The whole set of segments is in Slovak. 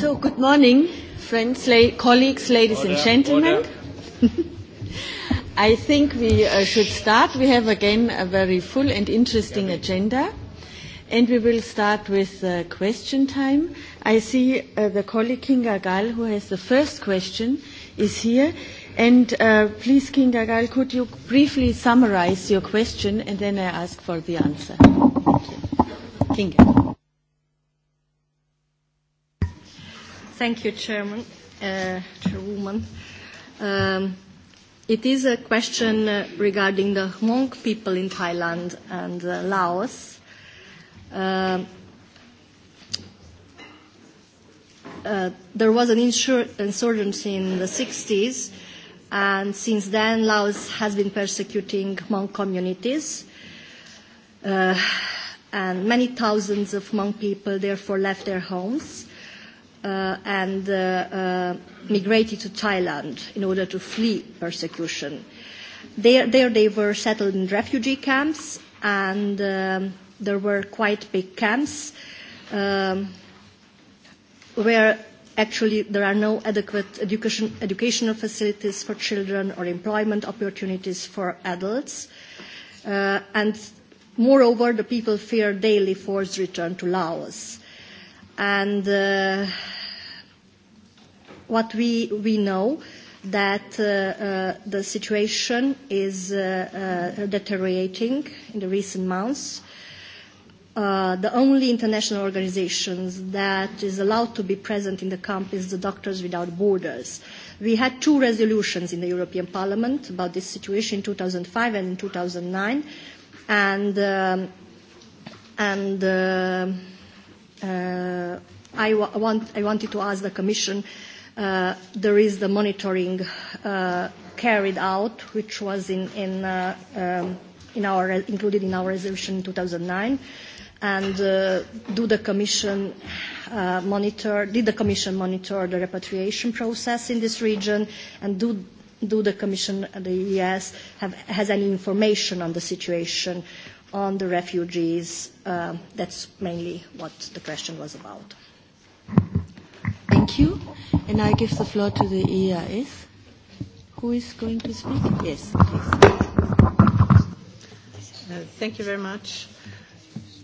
So, good morning, friends, la- colleagues, ladies order, and gentlemen. I think we uh, should start. We have again a very full and interesting yeah, agenda. And we will start with uh, question time. I see uh, the colleague Kinga Gall who has the first question, is here. And uh, please, Kinga Gall, could you briefly summarize your question and then I ask for the answer? Thank you. Kinga. Thank you, Chairman, uh, Chairwoman. Um, it is a question uh, regarding the Hmong people in Thailand and uh, Laos. Uh, uh, there was an insur insurgency in the 60s, and since then Laos has been persecuting Hmong communities. Uh, and many thousands of Hmong people therefore left their homes uh, and uh, uh, migrated to Thailand in order to flee persecution. There, there they were settled in refugee camps, and um, there were quite big camps um, where actually there are no adequate education, educational facilities for children or employment opportunities for adults. Uh, and moreover, the people fear daily forced return to Laos And uh, what we, we know that uh, uh, the situation is uh, uh, deteriorating in the recent months. Uh, the only international organizations that is allowed to be present in the camp is the Doctors Without Borders. We had two resolutions in the European Parliament about this situation in 2005 and in 2009, and um, and. Uh, uh, I, wa- want, I wanted to ask the Commission, uh, there is the monitoring uh, carried out, which was in, in, uh, um, in our, included in our resolution in 2009. And uh, do the commission uh, monitor, did the Commission monitor the repatriation process in this region? And do, do the Commission, uh, the ES, have, has any information on the situation on the refugees. Uh, that's mainly what the question was about. Thank you. And I give the floor to the EIS. Who is going to speak? Yes, please. Uh, thank you very much.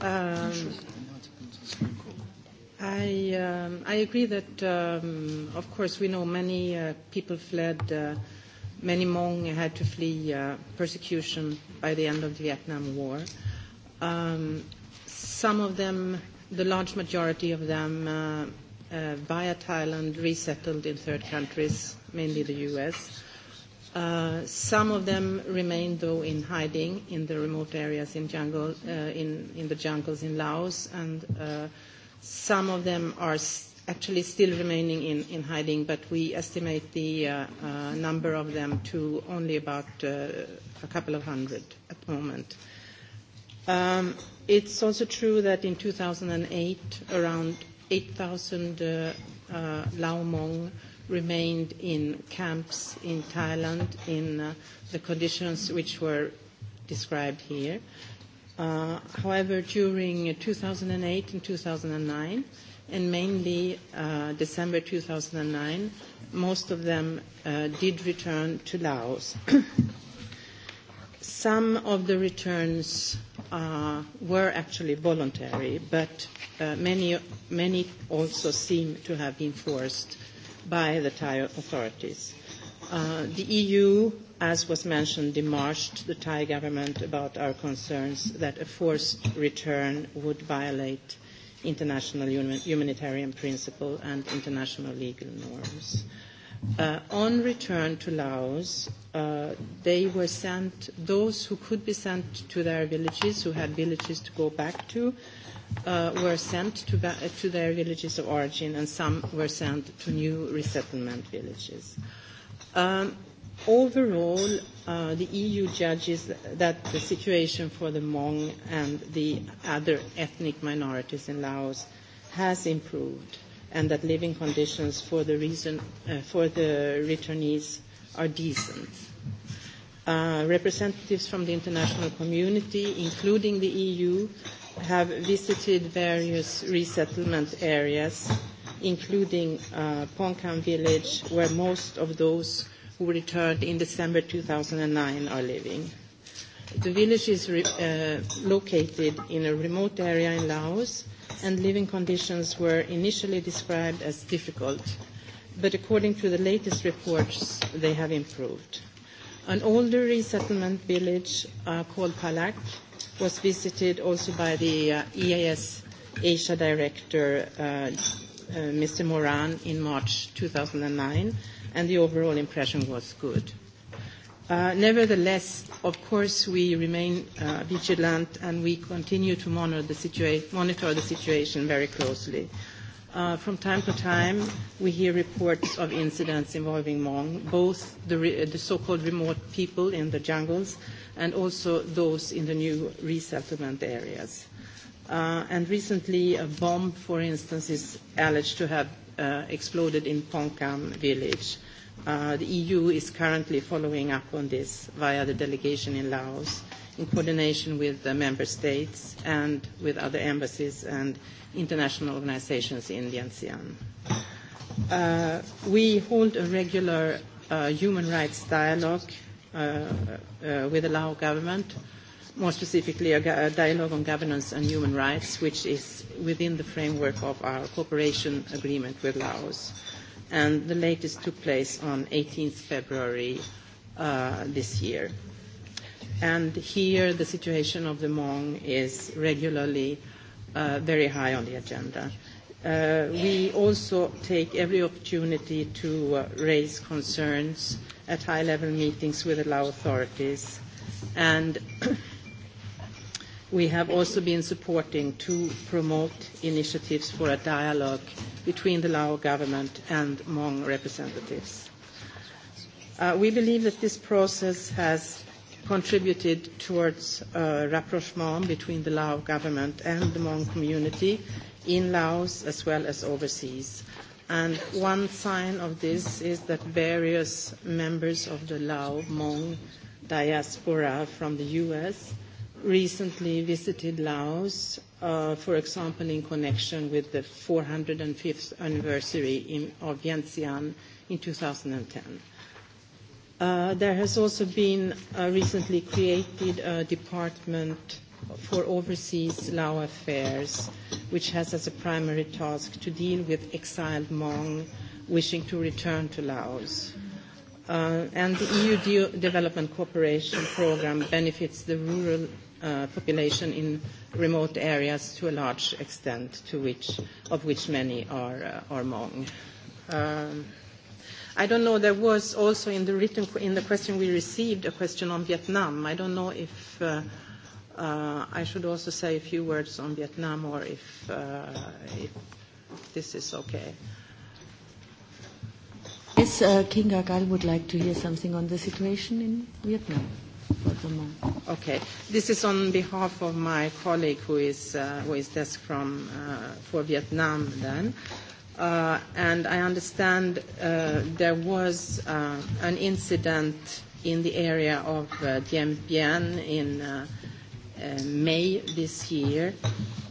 Um, I, um, I agree that, um, of course, we know many uh, people fled uh, Many Hmong had to flee uh, persecution by the end of the Vietnam War. Um, some of them, the large majority of them, uh, uh, via Thailand, resettled in third countries, mainly the US. Uh, some of them remained, though, in hiding in the remote areas in, jungle, uh, in, in the jungles in Laos, and uh, some of them are actually still remaining in, in hiding, but we estimate the uh, uh, number of them to only about uh, a couple of hundred at the moment. Um, it's also true that in 2008, around 8,000 uh, uh, Lao Hmong remained in camps in Thailand in uh, the conditions which were described here. Uh, however, during 2008 and 2009, and mainly uh, December 2009, most of them uh, did return to Laos. Some of the returns uh, were actually voluntary, but uh, many, many also seem to have been forced by the Thai authorities. Uh, the EU, as was mentioned, demarched the Thai government about our concerns that a forced return would violate international humanitarian principle and international legal norms. Uh, on return to Laos, uh, they were sent, those who could be sent to their villages, who had villages to go back to, uh, were sent to, ba- uh, to their villages of origin, and some were sent to new resettlement villages. Um, overall, uh, the EU judges that the situation for the Hmong and the other ethnic minorities in Laos has improved and that living conditions for the, reason, uh, for the returnees are decent. Uh, representatives from the international community, including the EU, have visited various resettlement areas, including uh, Pongkang village, where most of those who returned in December 2009 are living. The village is re, uh, located in a remote area in Laos, and living conditions were initially described as difficult, but according to the latest reports, they have improved. An older resettlement village uh, called Palak was visited also by the uh, EAS Asia Director, uh, uh, Mr. Moran, in March 2009, and the overall impression was good. Uh, nevertheless, of course, we remain uh, vigilant, and we continue to monitor the, situation very closely. Uh, from time to time, we hear reports of incidents involving Hmong, both the, re- the so-called remote people in the jungles and also those in the new resettlement areas. recently, a bomb, for instance, is alleged to have exploded in Pongkam village Uh, the EU is currently following up on this via the delegation in Laos in coordination with the member states and with other embassies and international organizations in the ASEAN. Uh, we hold a regular uh, human rights dialogue uh, uh, uh, with the Lao government, more specifically a, a dialogue on governance and human rights, which is within the framework of our cooperation agreement with Laos and the latest took place on 18th February uh, this year. And here the situation of the Hmong is regularly uh, very high on the agenda. Uh, we also take every opportunity to uh, raise concerns at high-level meetings with the Lao authorities and we have also been supporting to promote initiatives for a dialogue between the Lao government and Hmong representatives. Uh, we believe that this process has contributed towards uh, rapprochement between the Lao government and the Hmong community in Laos as well as overseas. And one sign of this is that various members of the Lao Hmong diaspora from the US recently visited Laos, uh, for example, in connection with the 405th anniversary in, of Vientiane in 2010. Uh, there has also been a uh, recently created a department for overseas Lao affairs, which has as a primary task to deal with exiled Hmong wishing to return to Laos. Uh, and the EU de- development cooperation program benefits the rural uh, population in remote areas to a large extent, to which, of which many are, uh, are Hmong. Um, I don't know, there was also in the written, in the question we received, a question on Vietnam. I don't know if uh, uh, I should also say a few words on Vietnam or if, uh, if this is okay. Yes, uh, Kinga Gal would like to hear something on the situation in Vietnam. Um, okay. This is on behalf of my colleague who is, uh, who is desk from, uh, for Vietnam then. Uh, and I understand uh, there was uh, an incident in the area of uh, Dien Bien in uh, uh, May this year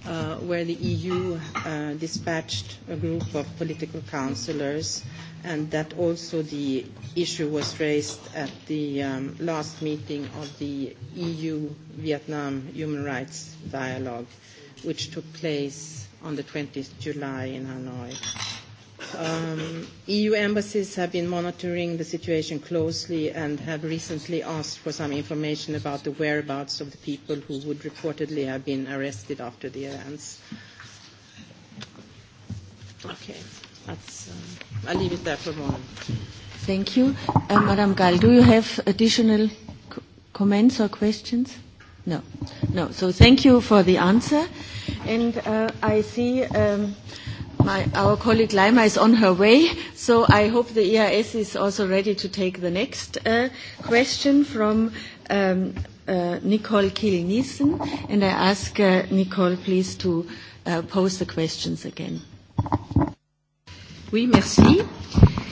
uh, where the EU uh, dispatched a group of political counselors and that also the issue was raised at the um, last meeting of the EU-Vietnam Human Rights Dialogue, which took place on the 20th July in Hanoi. Um, EU embassies have been monitoring the situation closely and have recently asked for some information about the whereabouts of the people who would reportedly have been arrested after the events. Okay that's, uh, I'll leave it there for a moment. Thank you. Uh, Madam Gall, do you have additional co- comments or questions? No. No. So thank you for the answer. And uh, I see um, my, our colleague Lima is on her way, so I hope the EIS is also ready to take the next uh, question from um, uh, Nicole Kiel-Nielsen. And I ask uh, Nicole, please, to uh, pose the questions again. Oui, merci.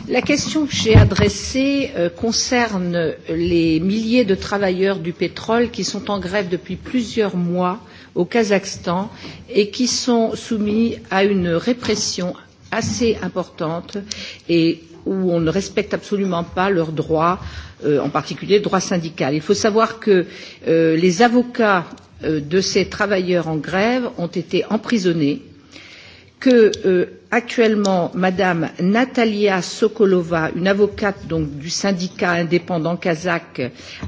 La question que j'ai adressée euh, concerne les milliers de travailleurs du pétrole qui sont en grève depuis plusieurs mois au Kazakhstan et qui sont soumis à une répression assez importante et où on ne respecte absolument pas leurs droits, euh, en particulier le droit syndical. Il faut savoir que euh, les avocats euh, de ces travailleurs en grève ont été emprisonnés que euh, actuellement Madame Natalia Sokolova, une avocate donc, du syndicat indépendant kazakh,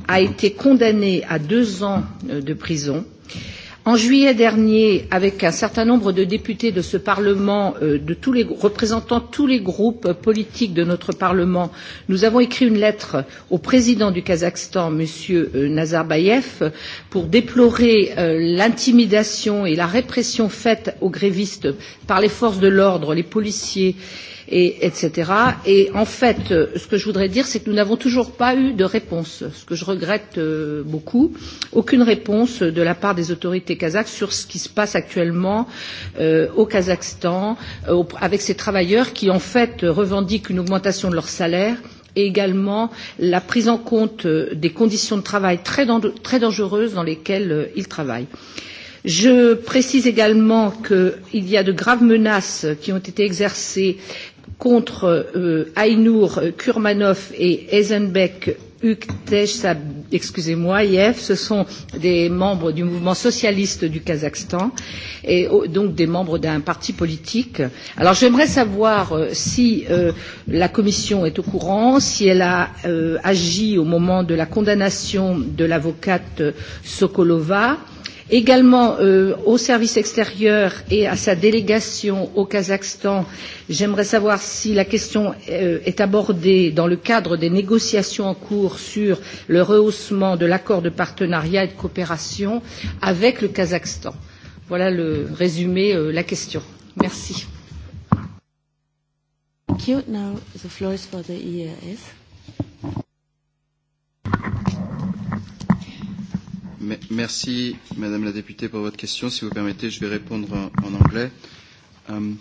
a été condamnée à deux ans euh, de prison. Euh, En juillet dernier, avec un certain nombre de députés de ce Parlement, euh, de tous les, représentant tous les groupes politiques de notre Parlement, nous avons écrit une lettre au président du Kazakhstan, M. Euh, Nazarbayev, pour déplorer euh, l'intimidation et la répression faite aux grévistes par les forces de l'ordre, les policiers, euh, et, etc. Et en fait, euh, ce que je voudrais dire, c'est que nous n'avons toujours pas eu de réponse, ce que je regrette euh, beaucoup, aucune réponse de la part des autorités kazakhs sur ce qui se passe actuellement euh, au Kazakhstan euh, avec ces travailleurs qui, en fait, revendiquent une augmentation de leur salaire et également la prise en compte euh, des conditions de travail très, très dangereuses dans lesquelles ils travaillent. Je précise également qu'il y a de graves menaces qui ont été exercées contre euh, Aynur euh, Kurmanov et Eisenbeck excusez-moi, Yev, ce sont des membres du mouvement socialiste du Kazakhstan et donc des membres d'un parti politique. Alors j'aimerais savoir euh, si euh, la Commission est au courant, si elle a euh, agi au moment de la condamnation de l'avocate Sokolova Également euh, au service extérieur et à sa délégation au Kazakhstan, j'aimerais savoir si la question euh, est abordée dans le cadre des négociations en cours sur le rehaussement de l'accord de partenariat et de coopération avec le Kazakhstan. Voilà le résumé, euh, la question. Merci. Thank you. Now the floor is for the EAS. Merci, Madame la députée, pour votre question. Si vous permettez, je vais répondre en, en anglais. Um,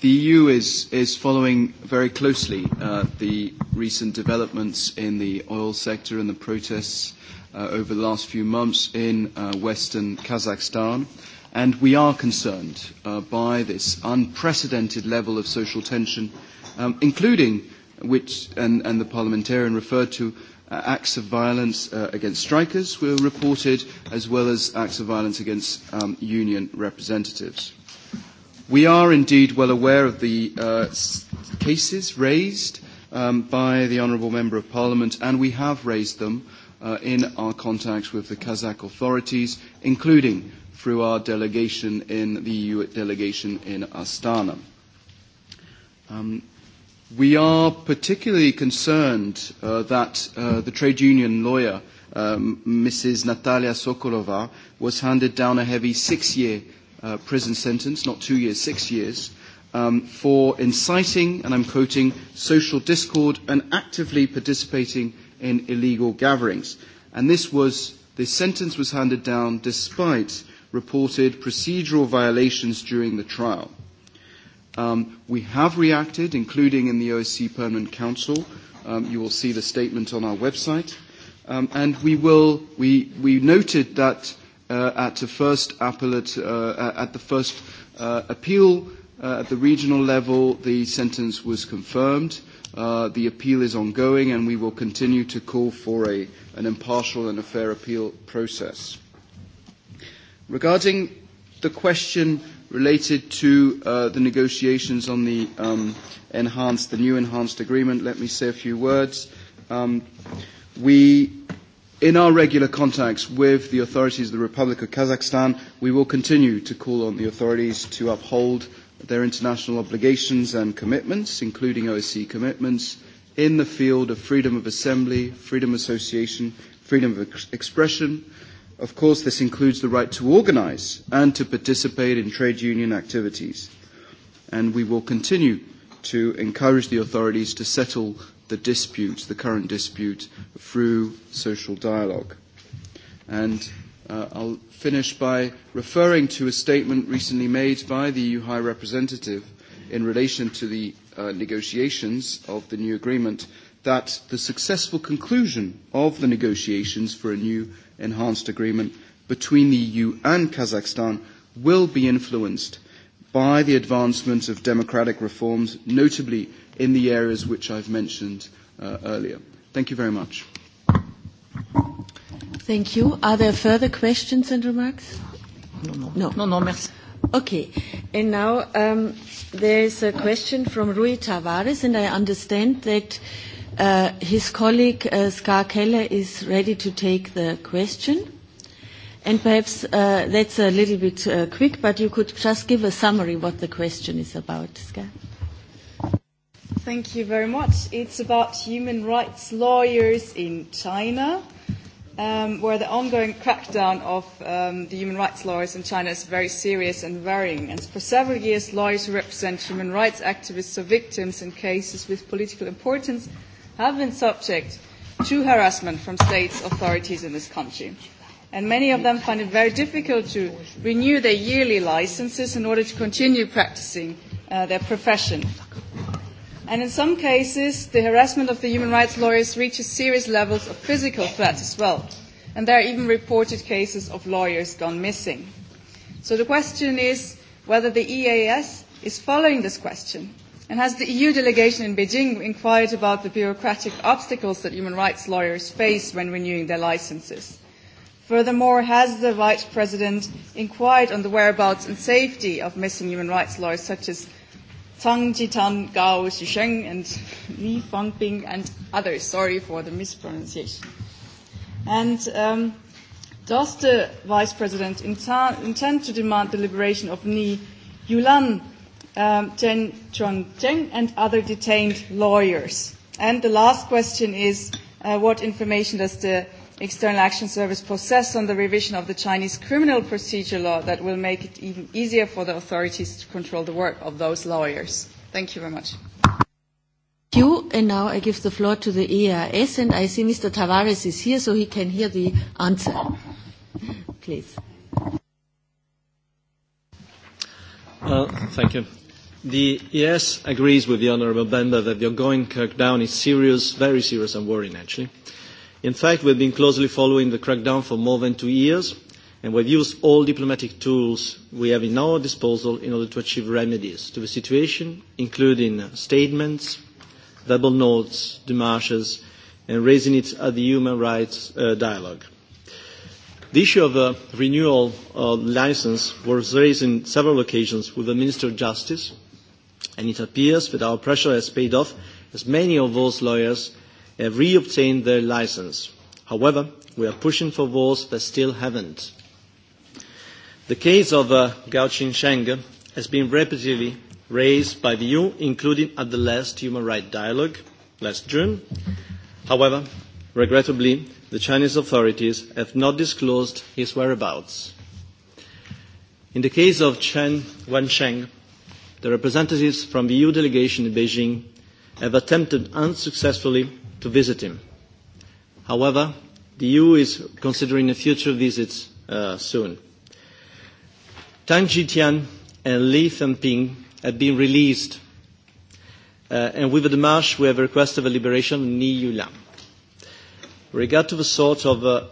the EU is, is following very closely uh, the recent developments in the oil sector and the protests uh, over the last few months in uh, western Kazakhstan. And we are concerned uh, by this unprecedented level of social tension, um, including which, and, and the parliamentarian referred to, Uh, acts of violence uh, against strikers were reported, as well as acts of violence against um, union representatives. We are indeed well aware of the uh, cases raised um, by the Honourable Member of Parliament, and we have raised them uh, in our contacts with the Kazakh authorities, including through our delegation in the EU delegation in Astana. Um, We are particularly concerned uh, that uh, the trade union lawyer, um, Mrs. Natalia Sokolova, was handed down a heavy six-year uh, prison sentence, not two years, six years, um, for inciting, and I'm quoting, social discord and actively participating in illegal gatherings. And this was, this sentence was handed down despite reported procedural violations during the trial. Um, we have reacted, including in the OSC Permanent Council. Um, you will see the statement on our website. Um, and we, will, we, we noted that uh, at the first appellate, uh, at the first uh, appeal uh, at the regional level, the sentence was confirmed. Uh, the appeal is ongoing, and we will continue to call for a, an impartial and a fair appeal process. Regarding the question related to uh, the negotiations on the um, enhanced, the new enhanced agreement, let me say a few words. Um, we, in our regular contacts with the authorities of the Republic of Kazakhstan, we will continue to call on the authorities to uphold their international obligations and commitments, including OSCE commitments, in the field of freedom of assembly, freedom of association, freedom of ex- expression, Of course, this includes the right to organise and to participate in trade union activities. And we will continue to encourage the authorities to settle the dispute, the current dispute, through social dialogue. And uh, I'll finish by referring to a statement recently made by the EU High Representative in relation to the uh, negotiations of the new agreement that the successful conclusion of the negotiations for a new enhanced agreement between the EU and Kazakhstan will be influenced by the advancement of democratic reforms, notably in the areas which I've mentioned uh, earlier. Thank you very much. Thank you. Are there further questions and remarks? No, no. No, no, no merci. Okay. And now um, there is a question from Rui Tavares, and I understand that Uh, his colleague uh, Ska Keller is ready to take the question. And perhaps uh, that's a little bit uh, quick, but you could just give a summary what the question is about, Ska. Thank you very much. It's about human rights lawyers in China, um, where the ongoing crackdown of um, the human rights lawyers in China is very serious and varying. And for several years, lawyers who represent human rights activists or victims in cases with political importance have been subject to harassment from state authorities in this country. And many of them find it very difficult to renew their yearly licenses in order to continue practicing uh, their profession. And in some cases, the harassment of the human rights lawyers reaches serious levels of physical threat as well. And there are even reported cases of lawyers gone missing. So the question is whether the EAS is following this question And has the EU delegation in Beijing inquired about the bureaucratic obstacles that human rights lawyers face when renewing their licenses? Furthermore, has the Vice President inquired on the whereabouts and safety of missing human rights lawyers such as Tang Jitan, Gao Xusheng, and Li Fangping, and others? Sorry for the mispronunciation. And um, does the Vice President intend to demand the liberation of Ni Yulan? um, Chen Chongcheng and other detained lawyers? And the last question is, uh, what information does the External Action Service possess on the revision of the Chinese criminal procedure law that will make it even easier for the authorities to control the work of those lawyers? Thank you very much. Thank you. And now I give the floor to the EAS, and I see Mr. Tavares is here, so he can hear the answer. Please. Uh, thank you. The ES agrees with the Honourable Bender that the ongoing crackdown is serious, very serious and worrying actually. In fact, we've been closely following the crackdown for more than two years, and we've used all diplomatic tools we have in our disposal in order to achieve remedies to the situation, including statements, verbal notes, demarches, and raising it at the human rights uh, dialogue. The issue of a uh, renewal of license was raised on several occasions with the Minister of Justice and it appears that our pressure has paid off as many of those lawyers have reobtained their license. However, we are pushing for those that still haven't. The case of uh, Gao Qingsheng has been repeatedly raised by the EU, including at the last Human Rights Dialogue last June. However, regrettably, the Chinese authorities have not disclosed his whereabouts. In the case of Chen Wensheng, the representatives from the EU delegation in Beijing have attempted unsuccessfully to visit him. However, the EU is considering a future visit uh, soon. Tang Jitian and Li Fenping have been released, uh, and with the demarche, we have a request of a liberation of Ni Yuliang. With regard to the sort of uh,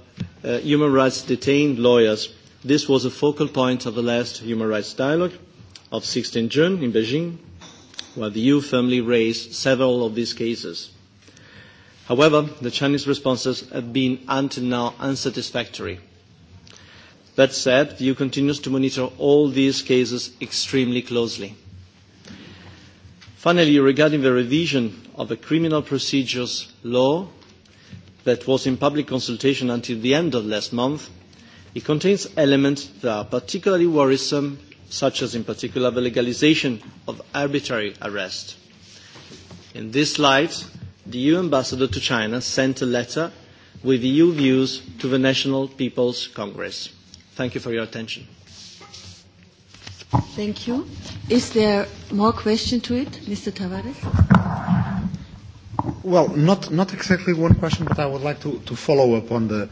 uh, human rights detained lawyers, this was a focal point of the last human rights dialogue of 16 June in Beijing, where the EU firmly raised several of these cases. However, the Chinese responses have been until now unsatisfactory. That said, the EU continues to monitor all these cases extremely closely. Finally, regarding the revision of the criminal procedures law that was in public consultation until the end of last month, it contains elements that are particularly worrisome such as in particular the legalization of arbitrary arrest. In this light, the EU ambassador to China sent a letter with EU views to the National People's Congress. Thank you for your attention. Thank you. Is there more question to it, Mr. Tavares? Well, not, not exactly one question, but I would like to, to follow up on the,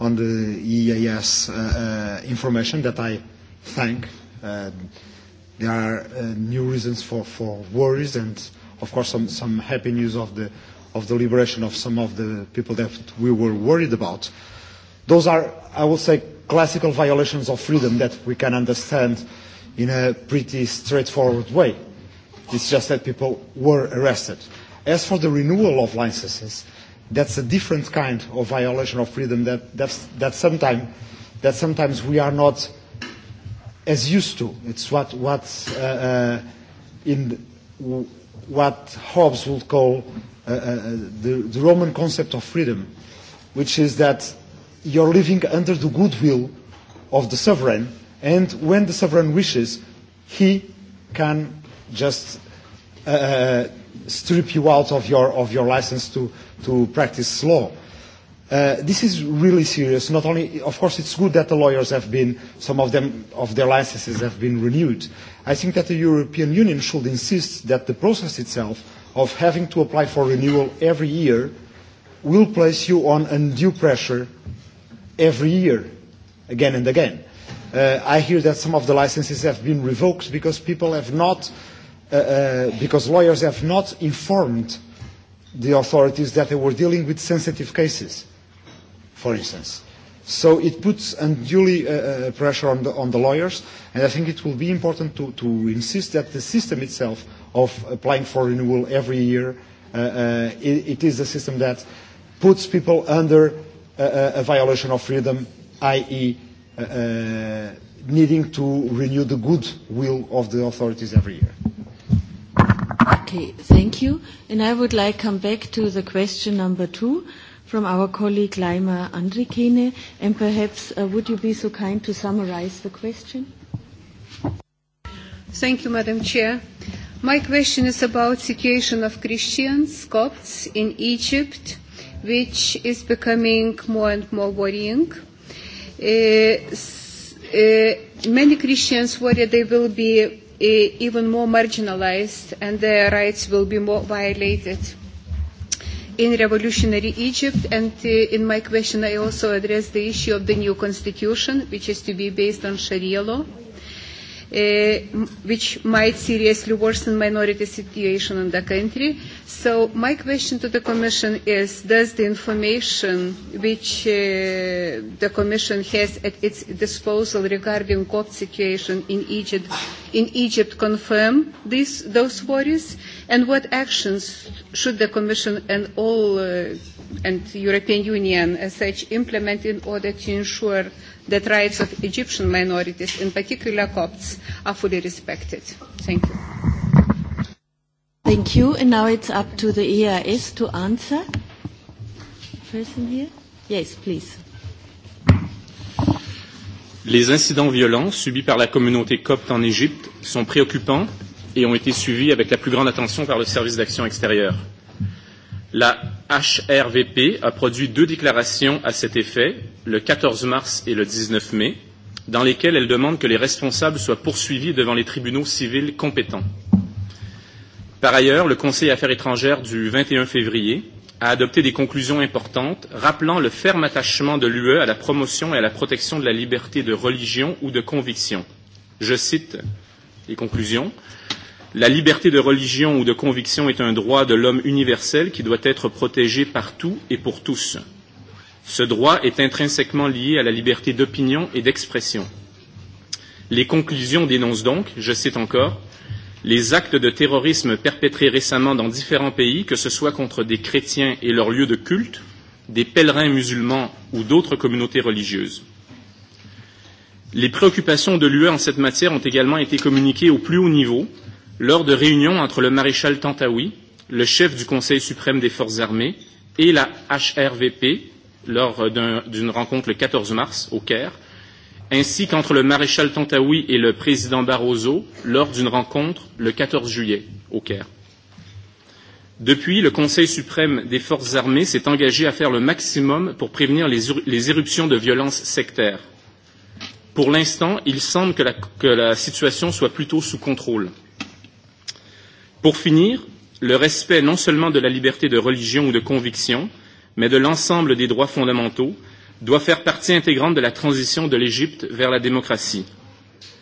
on the EAS uh, uh, information that I thank Uh, there are uh, new reasons for, for worries and, of course, some, some happy news of the, of the liberation of some of the people that we were worried about. Those are, I would say, classical violations of freedom that we can understand in a pretty straightforward way. It's just that people were arrested. As for the renewal of licenses, that's a different kind of violation of freedom that, that's, that, sometime, that sometimes we are not as used to. It's what, what, uh, uh in what Hobbes would call uh, uh, the, the Roman concept of freedom, which is that you're living under the goodwill of the sovereign, and when the sovereign wishes, he can just uh, uh strip you out of your, of your license to, to practice law. Uh, this is really serious. Not only, of course, it's good that the lawyers have been, some of them, of their licenses have been renewed. I think that the European Union should insist that the process itself of having to apply for renewal every year will place you on undue pressure every year, again and again. Uh, I hear that some of the licenses have been revoked because people have not, uh, uh, because lawyers have not informed the authorities that they were dealing with sensitive cases for instance. So it puts unduly uh, uh, pressure on the, on the lawyers, and I think it will be important to, to insist that the system itself of applying for renewal every year, uh, uh, it, it is a system that puts people under uh, uh a violation of freedom, i.e. Uh, uh, needing to renew the good will of the authorities every year. Okay, thank you. And I would like to come back to the question number two from our colleague Laima Andrikene, and perhaps uh, would you be so kind to summarize the question? Thank you, Madam Chair. My question is about situation of Christians, Copts in Egypt, which is becoming more and more worrying. Uh, Uh, many Christians worry they will be uh, even more marginalized and their rights will be more violated in revolutionary Egypt. And uh, in my question, I also address the issue of the new constitution, which is to be based on Sharia law uh, which might seriously worsen minority situation in the country. So my question to the Commission is, does the information which uh, the Commission has at its disposal regarding COP situation in Egypt, in Egypt confirm these, those worries? And what actions should the Commission and all uh, and European Union as such implement in order to ensure that rights of Egyptian minorities, in particular Copts, are fully respected. Thank you. Thank you. And now it's up to the EIS to answer. Person here? Yes, please. Les incidents violents subis par la communauté copte en Égypte sont préoccupants et ont été suivis avec la plus grande attention par le service d'action extérieure. La HRVP a produit deux déclarations à cet effet, le 14 mars et le 19 mai, dans lesquelles elle demande que les responsables soient poursuivis devant les tribunaux civils compétents. Par ailleurs, le Conseil Affaires étrangères du 21 février a adopté des conclusions importantes rappelant le ferme attachement de l'UE à la promotion et à la protection de la liberté de religion ou de conviction. Je cite les conclusions. La liberté de religion ou de conviction est un droit de l'homme universel qui doit être protégé partout et pour tous. Ce droit est intrinsèquement lié à la liberté d'opinion et d'expression. Les conclusions dénoncent donc, je cite encore, les actes de terrorisme perpétrés récemment dans différents pays, que ce soit contre des chrétiens et leurs lieux de culte, des pèlerins musulmans ou d'autres communautés religieuses. Les préoccupations de l'UE en cette matière ont également été communiquées au plus haut niveau lors de réunions entre le maréchal Tantawi, le chef du Conseil suprême des forces armées, et la HRVP lors euh, d'une un, rencontre le 14 mars au Caire, ainsi qu'entre le maréchal Tantawi et le président Barroso lors d'une rencontre le 14 juillet au Caire. Depuis, le Conseil suprême des forces armées s'est engagé à faire le maximum pour prévenir les, les éruptions de violences sectaires. Pour l'instant, il semble que la, que la situation soit plutôt sous contrôle. Pour finir, le respect non seulement de la liberté de religion ou de conviction, mais de l'ensemble des droits fondamentaux, doit faire partie intégrante de la transition de l'Égypte vers la démocratie.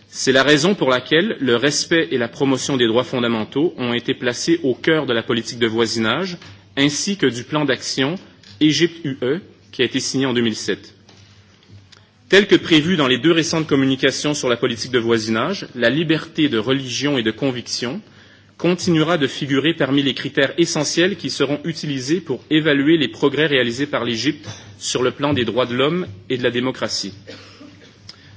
C'est la raison pour laquelle le respect et la promotion des droits fondamentaux ont été placés au cœur de la politique de voisinage ainsi que du plan d'action Égypte UE qui a été signé en deux mille sept. Tel que prévu dans les deux récentes communications sur la politique de voisinage, la liberté de religion et de conviction continuera de figurer parmi les critères essentiels qui seront utilisés pour évaluer les progrès réalisés par l'Égypte sur le plan des droits de l'homme et de la démocratie.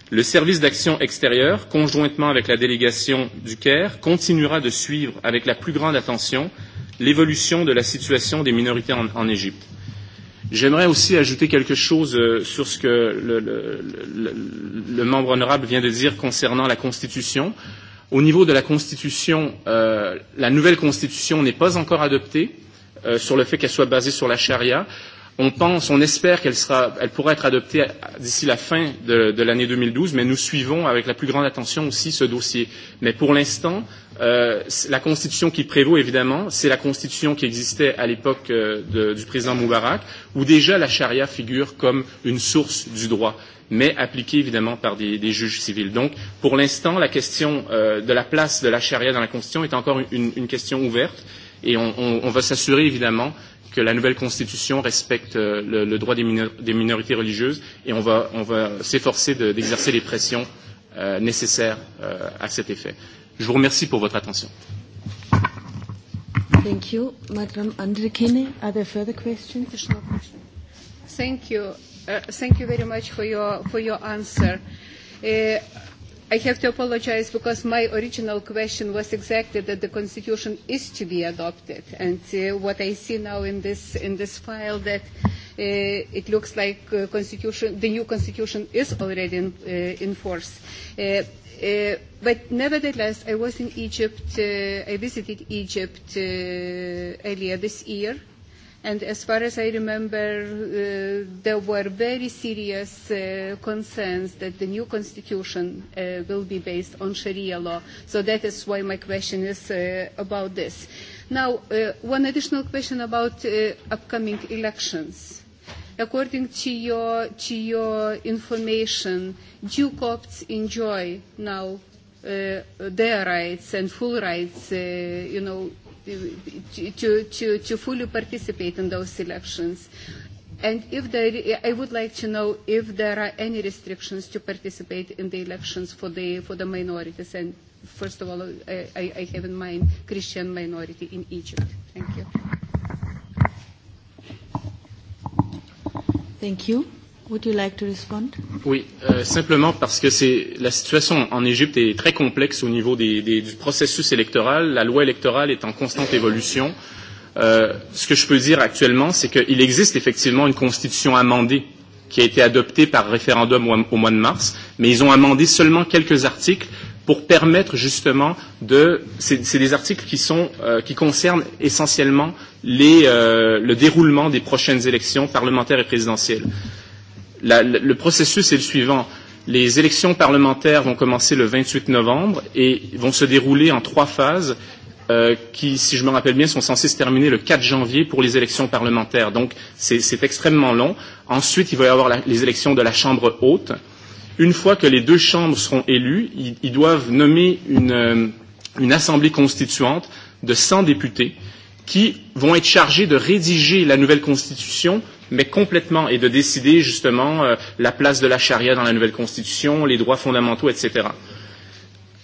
Le service d'action extérieure, conjointement avec la délégation du Caire, continuera de suivre avec la plus grande attention l'évolution de la situation des minorités en, en Égypte. J'aimerais aussi ajouter quelque chose euh, sur ce que le, le, le, le membre honorable vient de dire concernant la Constitution. Euh, Au niveau de la Constitution, euh, la nouvelle Constitution n'est pas encore adoptée euh, sur le fait qu'elle soit basée sur la charia. On pense, on espère qu'elle sera, elle pourra être adoptée d'ici la fin de, de l'année 2012, mais nous suivons avec la plus grande attention aussi ce dossier. Mais pour l'instant, euh, la constitution qui prévaut, évidemment, c'est la constitution qui existait à l'époque euh, du président Moubarak, où déjà la charia figure comme une source du droit mais appliquée évidemment par des, des juges civils. Donc, pour l'instant, la question euh, de la place de la charia dans la Constitution est encore une, une question ouverte et on, on, on va s'assurer évidemment que la nouvelle Constitution respecte euh, le, le droit des, minor des minorités religieuses et on va, on va s'efforcer d'exercer les pressions euh, nécessaires euh, à cet effet. Je vous remercie pour votre attention. Thank you. Madame Andrikine, are there further questions? Thank you. Uh, thank you very much for your, for your answer. Uh, I have to apologize because my original question was exactly that the constitution is to be adopted, and uh, what I see now in this in this file that uh, it looks like uh, constitution the new constitution is already in, uh, in force. Uh, uh, but nevertheless, I was in Egypt. Uh, I visited Egypt uh, earlier this year And as far as I remember, uh, there were very serious uh, concerns that the new constitution uh, will be based on Sharia law. So that is why my question is uh, about this. Now, uh, one additional question about uh, upcoming elections. According to your, to your information, do Copts enjoy now uh, their rights and full rights, uh, you know, to, to, to fully participate in those elections. And if there, I would like to know if there are any restrictions to participate in the elections for the, for the minorities. And first of all, I, I have in mind Christian minority in Egypt. Thank you. Thank you. Would you like to respond? Oui, euh, simplement parce que c'est la situation en Égypte est très complexe au niveau des, des, du processus électoral. La loi électorale est en constante évolution. Euh, ce que je peux dire actuellement, c'est qu'il existe effectivement une constitution amendée qui a été adoptée par référendum au mois de mars, mais ils ont amendé seulement quelques articles pour permettre justement de c'est des articles qui sont euh, qui concernent essentiellement les, euh, le déroulement des prochaines élections parlementaires et présidentielles la, le processus est le suivant. Les élections parlementaires vont commencer le 28 novembre et vont se dérouler en trois phases euh, qui, si je me rappelle bien, sont censées se terminer le 4 janvier pour les élections parlementaires. Donc, c'est extrêmement long. Ensuite, il va y avoir la, les élections de la Chambre haute. Une fois que les deux chambres seront élues, ils, ils doivent nommer une, euh, une assemblée constituante de 100 députés qui vont être chargés de rédiger la nouvelle constitution mais complètement, et de décider justement euh, la place de la charia dans la nouvelle constitution, les droits fondamentaux, etc.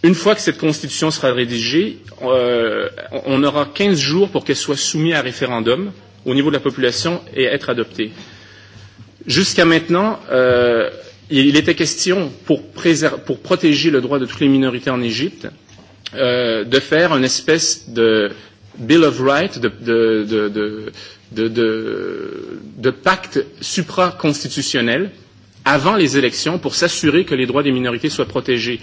Une fois que cette constitution sera rédigée, euh, on aura 15 jours pour qu'elle soit soumise à référendum au niveau de la population et être adoptée. Jusqu'à maintenant, euh, il était question, pour, pour protéger le droit de toutes les minorités en Égypte, euh, de faire une espèce de Bill of Rights, de, de, de, de, de, de, de pacte supraconstitutionnel avant les élections pour s'assurer que les droits des minorités soient protégés.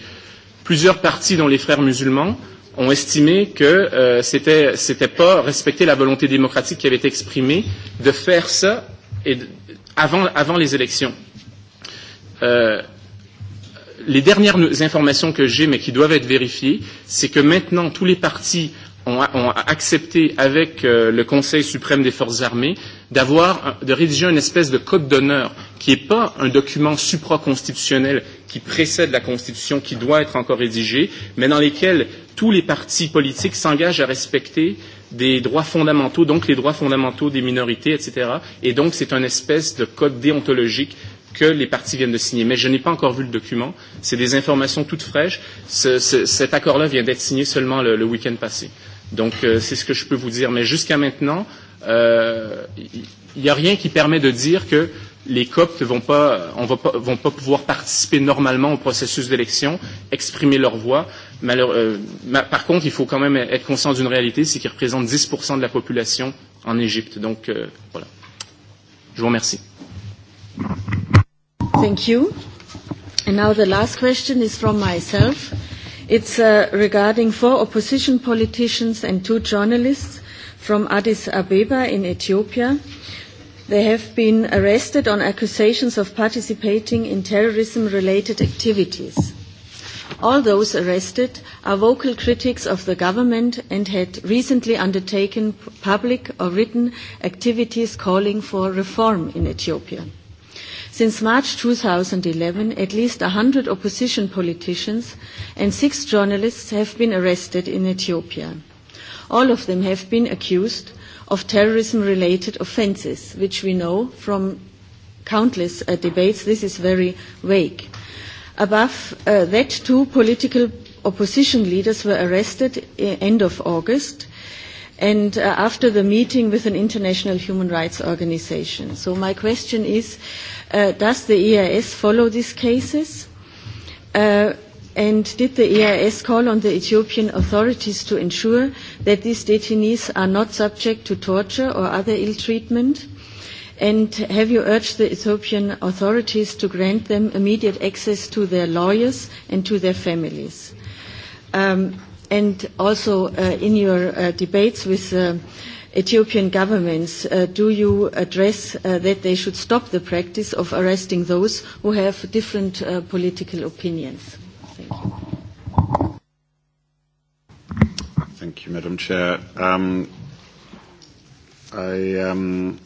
Plusieurs partis, dont les frères musulmans, ont estimé que euh, c'était n'était pas respecter la volonté démocratique qui avait été exprimée de faire ça et de, avant, avant les élections. Euh, les dernières informations que j'ai, mais qui doivent être vérifiées, c'est que maintenant tous les partis ont, ont accepté avec euh, le Conseil suprême des forces armées d'avoir, de rédiger une espèce de code d'honneur qui n'est pas un document supraconstitutionnel qui précède la Constitution, qui doit être encore rédigé, mais dans lequel tous les partis politiques s'engagent à respecter des droits fondamentaux, donc les droits fondamentaux des minorités, etc. Et donc c'est une espèce de code déontologique que les partis viennent de signer. Mais je n'ai pas encore vu le document. C'est des informations toutes fraîches. Ce, ce, cet accord-là vient d'être signé seulement le, le week-end passé. Donc euh, c'est ce que je peux vous dire. Mais jusqu'à maintenant, il euh, n'y a rien qui permet de dire que les coptes ne vont, pas, on va pas, vont pas pouvoir participer normalement au processus d'élection, exprimer leur voix. Malheure, euh, ma, par contre, il faut quand même être conscient d'une réalité, c'est qu'ils représentent 10 de la population en Égypte. Donc euh, voilà. Je vous remercie. Thank you. And now the last question is from myself. It's uh, regarding four opposition politicians and two journalists from Addis Abeba in Ethiopia. They have been arrested on accusations of participating in terrorism-related activities. All those arrested are vocal critics of the government and had recently undertaken public or written activities calling for reform in Ethiopia. Since March 2011, at least 100 opposition politicians and six journalists have been arrested in Ethiopia. All of them have been accused of terrorism-related offences, which we know from countless uh, debates, this is very vague. Above uh, that, two political opposition leaders were arrested at uh, end of August and uh, after the meeting with an international human rights organisation. So my question is, Uh, does the EIS follow these cases? Uh, and did the EIS call on the Ethiopian authorities to ensure that these detainees are not subject to torture or other ill treatment? And have you urged the Ethiopian authorities to grant them immediate access to their lawyers and to their families? Um, and also uh, in your uh, debates with uh, Ethiopian governments, uh, do you address uh, that they should stop the practice of arresting those who have different uh, political opinions? Thank you. Thank you, Madam Chair. Um, I um,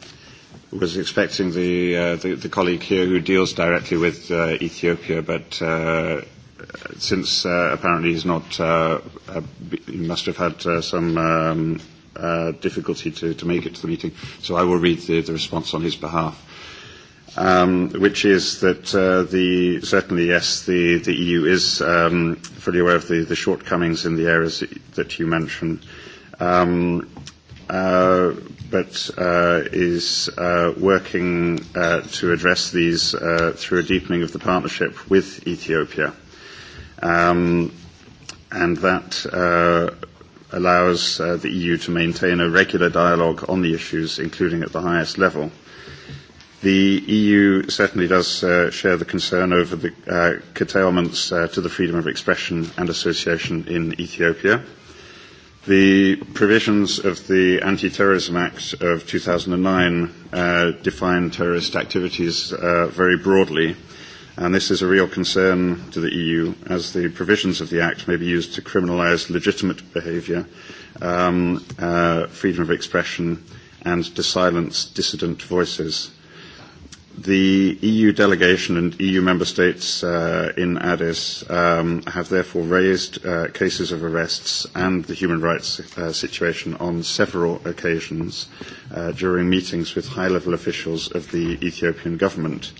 was expecting the, uh, the, the colleague here who deals directly with uh, Ethiopia, but uh, since uh, apparently he's not, uh, uh, he must have had uh, some um, uh, difficulty to, to make it to the meeting, so I will read the, the response on his behalf, um, which is that uh, the, certainly, yes, the, the EU is um, fully aware of the, the shortcomings in the areas that you mentioned, um, uh, but uh, is uh, working uh, to address these uh, through a deepening of the partnership with Ethiopia. Um, and that uh, allows uh, the EU to maintain a regular dialogue on the issues, including at the highest level. The EU certainly does uh, share the concern over the uh, curtailments uh, to the freedom of expression and association in Ethiopia. The provisions of the Anti-Terrorism Act of 2009 uh, define terrorist activities uh, very broadly, and this is a real concern to the EU as the provisions of the Act may be used to criminalise legitimate behaviour, um, uh, freedom of expression, and to silence dissident voices. The EU delegation and EU member states uh, in Addis um, have therefore raised uh, cases of arrests and the human rights uh, situation on several occasions uh, during meetings with high-level officials of the Ethiopian government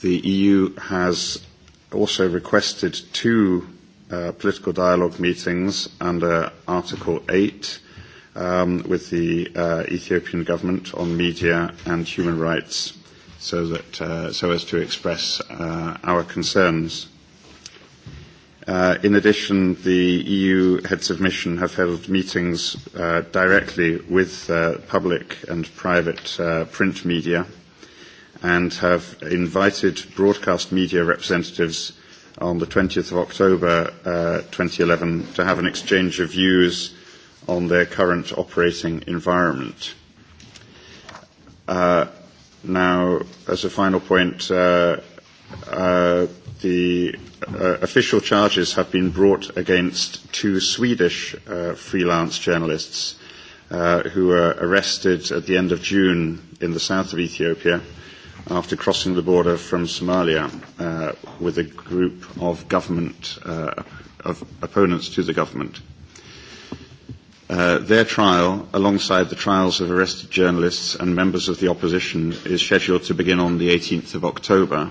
the EU has also requested two uh, political dialogue meetings under Article 8 um, with the uh, Ethiopian government on media and human rights so, that, uh, so as to express uh, our concerns. Uh, in addition, the EU heads of mission have held meetings uh, directly with uh, public and private uh, print media and have invited broadcast media representatives on the 20th of October uh, 2011 to have an exchange of views on their current operating environment. Uh, now, as a final point, uh, uh, the uh, official charges have been brought against two Swedish uh, freelance journalists uh, who were arrested at the end of June in the south of Ethiopia after crossing the border from Somalia uh, with a group of government uh, of opponents to the government. Uh, their trial, alongside the trials of arrested journalists and members of the opposition, is scheduled to begin on the 18th of October.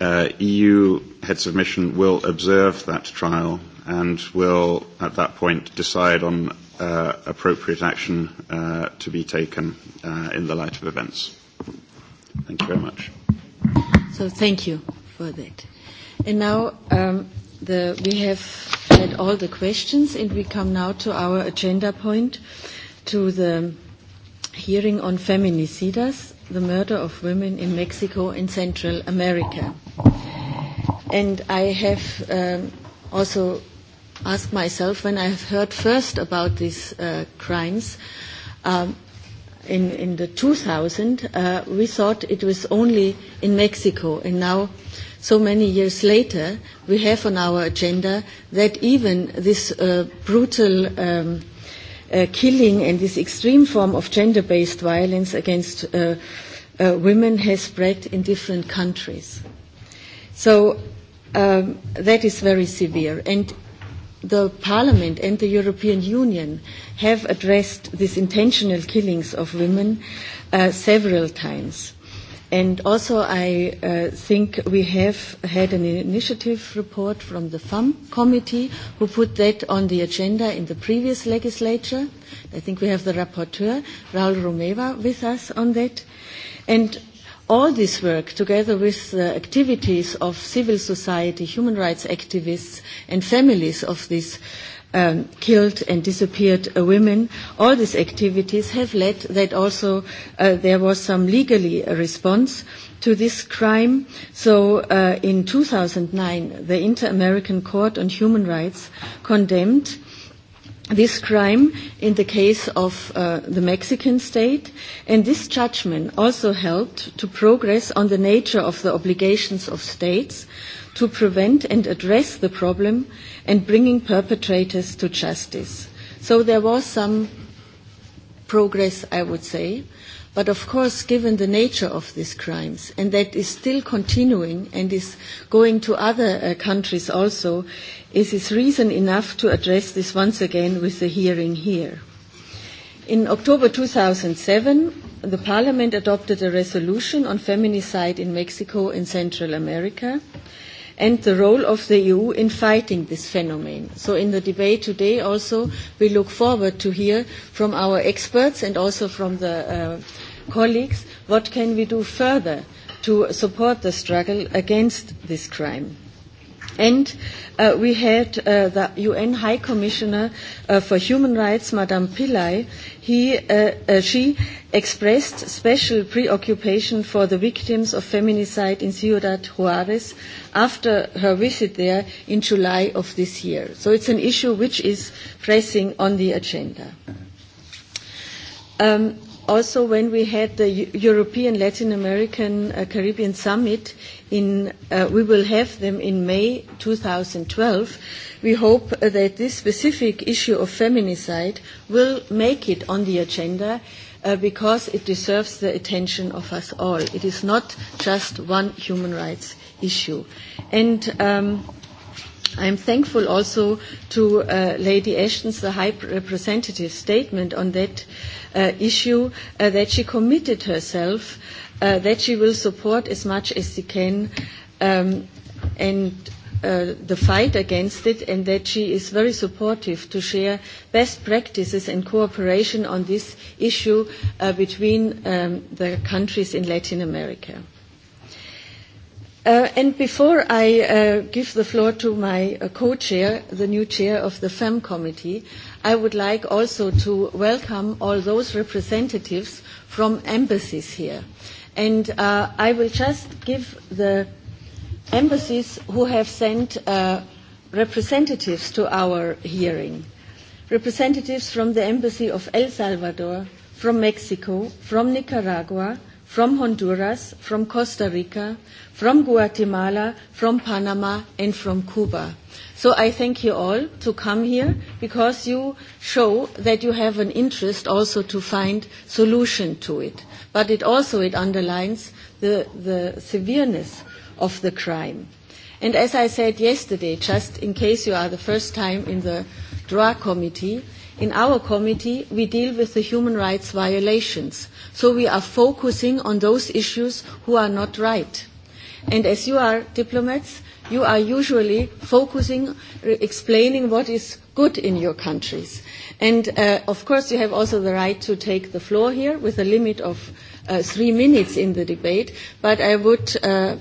Uh, EU heads of mission will observe that trial and will, at that point, decide on uh, appropriate action uh, to be taken uh, in the light of events. Thank you very much. So thank you for that. And now um, the, we have had all the questions and we come now to our agenda point, to the hearing on feminicidas, the murder of women in Mexico and Central America. And I have um, also asked myself when I have heard first about these uh, crimes, um, in, in the 2000, uh, we thought it was only in Mexico. And now, so many years later, we have on our agenda that even this uh, brutal um, uh, killing and this extreme form of gender-based violence against uh, uh, women has spread in different countries. So um, that is very severe. And the Parliament and the European Union have addressed these intentional killings of women uh, several times. And also, I uh, think we have had an initiative report from the FAM committee who put that on the agenda in the previous legislature. I think we have the rapporteur, Raul Romeva, with us on that. And all this work, together with the activities of civil society, human rights activists, and families of these um, killed and disappeared uh, women, all these activities have led that also uh, there was some legally response to this crime. So uh, in 2009, the Inter-American Court on Human Rights condemned this crime in the case of uh, the Mexican state, and this judgment also helped to progress on the nature of the obligations of states to prevent and address the problem and bringing perpetrators to justice. So there was some progress, I would say. But of course, given the nature of these crimes, and that is still continuing and is going to other uh, countries also, is this reason enough to address this once again with the hearing here? In October 2007, the Parliament adopted a resolution on feminicide in Mexico and Central America and the role of the EU in fighting this phenomenon. So in the debate today also, we look forward to hear from our experts and also from the uh, colleagues what can we do further to support the struggle against this crime. And uh, we had uh, the UN High Commissioner uh, for Human Rights, Madame Pillai. He, uh, uh, she expressed special preoccupation for the victims of feminicide in Ciudad Juarez after her visit there in July of this year. So it's an issue which is pressing on the agenda. Um, also when we had the European Latin American uh, Caribbean Summit in uh, we will have them in May 2012 we hope uh, that this specific issue of feminicide will make it on the agenda uh, because it deserves the attention of us all it is not just one human rights issue and um, i am thankful also to uh, Lady Ashton's, the High Representative's statement on that uh, issue, uh, that she committed herself uh, that she will support as much as she can um, and uh, the fight against it, and that she is very supportive to share best practices and cooperation on this issue uh, between um, the countries in Latin America. Uh, and before I uh, give the floor to my uh, co-chair, the new chair of the FEM committee, I would like also to welcome all those representatives from embassies here. And uh, I will just give the embassies who have sent uh, representatives to our hearing. Representatives from the Embassy of El Salvador, from Mexico, from Nicaragua, from Honduras, from Costa Rica, from Guatemala, from Panama, and from Cuba. So I thank you all to come here because you show that you have an interest also to find solution to it. But it also it underlines the, the severeness of the crime. And as I said yesterday, just in case you are the first time in the DRA committee, In our committee, we deal with the human rights violations, so we are focusing on those issues who are not right. And as you are diplomats, you are usually focusing, explaining what is good in your countries. And uh, of course, you have also the right to take the floor here with a limit of uh, three minutes in the debate, but I would uh,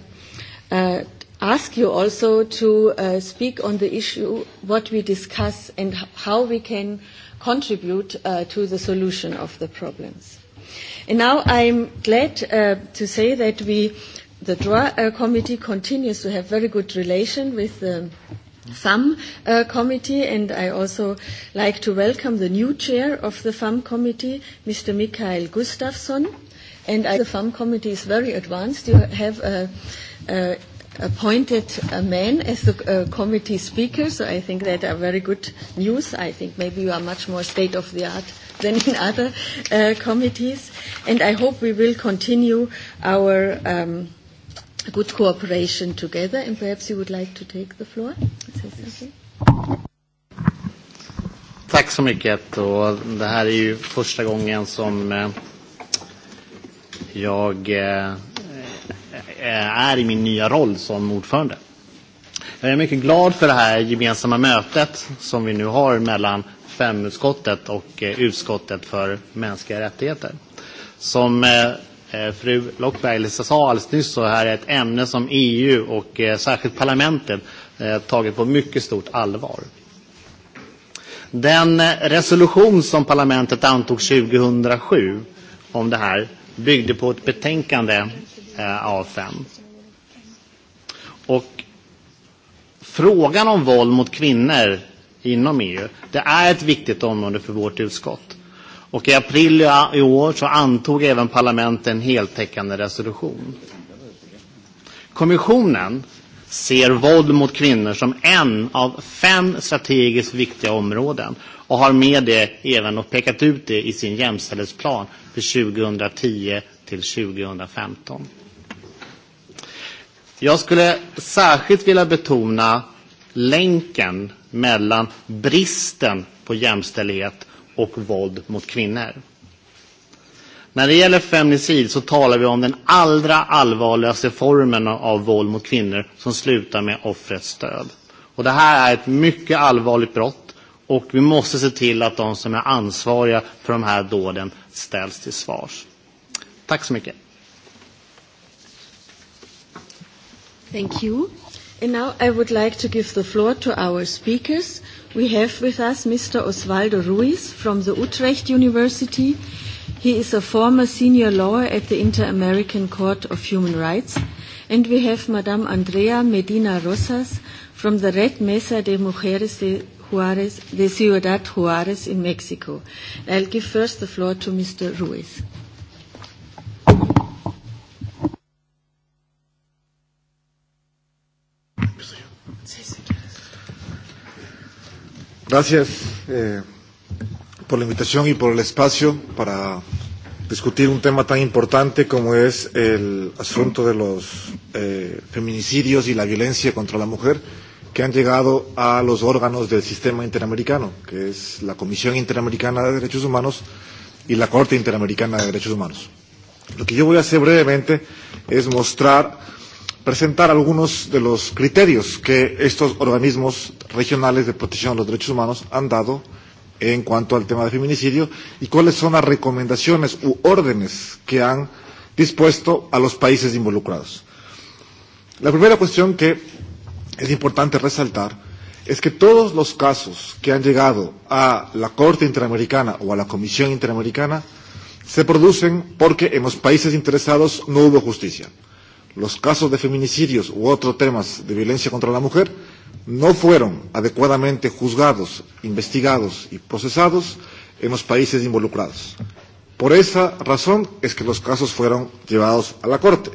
uh, ask you also to uh, speak on the issue what we discuss and how we can contribute uh, to the solution of the problems. And now I'm glad uh, to say that we, the DRA uh, committee continues to have very good relation with the FAM uh, committee and I also like to welcome the new chair of the FAM committee, Mr. Mikhail Gustafsson. And I, the FAM committee is very advanced. You have a, a appointed a man as the uh, committee speaker, so I think that are very good news. I think maybe you are much more state of the art than in other uh, committees, and I hope we will continue our um, good cooperation together. And perhaps you would like to take the floor. Tack så mycket. Och det här är ju första gången som eh, jag eh, Eh, är i min nya roll som ordförande. Jag är mycket glad för det här gemensamma mötet som vi nu har mellan femutskottet och eh, utskottet för mänskliga rättigheter. Som eh, fru Lockberg sa alldeles nyss så här är ett ämne som EU och särskilt parlamentet tagit på mycket stort allvar. Den resolution som parlamentet antog 2007 om det här byggde på ett betänkande eh, av fem. Och frågan om våld mot kvinnor inom EU, det är ett viktigt område för vårt utskott. Och i april i år så antog även parlamentet en heltäckande resolution. Kommissionen ser våld mot kvinnor som en av fem strategiskt viktiga områden och har med det även och pekat ut det i sin jämställdhetsplan för 2010 till 2015. Jag skulle särskilt vilja betona länken mellan bristen på jämställdhet och våld mot kvinnor. När det gäller feminicid så talar vi om den allra allvarligaste formen av våld mot kvinnor som slutar med offrets död. Och det här är ett mycket allvarligt brott och vi måste se till att de som är ansvariga för de här dåden ställs till svars. Tack så mycket. Thank you. And now I would like to give the floor to our speakers. We have with us Mr. Oswaldo Ruiz from the Utrecht University. He is a former senior lawyer at the Inter-American Court of Human Rights. And we have Madame Andrea Medina Rosas from the Red Mesa de Mujeres de, Juárez, de Ciudad Juárez in Mexico. I'll give first the floor to Mr. Ruiz. Gracias eh, por la invitación y por el espacio para discutir un tema tan importante como es el asunto de los eh, feminicidios y la violencia contra la mujer que han llegado a los órganos del sistema interamericano, que es la Comisión Interamericana de Derechos Humanos y la Corte Interamericana de Derechos Humanos. Lo que yo voy a hacer brevemente es mostrar presentar algunos de los criterios que estos organismos regionales de protección de los derechos humanos han dado en cuanto al tema de feminicidio y cuáles son las recomendaciones u órdenes que han dispuesto a los países involucrados. La primera cuestión que es importante resaltar es que todos los casos que han llegado a la Corte Interamericana o a la Comisión Interamericana se producen porque en los países interesados no hubo justicia los casos de feminicidios u otros temas de violencia contra la mujer no fueron adecuadamente juzgados, investigados y procesados en los países involucrados. Por esa razón es que los casos fueron llevados a la Corte.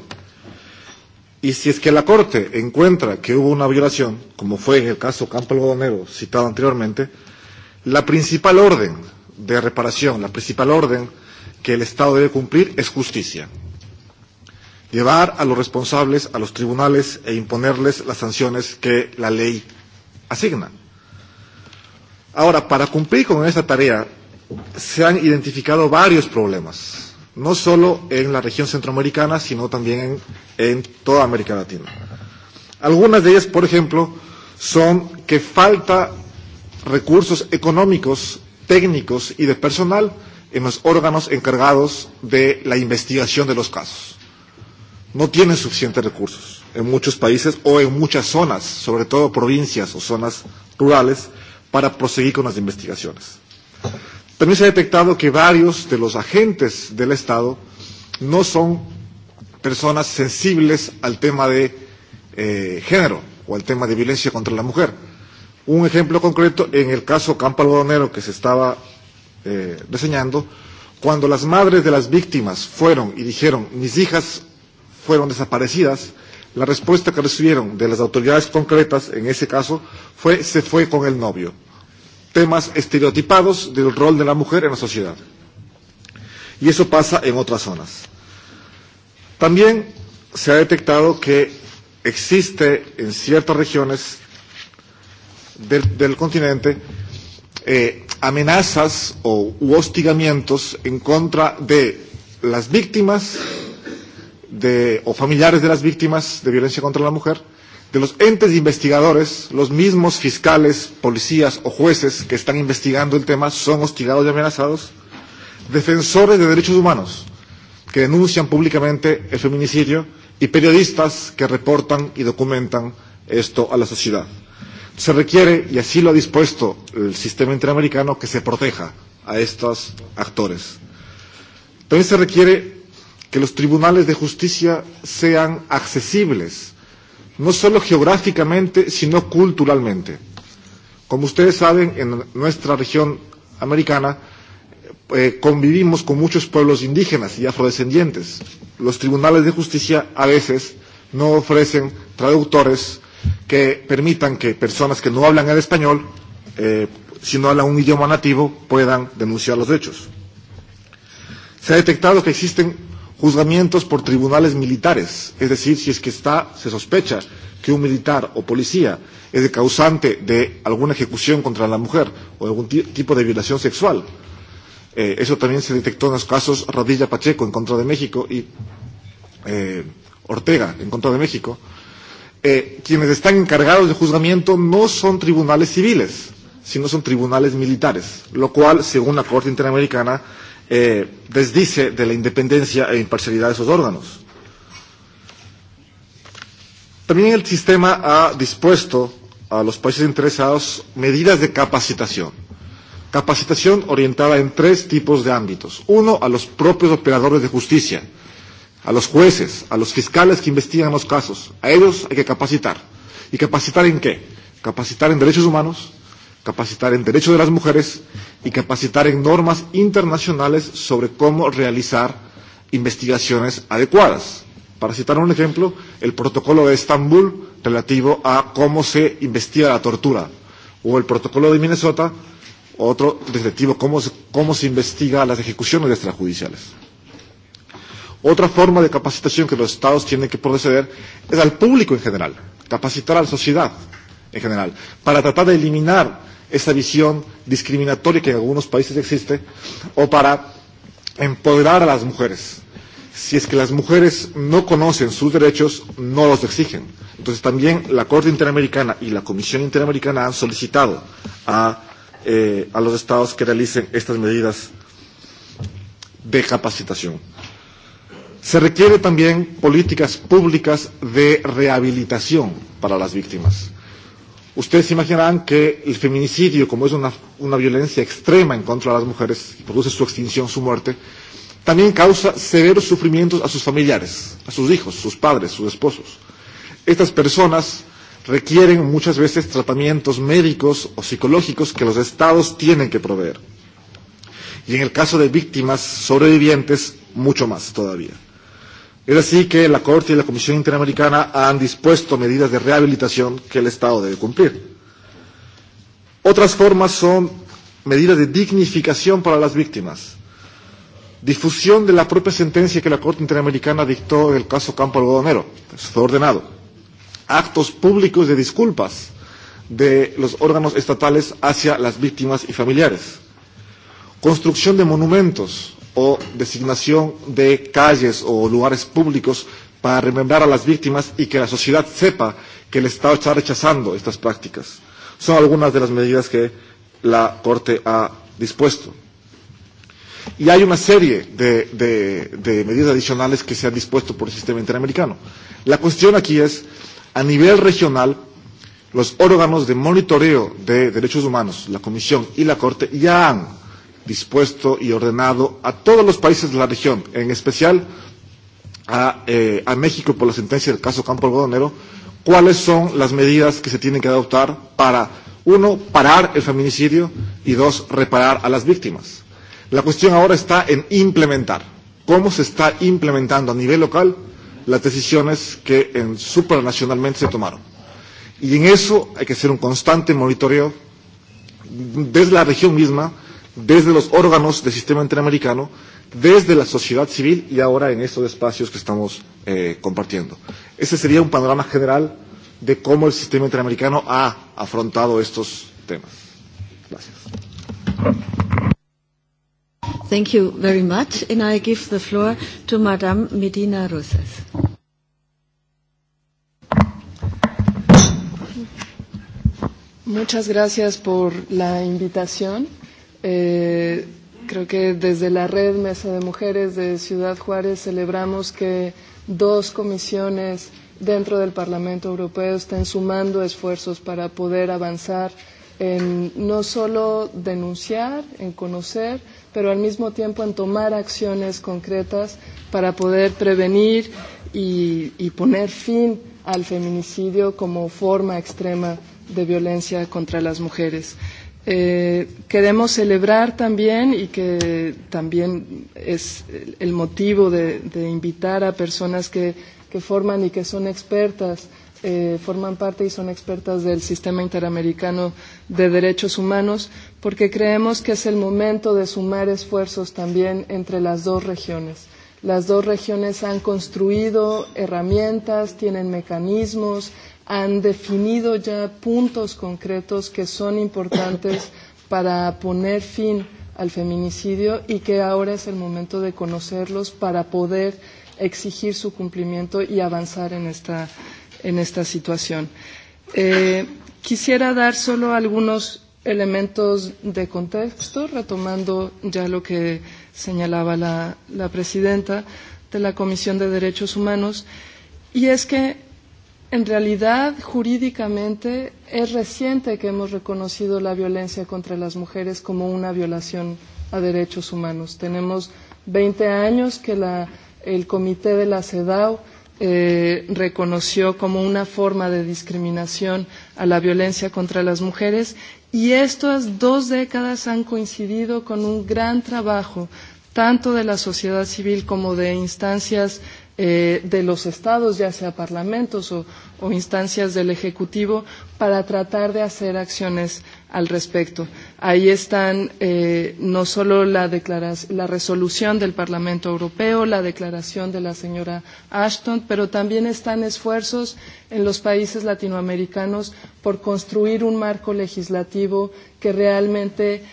Y si es que la Corte encuentra que hubo una violación, como fue en el caso Campo Algodonero citado anteriormente, la principal orden de reparación, la principal orden que el Estado debe cumplir es justicia llevar a los responsables a los tribunales e imponerles las sanciones que la ley asigna. Ahora, para cumplir con esta tarea se han identificado varios problemas, no solo en la región centroamericana, sino también en, en toda América Latina. Algunas de ellas, por ejemplo, son que falta recursos económicos, técnicos y de personal en los órganos encargados de la investigación de los casos no tienen suficientes recursos en muchos países o en muchas zonas, sobre todo provincias o zonas rurales, para proseguir con las investigaciones. También se ha detectado que varios de los agentes del Estado no son personas sensibles al tema de eh, género o al tema de violencia contra la mujer. Un ejemplo concreto en el caso Campo Algodonero que se estaba eh, reseñando, cuando las madres de las víctimas fueron y dijeron, mis hijas fueron desaparecidas, la respuesta que recibieron de las autoridades concretas en ese caso fue se fue con el novio. Temas estereotipados del rol de la mujer en la sociedad. Y eso pasa en otras zonas. También se ha detectado que existe en ciertas regiones del, del continente eh, amenazas o u hostigamientos en contra de las víctimas de, o familiares de las víctimas de violencia contra la mujer, de los entes investigadores, los mismos fiscales, policías o jueces que están investigando el tema son hostigados y amenazados, defensores de derechos humanos que denuncian públicamente el feminicidio y periodistas que reportan y documentan esto a la sociedad. Se requiere, y así lo ha dispuesto el sistema interamericano, que se proteja a estos actores. También se requiere que los tribunales de justicia sean accesibles, no solo geográficamente, sino culturalmente. Como ustedes saben, en nuestra región americana eh, convivimos con muchos pueblos indígenas y afrodescendientes. Los tribunales de justicia a veces no ofrecen traductores que permitan que personas que no hablan el español, eh, si no hablan un idioma nativo, puedan denunciar los hechos. Se ha detectado que existen juzgamientos por tribunales militares, es decir, si es que está, se sospecha que un militar o policía es el causante de alguna ejecución contra la mujer o algún tipo de violación sexual. Eh, eso también se detectó en los casos Rodilla Pacheco en contra de México y eh, Ortega en contra de México. Eh, quienes están encargados de juzgamiento no son tribunales civiles, sino son tribunales militares, lo cual, según la Corte Interamericana, eh, desdice de la independencia e imparcialidad de esos órganos. También el sistema ha dispuesto a los países interesados medidas de capacitación. Capacitación orientada en tres tipos de ámbitos. Uno, a los propios operadores de justicia, a los jueces, a los fiscales que investigan los casos. A ellos hay que capacitar. ¿Y capacitar en qué? Capacitar en derechos humanos, capacitar en derechos de las mujeres y capacitar en normas internacionales sobre cómo realizar investigaciones adecuadas. Para citar un ejemplo, el protocolo de Estambul relativo a cómo se investiga la tortura, o el protocolo de Minnesota, otro relativo a cómo se, cómo se investiga las ejecuciones extrajudiciales. Otra forma de capacitación que los estados tienen que proceder es al público en general, capacitar a la sociedad en general, para tratar de eliminar esa visión discriminatoria que en algunos países existe, o para empoderar a las mujeres. Si es que las mujeres no conocen sus derechos, no los exigen. Entonces también la Corte Interamericana y la Comisión Interamericana han solicitado a, eh, a los estados que realicen estas medidas de capacitación. Se requiere también políticas públicas de rehabilitación para las víctimas. Ustedes imaginarán que el feminicidio, como es una, una violencia extrema en contra de las mujeres, que produce su extinción, su muerte, también causa severos sufrimientos a sus familiares, a sus hijos, sus padres, sus esposos. Estas personas requieren muchas veces tratamientos médicos o psicológicos que los estados tienen que proveer. Y en el caso de víctimas sobrevivientes, mucho más todavía. Es así que la Corte y la Comisión Interamericana han dispuesto medidas de rehabilitación que el Estado debe cumplir. Otras formas son medidas de dignificación para las víctimas, difusión de la propia sentencia que la Corte Interamericana dictó en el caso Campo Algodonero, eso fue ordenado, actos públicos de disculpas de los órganos estatales hacia las víctimas y familiares, construcción de monumentos o designación de calles o lugares públicos para remembrar a las víctimas y que la sociedad sepa que el Estado está rechazando estas prácticas. Son algunas de las medidas que la Corte ha dispuesto. Y hay una serie de, de, de medidas adicionales que se han dispuesto por el sistema interamericano. La cuestión aquí es, a nivel regional, los órganos de monitoreo de derechos humanos, la Comisión y la Corte, ya han dispuesto y ordenado a todos los países de la región, en especial a, eh, a México por la sentencia del caso Campo Algodonero, cuáles son las medidas que se tienen que adoptar para, uno, parar el feminicidio y dos, reparar a las víctimas. La cuestión ahora está en implementar. ¿Cómo se está implementando a nivel local las decisiones que en, supranacionalmente se tomaron? Y en eso hay que hacer un constante monitoreo desde la región misma desde los órganos del sistema interamericano, desde la sociedad civil y ahora en estos espacios que estamos eh, compartiendo. Ese sería un panorama general de cómo el sistema interamericano ha afrontado estos temas. Gracias. Thank you very much, and I give the floor to Madame Medina Rosas. Muchas gracias por la invitación. Eh, creo que desde la Red Mesa de Mujeres de Ciudad Juárez celebramos que dos comisiones dentro del Parlamento Europeo estén sumando esfuerzos para poder avanzar en no solo denunciar, en conocer, pero al mismo tiempo en tomar acciones concretas para poder prevenir y, y poner fin al feminicidio como forma extrema de violencia contra las mujeres. Eh, queremos celebrar también y que también es el motivo de, de invitar a personas que, que forman y que son expertas, eh, forman parte y son expertas del sistema interamericano de derechos humanos, porque creemos que es el momento de sumar esfuerzos también entre las dos regiones. Las dos regiones han construido herramientas, tienen mecanismos, han definido ya puntos concretos que son importantes para poner fin al feminicidio y que ahora es el momento de conocerlos para poder exigir su cumplimiento y avanzar en esta, en esta situación. Eh, quisiera dar solo algunos elementos de contexto, retomando ya lo que señalaba la, la presidenta de la Comisión de Derechos Humanos, y es que En realidad, jurídicamente, es reciente que hemos reconocido la violencia contra las mujeres como una violación a derechos humanos. Tenemos 20 años que la, el comité de la CEDAW eh, reconoció como una forma de discriminación a la violencia contra las mujeres y estas dos décadas han coincidido con un gran trabajo tanto de la sociedad civil como de instancias eh, de los estados, ya sea parlamentos o, o instancias del Ejecutivo, para tratar de hacer acciones al respecto. Ahí están eh, no solo la, la resolución del Parlamento Europeo, la declaración de la señora Ashton, pero también están esfuerzos en los países latinoamericanos por construir un marco legislativo que realmente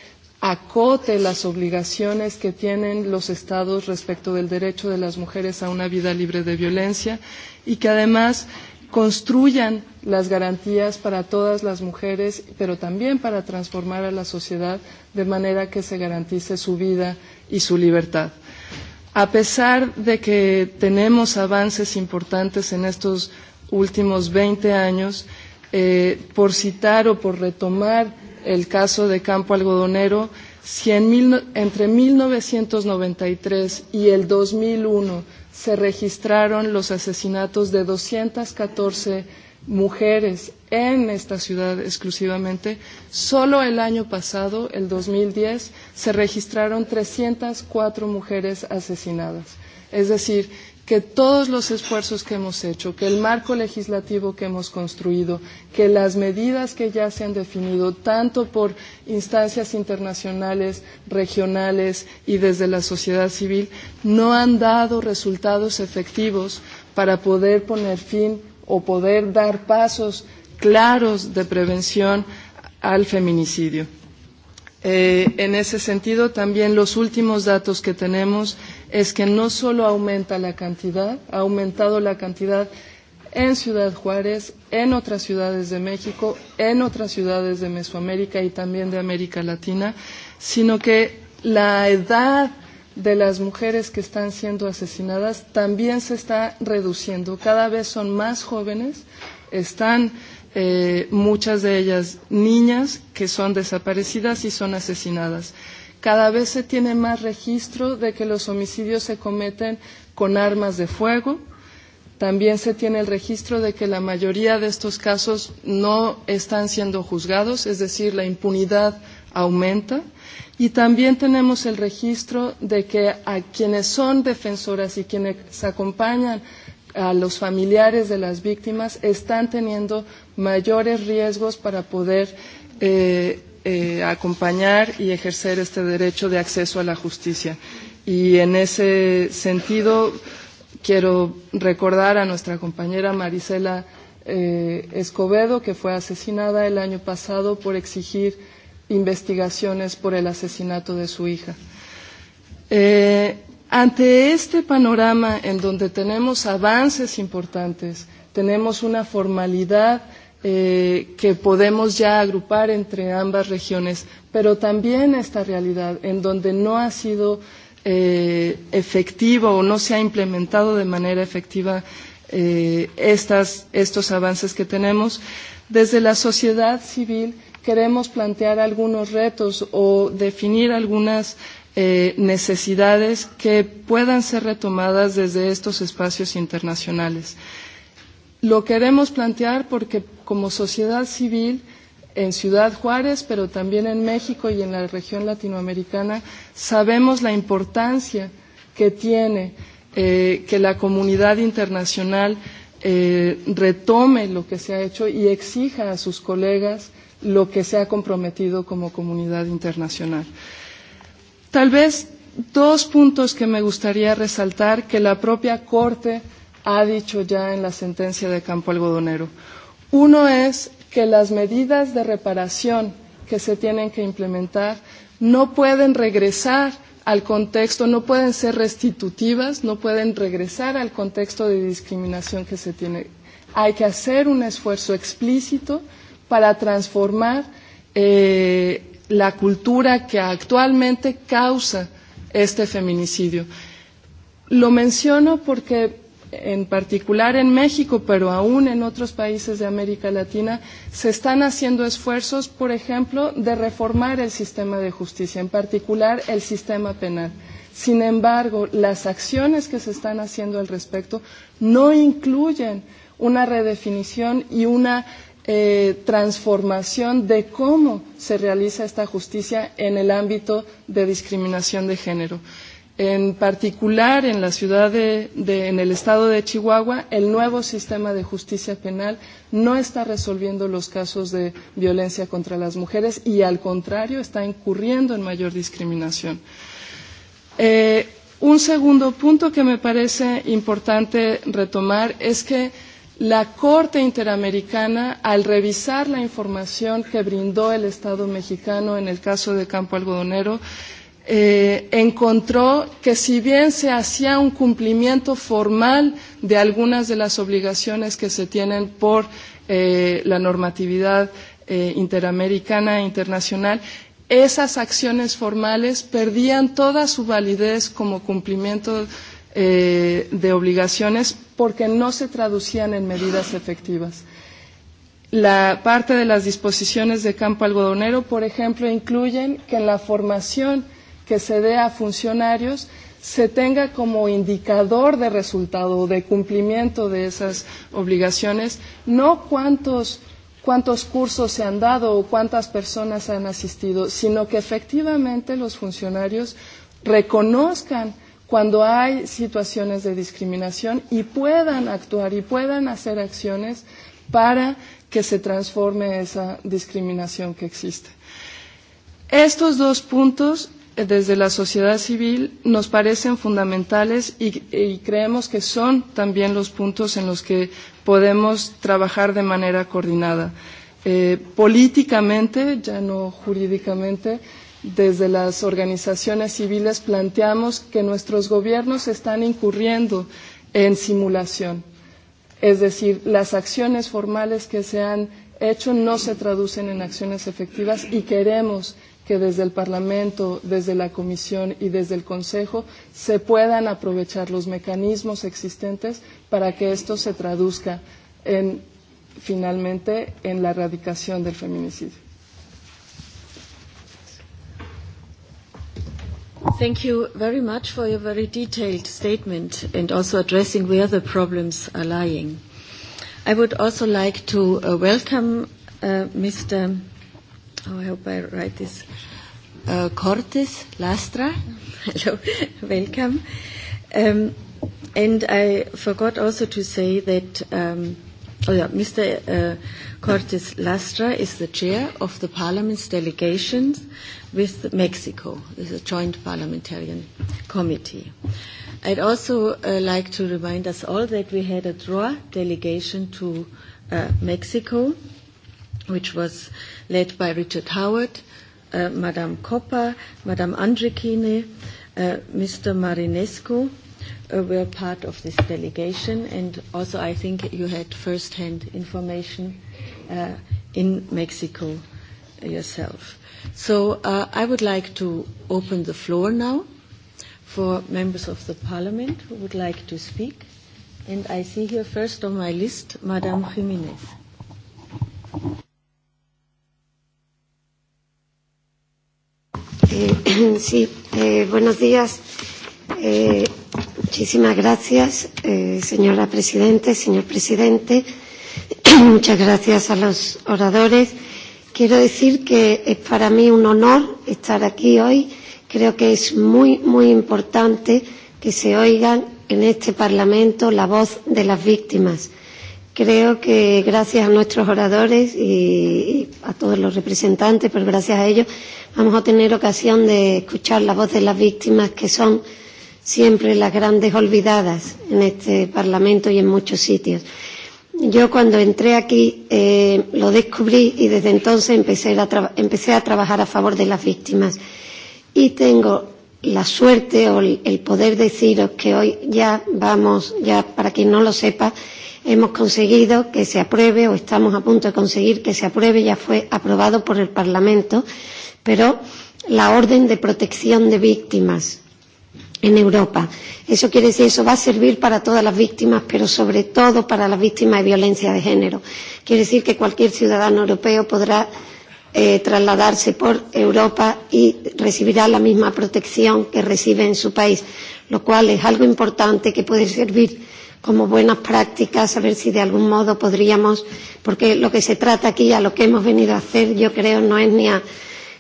acote las obligaciones que tienen los Estados respecto del derecho de las mujeres a una vida libre de violencia y que además construyan las garantías para todas las mujeres, pero también para transformar a la sociedad de manera que se garantice su vida y su libertad. A pesar de que tenemos avances importantes en estos últimos veinte años, eh, por citar o por retomar el caso de Campo Algodonero, si en mil, no, entre 1993 y el 2001 se registraron los asesinatos de 214 mujeres en esta ciudad exclusivamente, solo el año pasado, el 2010, se registraron 304 mujeres asesinadas. Es decir, que todos los esfuerzos que hemos hecho, que el marco legislativo que hemos construido, que las medidas que ya se han definido, tanto por instancias internacionales, regionales y desde la sociedad civil, no han dado resultados efectivos para poder poner fin o poder dar pasos claros de prevención al feminicidio. Eh, en ese sentido, también los últimos datos que tenemos es que no solo aumenta la cantidad, ha aumentado la cantidad en Ciudad Juárez, en otras ciudades de México, en otras ciudades de Mesoamérica y también de América Latina, sino que la edad de las mujeres que están siendo asesinadas también se está reduciendo. Cada vez son más jóvenes, están eh, muchas de ellas niñas que son desaparecidas y son asesinadas cada vez se tiene más registro de que los homicidios se cometen con armas de fuego. También se tiene el registro de que la mayoría de estos casos no están siendo juzgados, es decir, la impunidad aumenta. Y también tenemos el registro de que a quienes son defensoras y quienes acompañan a los familiares de las víctimas están teniendo mayores riesgos para poder eh, eh, acompañar y ejercer este derecho de acceso a la justicia. Y en ese sentido quiero recordar a nuestra compañera Marisela eh, Escobedo, que fue asesinada el año pasado por exigir investigaciones por el asesinato de su hija. Eh, ante este panorama en donde tenemos avances importantes, tenemos una formalidad eh, que podemos ya agrupar entre ambas regiones, pero también esta realidad en donde no ha sido eh, efectivo o no se ha implementado de manera efectiva eh, estas, estos avances que tenemos. Desde la sociedad civil queremos plantear algunos retos o definir algunas eh, necesidades que puedan ser retomadas desde estos espacios internacionales. Lo queremos plantear porque como sociedad civil en Ciudad Juárez, pero también en México y en la región latinoamericana, sabemos la importancia que tiene eh, que la comunidad internacional eh, retome lo que se ha hecho y exija a sus colegas lo que se ha comprometido como comunidad internacional. Tal vez dos puntos que me gustaría resaltar que la propia Corte ha dicho ya en la sentencia de Campo Algodonero. Uno es que las medidas de reparación que se tienen que implementar no pueden regresar al contexto, no pueden ser restitutivas, no pueden regresar al contexto de discriminación que se tiene. Hay que hacer un esfuerzo explícito para transformar eh, la cultura que actualmente causa este feminicidio. Lo menciono porque en particular en México, pero aún en otros países de América Latina, se están haciendo esfuerzos, por ejemplo, de reformar el sistema de justicia, en particular el sistema penal. Sin embargo, las acciones que se están haciendo al respecto no incluyen una redefinición y una eh, transformación de cómo se realiza esta justicia en el ámbito de discriminación de género en particular en la ciudad de, de, en el estado de Chihuahua, el nuevo sistema de justicia penal no está resolviendo los casos de violencia contra las mujeres y, al contrario, está incurriendo en mayor discriminación. Eh, un segundo punto que me parece importante retomar es que la Corte Interamericana, al revisar la información que brindó el Estado mexicano en el caso de Campo Algodonero, eh, encontró que si bien se hacía un cumplimiento formal de algunas de las obligaciones que se tienen por eh, la normatividad eh, interamericana e internacional, esas acciones formales perdían toda su validez como cumplimiento eh, de obligaciones porque no se traducían en medidas efectivas. La parte de las disposiciones de campo algodonero, por ejemplo, incluyen que en la formación que se dé a funcionarios se tenga como indicador de resultado, o de cumplimiento de esas obligaciones, no cuántos cuántos cursos se han dado o cuántas personas han asistido, sino que efectivamente los funcionarios reconozcan cuando hay situaciones de discriminación y puedan actuar y puedan hacer acciones para que se transforme esa discriminación que existe. Estos dos puntos desde la sociedad civil nos parecen fundamentales y, y creemos que son también los puntos en los que podemos trabajar de manera coordinada. Eh, políticamente, ya no jurídicamente, desde las organizaciones civiles planteamos que nuestros gobiernos están incurriendo en simulación. Es decir, las acciones formales que se han hecho no se traducen en acciones efectivas y queremos que desde el Parlamento, desde la Comisión y desde el Consejo se puedan aprovechar los mecanismos existentes para que esto se traduzca en, finalmente en la erradicación del feminicidio. Thank you very much for your very detailed statement and also addressing where the problems are lying. I would also like to uh, welcome uh, Mr. I hope I write this, uh, Cortes Lastra. Hello, welcome. Um, and I forgot also to say that um, oh yeah, Mr. Uh, Cortes Lastra is the chair of the parliament's delegations with Mexico. This is a joint parliamentarian committee. I'd also uh, like to remind us all that we had a draw delegation to uh, Mexico which was led by Richard Howard, uh, Madame Coppa, Madame Andrikine, uh, Mr. Marinescu, uh, were part of this delegation, and also I think you had first-hand information uh, in Mexico yourself. So uh, I would like to open the floor now for members of the parliament who would like to speak. And I see here first on my list, Madame Jiménez. Eh, señor sí, eh, buenos días. Eh, muchísimas gracias, eh, señora Presidente, señor Presidente. Muchas gracias a los oradores. Quiero decir que es para mí un honor estar aquí hoy. Creo que es muy, muy importante que se oigan en este Parlamento la voz de las víctimas Creo que gracias a nuestros oradores y, a todos los representantes, pero gracias a ellos vamos a tener ocasión de escuchar la voz de las víctimas que son siempre las grandes olvidadas en este Parlamento y en muchos sitios. Yo cuando entré aquí eh, lo descubrí y desde entonces empecé a, empecé a trabajar a favor de las víctimas. Y tengo la suerte o el poder deciros que hoy ya vamos, ya para quien no lo sepa, hemos conseguido que se apruebe o estamos a punto de conseguir que se apruebe, ya fue aprobado por el Parlamento, pero la orden de protección de víctimas en Europa. Eso quiere decir, eso va a servir para todas las víctimas, pero sobre todo para las víctimas de violencia de género. Quiere decir que cualquier ciudadano europeo podrá eh, trasladarse por Europa y recibirá la misma protección que recibe en su país, lo cual es algo importante que puede servir como buenas prácticas, a ver si de algún modo podríamos, porque lo que se trata aquí, a lo que hemos venido a hacer, yo creo, no es ni a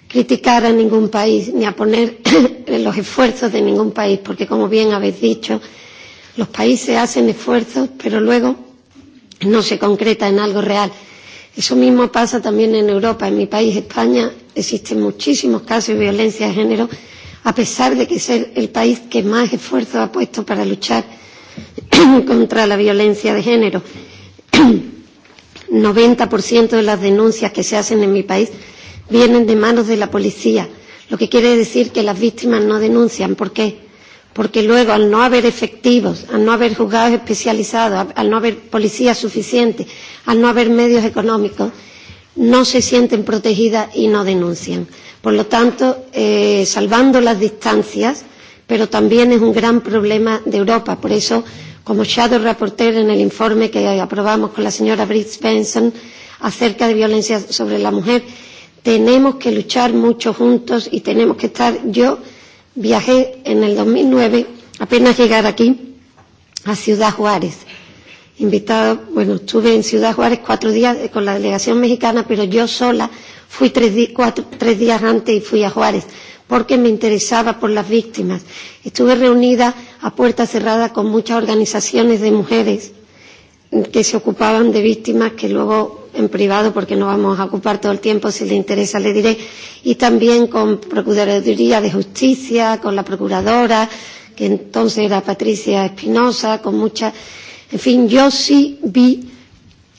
criticar a ningún país, ni a poner los esfuerzos de ningún país, porque como bien habéis dicho, los países hacen esfuerzos, pero luego no se concreta en algo real. Eso mismo pasa también en Europa. En mi país, España, existen muchísimos casos de violencia de género, a pesar de que ser el país que más esfuerzo ha puesto para luchar contra la violencia de género. 90% de las denuncias que se hacen en mi país vienen de manos de la policía, lo que quiere decir que las víctimas no denuncian. ¿Por qué? Porque luego, al no haber efectivos, al no haber juzgados especializados, al no haber policía suficiente, al no haber medios económicos, no se sienten protegidas y no denuncian. Por lo tanto, eh, salvando las distancias, pero también es un gran problema de Europa. Por eso, como Shadow Rapporteur en el informe que aprobamos con la señora Britt Benson acerca de violencia sobre la mujer, tenemos que luchar mucho juntos y tenemos que estar. Yo viajé en el 2009, apenas llegar aquí, a Ciudad Juárez. Invitado, bueno, estuve en Ciudad Juárez cuatro días eh, con la delegación mexicana, pero yo sola fui tres, cuatro, tres días antes y fui a Juárez porque me interesaba por las víctimas. Estuve reunida a puerta cerrada con muchas organizaciones de mujeres que se ocupaban de víctimas que luego en privado, porque no vamos a ocupar todo el tiempo, si le interesa le diré, y también con Procuraduría de Justicia, con la Procuradora, que entonces era Patricia Espinosa, con muchas... En fin, yo sí vi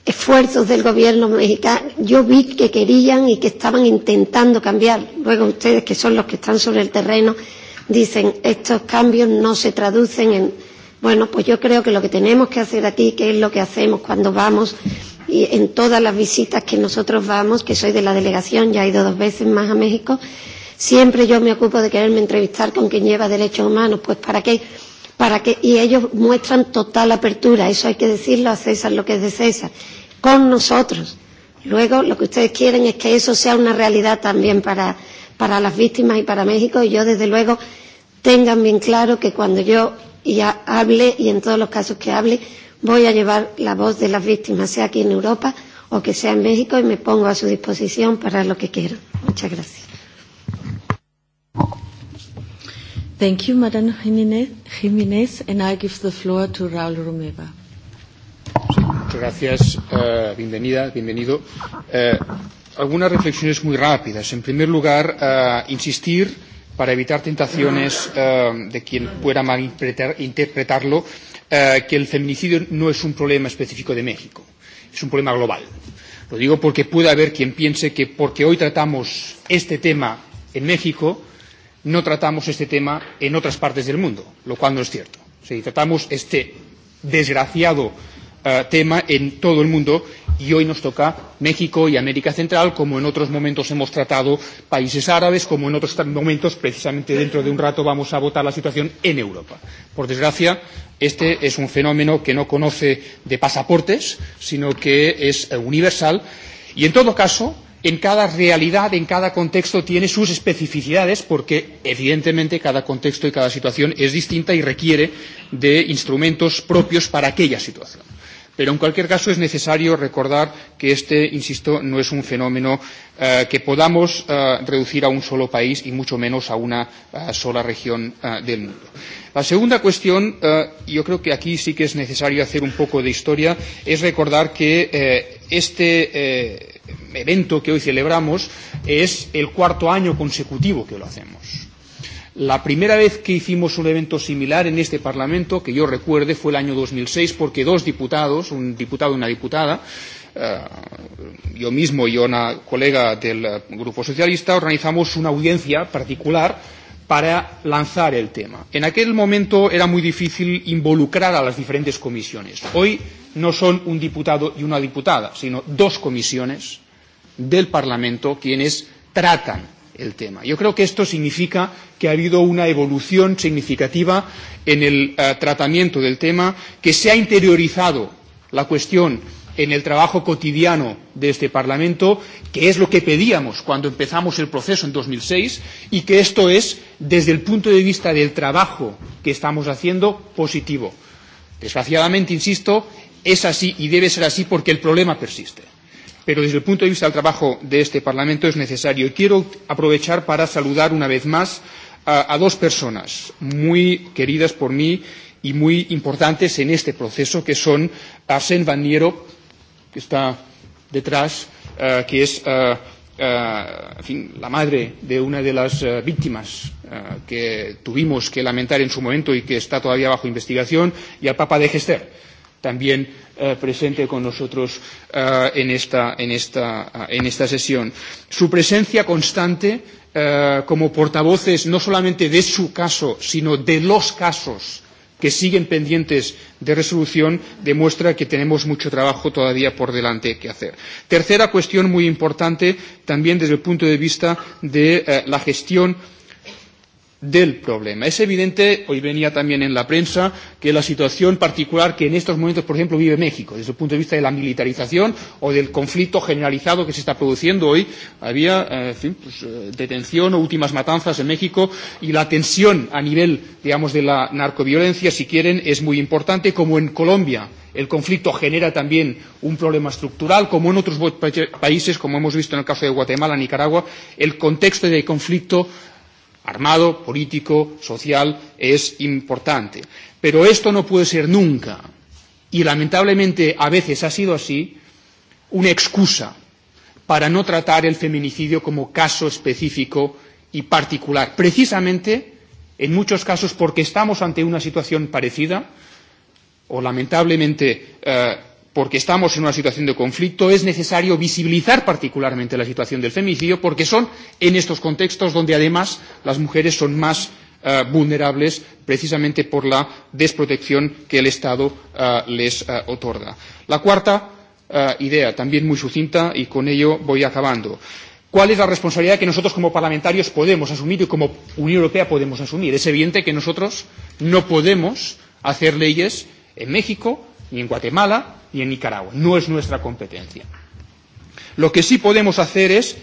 esfuerzos del gobierno mexicano, yo vi que querían y que estaban intentando cambiar. Luego ustedes, que son los que están sobre el terreno, dicen estos cambios no se traducen en. Bueno, pues yo creo que lo que tenemos que hacer aquí, que es lo que hacemos cuando vamos y en todas las visitas que nosotros vamos, que soy de la delegación, ya he ido dos veces más a México, siempre yo me ocupo de quererme entrevistar con quien lleva derechos humanos, pues para qué para que, y ellos muestran total apertura, eso hay que decirlo a César lo que es de César, con nosotros. Luego lo que ustedes quieren es que eso sea una realidad también para, para las víctimas y para México y yo desde luego tengan bien claro que cuando yo ya hable y en todos los casos que hable voy a llevar la voz de las víctimas, sea aquí en Europa o que sea en México y me pongo a su disposición para lo que quieran. Muchas gracias. Thank you, Madam Jiménez, and I give the floor to Raúl Romeva. muchas gracias, eh, bienvenida, bienvenido. Eh, algunas reflexiones muy rápidas. En primer lugar, eh, insistir para evitar tentaciones de quien pueda malinterpretarlo, que el feminicidio no es un problema específico de México, es un problema global. Lo digo porque puede haber quien piense que porque hoy tratamos este tema en México, no tratamos este tema en otras partes del mundo, lo cual no es cierto. Sí, tratamos este desgraciado uh, tema en todo el mundo y hoy nos toca México y América Central, como en otros momentos hemos tratado países árabes, como en otros momentos, precisamente dentro de un rato, vamos a votar la situación en Europa. Por desgracia, este es un fenómeno que no conoce de pasaportes, sino que es eh, universal y, en todo caso, en cada realidad, en cada contexto, tiene sus especificidades, porque evidentemente cada contexto y cada situación es distinta y requiere de instrumentos propios para aquella situación. Pero en cualquier caso es necesario recordar que este, insisto, no es un fenómeno eh, que podamos eh, reducir a un solo país y mucho menos a una a eh, sola región eh, del mundo. La segunda cuestión, eh, yo creo que aquí sí que es necesario hacer un poco de historia, es recordar que eh, este eh, evento que hoy celebramos es el cuarto año consecutivo que lo hacemos La primera vez que hicimos un evento similar en este Parlamento, que yo recuerde, fue el año 2006, porque dos diputados, un diputado y una diputada, eh, yo mismo y una colega del Grupo Socialista, organizamos una audiencia particular para lanzar el tema. En aquel momento era muy difícil involucrar a las diferentes comisiones. Hoy no son un diputado y una diputada, sino dos comisiones del Parlamento quienes tratan el tema. Yo creo que esto significa que ha habido una evolución significativa en el uh, tratamiento del tema, que se ha interiorizado la cuestión en el trabajo cotidiano de este Parlamento, que es lo que pedíamos cuando empezamos el proceso en 2006, y que esto es, desde el punto de vista del trabajo que estamos haciendo, positivo. Desgraciadamente, insisto, es así y debe ser así porque el problema persiste pero desde el punto de vista del trabajo de este Parlamento es necesario. Y quiero aprovechar para saludar una vez más a, a dos personas muy queridas por mí y muy importantes en este proceso, que son Arsène Van Niero, que está detrás, uh, que es uh, uh, en fin, la madre de una de las uh, víctimas uh, que tuvimos que lamentar en su momento y que está todavía bajo investigación, y al Papa de Gester, también Eh, presente con nosotros uh, en, esta, en, esta, en esta sesión. Su presencia constante uh, como portavoces no solamente de su caso, sino de los casos que siguen pendientes de resolución demuestra que tenemos mucho trabajo todavía por delante que hacer. Tercera cuestión muy importante también desde el punto de vista de eh, la gestión eh, del problema. Es evidente, hoy venía también en la prensa, que la situación particular que en estos momentos, por ejemplo, vive México, desde el punto de vista de la militarización o del conflicto generalizado que se está produciendo hoy, había eh, pues, eh, detención o últimas matanzas en México y la tensión a nivel, digamos, de la narcoviolencia, si quieren, es muy importante, como en Colombia el conflicto genera también un problema estructural, como en otros países, como hemos visto en el caso de Guatemala, Nicaragua, el contexto de conflicto armado, político, social, es importante. Pero esto no puede ser nunca, y lamentablemente a veces ha sido así, una excusa para no tratar el feminicidio como caso específico y particular. Precisamente, en muchos casos, porque estamos ante una situación parecida, o lamentablemente eh, porque estamos en una situación de conflicto, es necesario visibilizar particularmente la situación del femicidio, porque son en estos contextos donde además las mujeres son más eh, vulnerables precisamente por la desprotección que el Estado eh, les eh, otorga. La cuarta eh, idea, también muy sucinta, y con ello voy acabando. ¿Cuál es la responsabilidad que nosotros como parlamentarios podemos asumir y como Unión Europea podemos asumir? Es evidente que nosotros no podemos hacer leyes en México ni en Guatemala y en Nicaragua. No es nuestra competencia. Lo que sí podemos hacer es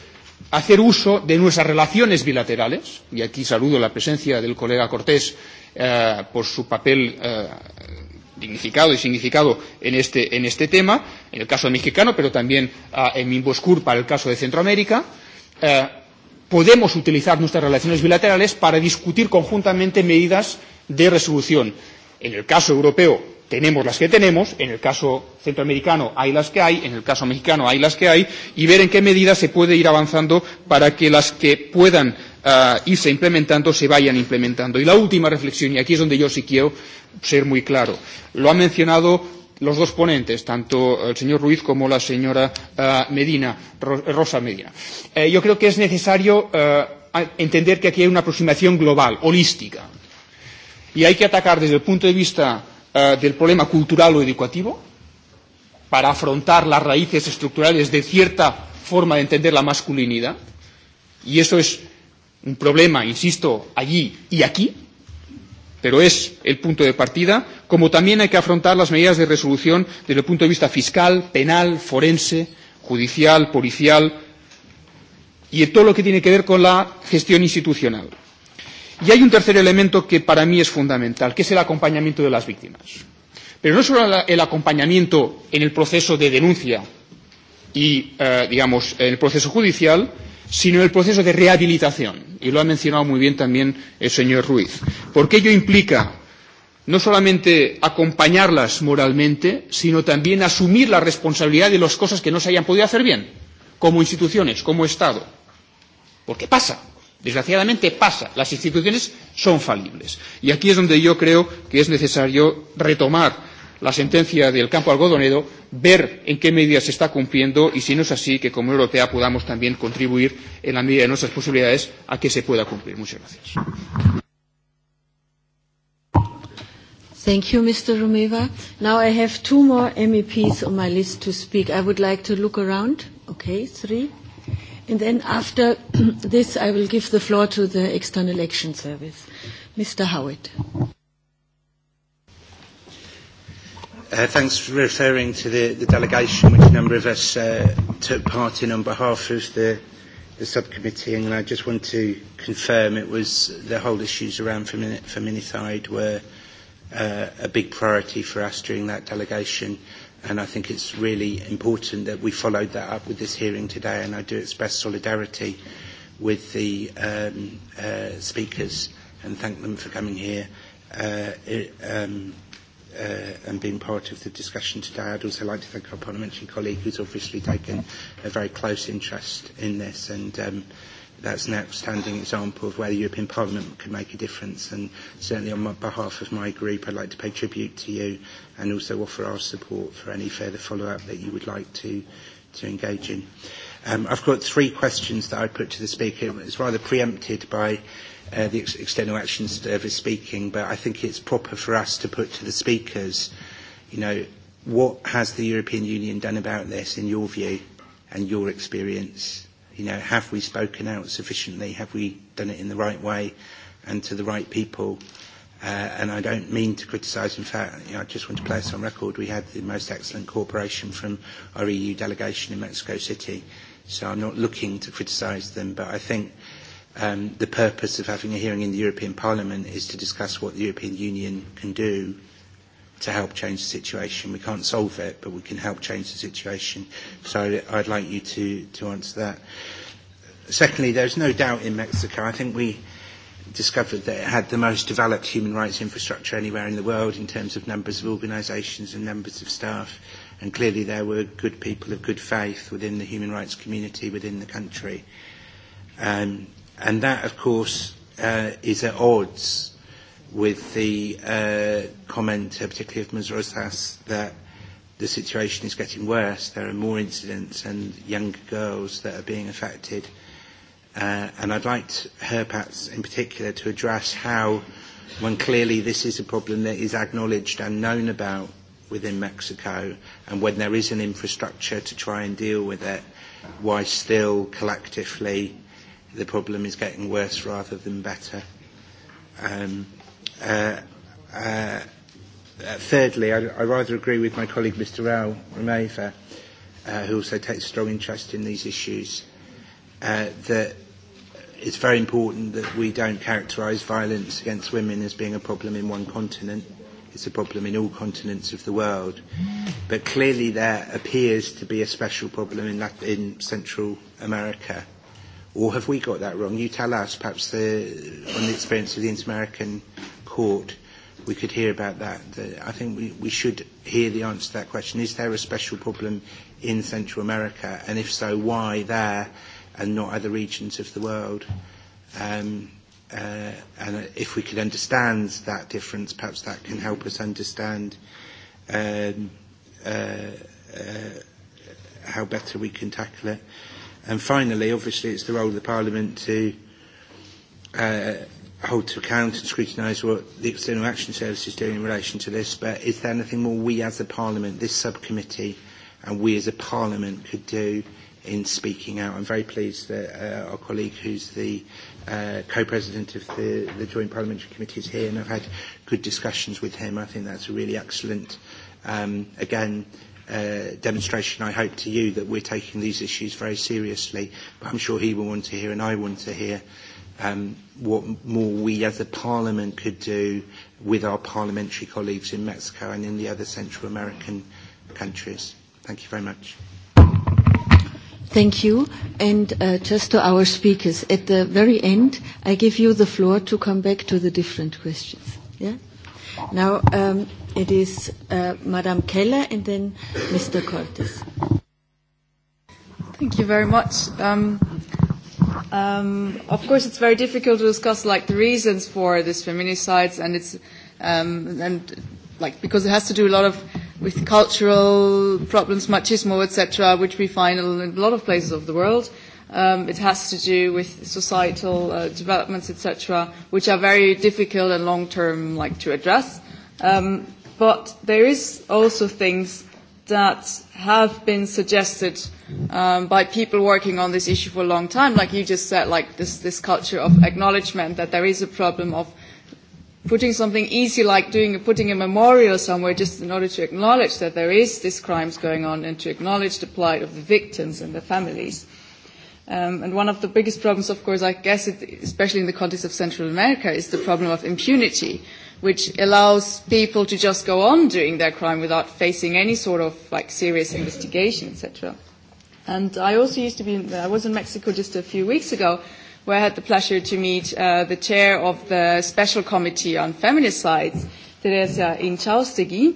hacer uso de nuestras relaciones bilaterales, y aquí saludo la presencia del colega Cortés eh, por su papel eh, dignificado y significado en este, en este tema, en el caso mexicano, pero también eh, en Mimboscur para el caso de Centroamérica. Eh, podemos utilizar nuestras relaciones bilaterales para discutir conjuntamente medidas de resolución. En el caso europeo, tenemos las que tenemos, en el caso centroamericano hay las que hay, en el caso mexicano hay las que hay, y ver en qué medida se puede ir avanzando para que las que puedan uh, irse implementando se vayan implementando. Y la última reflexión, y aquí es donde yo sí quiero ser muy claro, lo han mencionado los dos ponentes, tanto el señor Ruiz como la señora uh, Medina, Rosa Medina. Eh, yo creo que es necesario uh, entender que aquí hay una aproximación global, holística, y hay que atacar desde el punto de vista Eh, del problema cultural o educativo, para afrontar las raíces estructurales de cierta forma de entender la masculinidad. Y eso es un problema, insisto, allí y aquí, pero es el punto de partida, como también hay que afrontar las medidas de resolución desde el punto de vista fiscal, penal, forense, judicial, policial y en todo lo que tiene que ver con la gestión institucional. Y hay un tercer elemento que para mí es fundamental, que es el acompañamiento de las víctimas. Pero no solo el acompañamiento en el proceso de denuncia y, eh, digamos, en el proceso judicial, sino en el proceso de rehabilitación. Y lo ha mencionado muy bien también el señor Ruiz. Porque ello implica no solamente acompañarlas moralmente, sino también asumir la responsabilidad de las cosas que no se hayan podido hacer bien, como instituciones, como Estado. Porque pasa, Desgraciadamente pasa, las instituciones son falibles. Y aquí es donde yo creo que es necesario retomar la sentencia del campo algodonero, ver en qué medida se está cumpliendo y si no es así, que como Europea podamos también contribuir en la medida de nuestras posibilidades a que se pueda cumplir. Muchas gracias. Thank you, Mr. Romeva. Now I have two more MEPs on my list to speak. I would like to look around. Okay, three. And then after this, I will give the floor to the External Action Service. Mr. Howitt. Uh, thanks for referring to the, the delegation which a number of us uh, took part in on behalf of the, the subcommittee and I just want to confirm it was the whole issues around feminicide were uh, a big priority for us during that delegation. Uh, And I think it's really important that we followed that up with this hearing today, and I do express solidarity with the um, uh, speakers and thank them for coming here uh, um, uh, and being part of the discussion today. I'd also like to thank our parliamentary colleague who's obviously taken a very close interest in this and um, that's an outstanding example of where the European Parliament can make a difference and certainly on my, behalf of my group I'd like to pay tribute to you and also offer our support for any further follow-up that you would like to, to engage in. Um, I've got three questions that I put to the speaker. It's rather preempted by uh, the Ex External Action Service speaking, but I think it's proper for us to put to the speakers, you know, what has the European Union done about this in your view and your experience? You know, have we spoken out sufficiently? Have we done it in the right way and to the right people? Uh, and I don't mean to criticise. In fact, you know, I just want to place on record we had the most excellent cooperation from our EU delegation in Mexico City. So I'm not looking to criticise them, but I think um, the purpose of having a hearing in the European Parliament is to discuss what the European Union can do to help change the situation. We can't solve it, but we can help change the situation. So I'd like you to, to answer that. Secondly, there's no doubt in Mexico. I think we discovered that it had the most developed human rights infrastructure anywhere in the world in terms of numbers of organisations and numbers of staff. And clearly there were good people of good faith within the human rights community within the country. Um, and that, of course, uh, is at odds with the uh, comment, uh, particularly of Ms. Rosas, that the situation is getting worse. There are more incidents and younger girls that are being affected Uh, and I'd like her perhaps in particular to address how, when clearly this is a problem that is acknowledged and known about within Mexico, and when there is an infrastructure to try and deal with it, why still collectively the problem is getting worse rather than better. Um, uh, uh, thirdly, I, I rather agree with my colleague Mr. Rao Romeva, uh, who also takes strong interest in these issues uh, that it's very important that we don't characterise violence against women as being a problem in one continent. It's a problem in all continents of the world. But clearly there appears to be a special problem in, Latin, in Central America. Or have we got that wrong? You tell us, perhaps the, on the experience of the Inter-American Court, we could hear about that. The, I think we, we should hear the answer to that question. Is there a special problem in Central America? And if so, why there? and not other regions of the world. Um, uh, and if we could understand that difference, perhaps that can help us understand um, uh, uh, how better we can tackle it. And finally, obviously, it's the role of the Parliament to uh, hold to account and scrutinise what the External Action Service is doing in relation to this. But is there anything more we as a Parliament, this subcommittee, and we as a Parliament could do? Uh, in speaking out. I'm very pleased that uh, our colleague, who's the uh, co-president of the, the Joint Parliamentary Committee, is here, and I've had good discussions with him. I think that's a really excellent, um, again, uh, demonstration, I hope, to you that we're taking these issues very seriously. But I'm sure he will want to hear, and I want to hear, um, what more we as a parliament could do with our parliamentary colleagues in Mexico and in the other Central American countries. Thank you very much. Thank you. And uh, just to our speakers, at the very end, I give you the floor to come back to the different questions. Yeah? Now, um, it is uh, Madame Keller and then Mr. Cortes. Thank you very much. Um, um, of course, it's very difficult to discuss like the reasons for these feminicides, and it's um, and like because it has to do a lot of with cultural problems, machismo, etc., which we find in a lot of places of the world. Um, it has to do with societal uh, developments, etc., which are very difficult and long-term, like to address. Um, but there is also things that have been suggested um, by people working on this issue for a long time, like you just said, like this, this culture of acknowledgement that there is a problem of putting something easy like doing putting a memorial somewhere just in order to acknowledge that there is these crimes going on and to acknowledge the plight of the victims and their families. Um, and one of the biggest problems, of course, I guess, it, especially in the context of Central America, is the problem of impunity, which allows people to just go on doing their crime without facing any sort of like serious investigation, etc. And I also used to be, in, I was in Mexico just a few weeks ago, where I had the pleasure to meet uh, the chair of the Special Committee on Feminist Rights, Teresa Inchaustegi.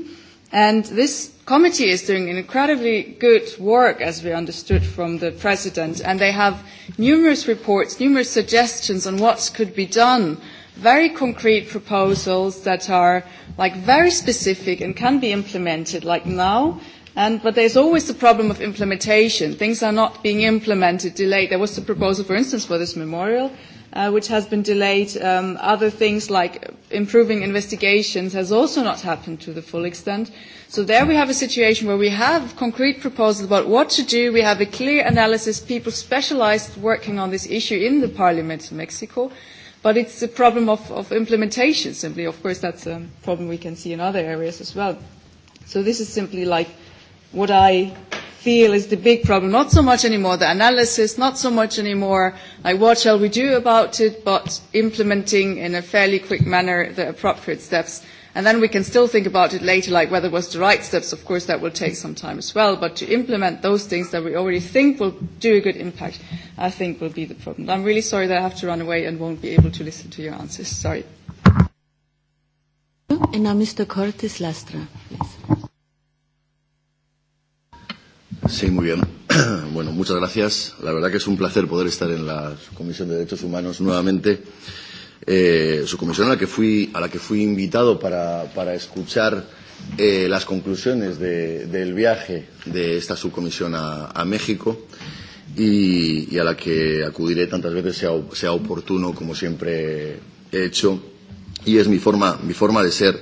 And this committee is doing incredibly good work, as we understood from the president, and they have numerous reports, numerous suggestions on what could be done, very concrete proposals that are like very specific and can be implemented, like now And, but there's always the problem of implementation. Things are not being implemented, delayed. There was the proposal, for instance, for this memorial, uh, which has been delayed. Um, other things like improving investigations has also not happened to the full extent. So there we have a situation where we have concrete proposals about what to do. We have a clear analysis, people specialized working on this issue in the Parliament in Mexico. But it's a problem of, of implementation simply. Of course, that's a problem we can see in other areas as well. So this is simply like what I feel is the big problem. Not so much anymore the analysis, not so much anymore like what shall we do about it, but implementing in a fairly quick manner the appropriate steps. And then we can still think about it later, like whether it was the right steps. Of course, that will take some time as well. But to implement those things that we already think will do a good impact, I think will be the problem. I'm really sorry that I have to run away and won't be able to listen to your answers. Sorry. And now Mr. Cortes Lastra, please. Sí, muy bien. Bueno, muchas gracias. La verdad que es un placer poder estar en la Comisión de Derechos Humanos nuevamente. Eh, su comisión a la que fui, a la que fui invitado para, para escuchar eh, las conclusiones de, del viaje de esta subcomisión a, a México y, y a la que acudiré tantas veces sea, sea oportuno como siempre he hecho. Y es mi forma, mi forma de ser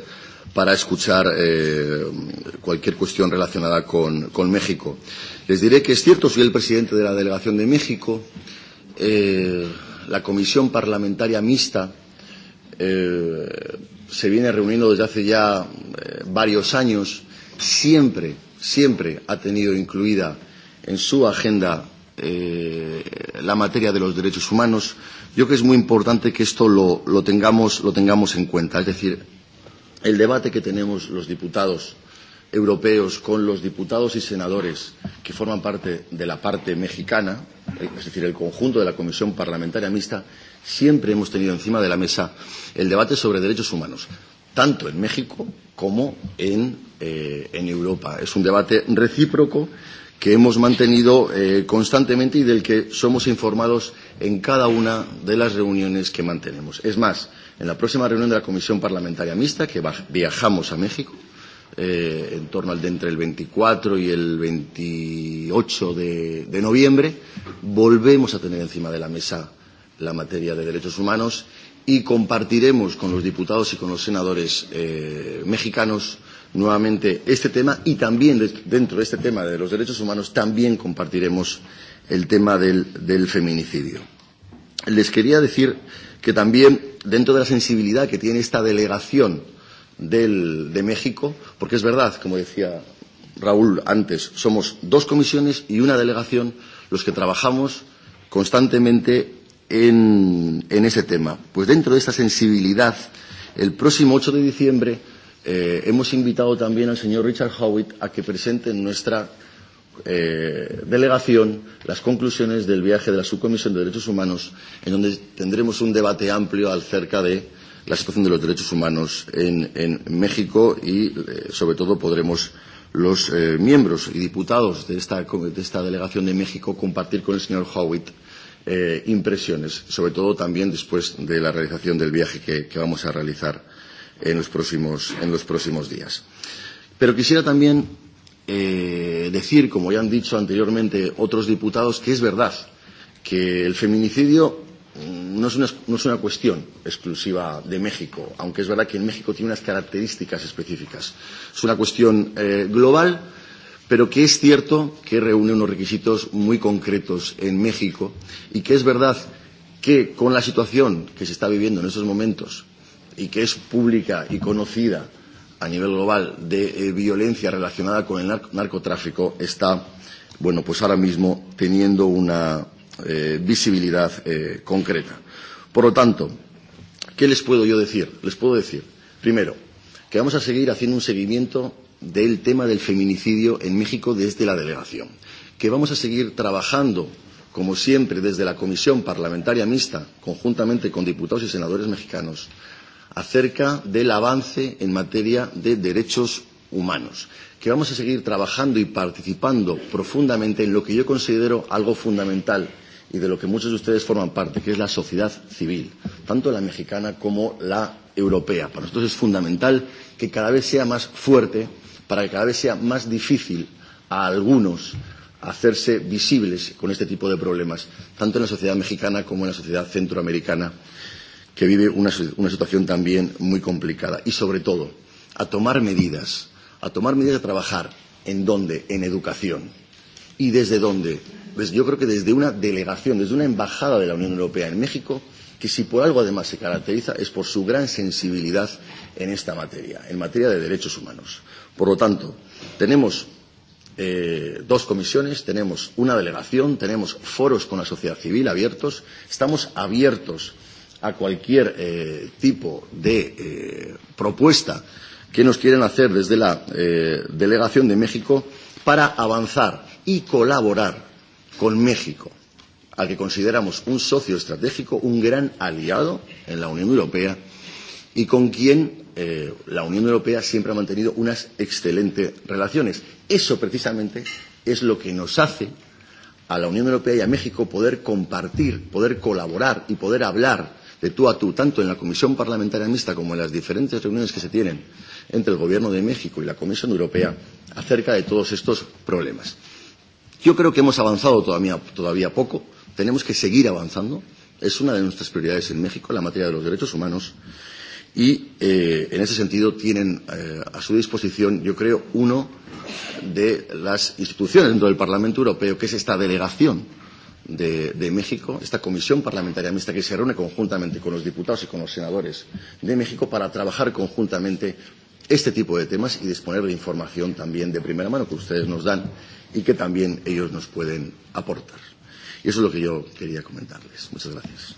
para escuchar eh, cualquier cuestión relacionada con, con México. Les diré que es cierto, soy el presidente de la delegación de México. Eh, la comisión parlamentaria mixta eh, se viene reuniendo desde hace ya eh, varios años. Siempre, siempre ha tenido incluida en su agenda eh, la materia de los derechos humanos. Yo creo que es muy importante que esto lo, lo, tengamos, lo tengamos en cuenta. Es decir, el debate que tenemos los diputados europeos con los diputados y senadores que forman parte de la parte mexicana, es decir, el conjunto de la Comisión Parlamentaria Mixta, siempre hemos tenido encima de la mesa el debate sobre derechos humanos, tanto en México como en, eh, en Europa. Es un debate recíproco que hemos mantenido eh, constantemente y del que somos informados en cada una de las reuniones que mantenemos. Es más, En la próxima reunión de la Comisión Parlamentaria Mixta, que viajamos a México, eh, en torno al de entre el 24 y el 28 de, de noviembre, volvemos a tener encima de la mesa la materia de derechos humanos y compartiremos con los diputados y con los senadores eh, mexicanos nuevamente este tema y también de, dentro de este tema de los derechos humanos también compartiremos el tema del, del feminicidio. Les quería decir que también dentro de la sensibilidad que tiene esta delegación del, de México, porque es verdad, como decía Raúl antes, somos dos comisiones y una delegación los que trabajamos constantemente en, en ese tema. Pues dentro de esta sensibilidad, el próximo 8 de diciembre eh, hemos invitado también al señor Richard Howitt a que presente en nuestra eh, delegación las conclusiones del viaje de la Subcomisión de Derechos Humanos, en donde tendremos un debate amplio acerca de la situación de los derechos humanos en, en México y, eh, sobre todo, podremos los eh, miembros y diputados de esta, de esta delegación de México compartir con el señor Howitt eh, impresiones, sobre todo también después de la realización del viaje que, que vamos a realizar en los próximos, en los próximos días. Pero quisiera también eh, decir, como ya han dicho anteriormente otros diputados, que es verdad que el feminicidio mm, no es, una, no es una cuestión exclusiva de México, aunque es verdad que en México tiene unas características específicas. Es una cuestión eh, global, pero que es cierto que reúne unos requisitos muy concretos en México y que es verdad que con la situación que se está viviendo en estos momentos y que es pública y conocida a nivel global de eh, violencia relacionada con el narcotráfico está, bueno, pues ahora mismo teniendo una eh, visibilidad eh, concreta. Por lo tanto, ¿qué les puedo yo decir? Les puedo decir, primero, que vamos a seguir haciendo un seguimiento del tema del feminicidio en México desde la delegación, que vamos a seguir trabajando como siempre, desde la Comisión Parlamentaria Mixta, conjuntamente con diputados y senadores mexicanos, acerca del avance en materia de derechos humanos, que vamos a seguir trabajando y participando profundamente en lo que yo considero algo fundamental y de lo que muchos de ustedes forman parte, que es la sociedad civil, tanto la mexicana como la europea. Para nosotros es fundamental que cada vez sea más fuerte, para que cada vez sea más difícil a algunos hacerse visibles con este tipo de problemas, tanto en la sociedad mexicana como en la sociedad centroamericana que vive una, una situación también muy complicada. Y sobre todo, a tomar medidas, a tomar medidas de trabajar. ¿En dónde? En educación. ¿Y desde dónde? Pues yo creo que desde una delegación, desde una embajada de la Unión Europea en México, que si por algo además se caracteriza es por su gran sensibilidad en esta materia, en materia de derechos humanos. Por lo tanto, tenemos eh, dos comisiones, tenemos una delegación, tenemos foros con la sociedad civil abiertos, estamos abiertos a cualquier eh, tipo de eh, propuesta que nos quieren hacer desde la eh, delegación de México para avanzar y colaborar con México, al que consideramos un socio estratégico, un gran aliado en la Unión Europea y con quien eh, la Unión Europea siempre ha mantenido unas excelentes relaciones. Eso precisamente es lo que nos hace a la Unión Europea y a México poder compartir, poder colaborar y poder hablar de tú a tú, tanto en la Comisión Parlamentaria Mixta como en las diferentes reuniones que se tienen entre el Gobierno de México y la Comisión Europea acerca de todos estos problemas. Yo creo que hemos avanzado todavía, todavía poco, tenemos que seguir avanzando, es una de nuestras prioridades en México, la materia de los derechos humanos, y eh, en ese sentido tienen eh, a su disposición, yo creo, uno de las instituciones dentro del Parlamento Europeo, que es esta delegación de, de México, esta comisión parlamentaria mixta que se reúne conjuntamente con los diputados y con los senadores de México para trabajar conjuntamente este tipo de temas y disponer de información también de primera mano que ustedes nos dan y que también ellos nos pueden aportar. Y eso es lo que yo quería comentarles. Muchas gracias.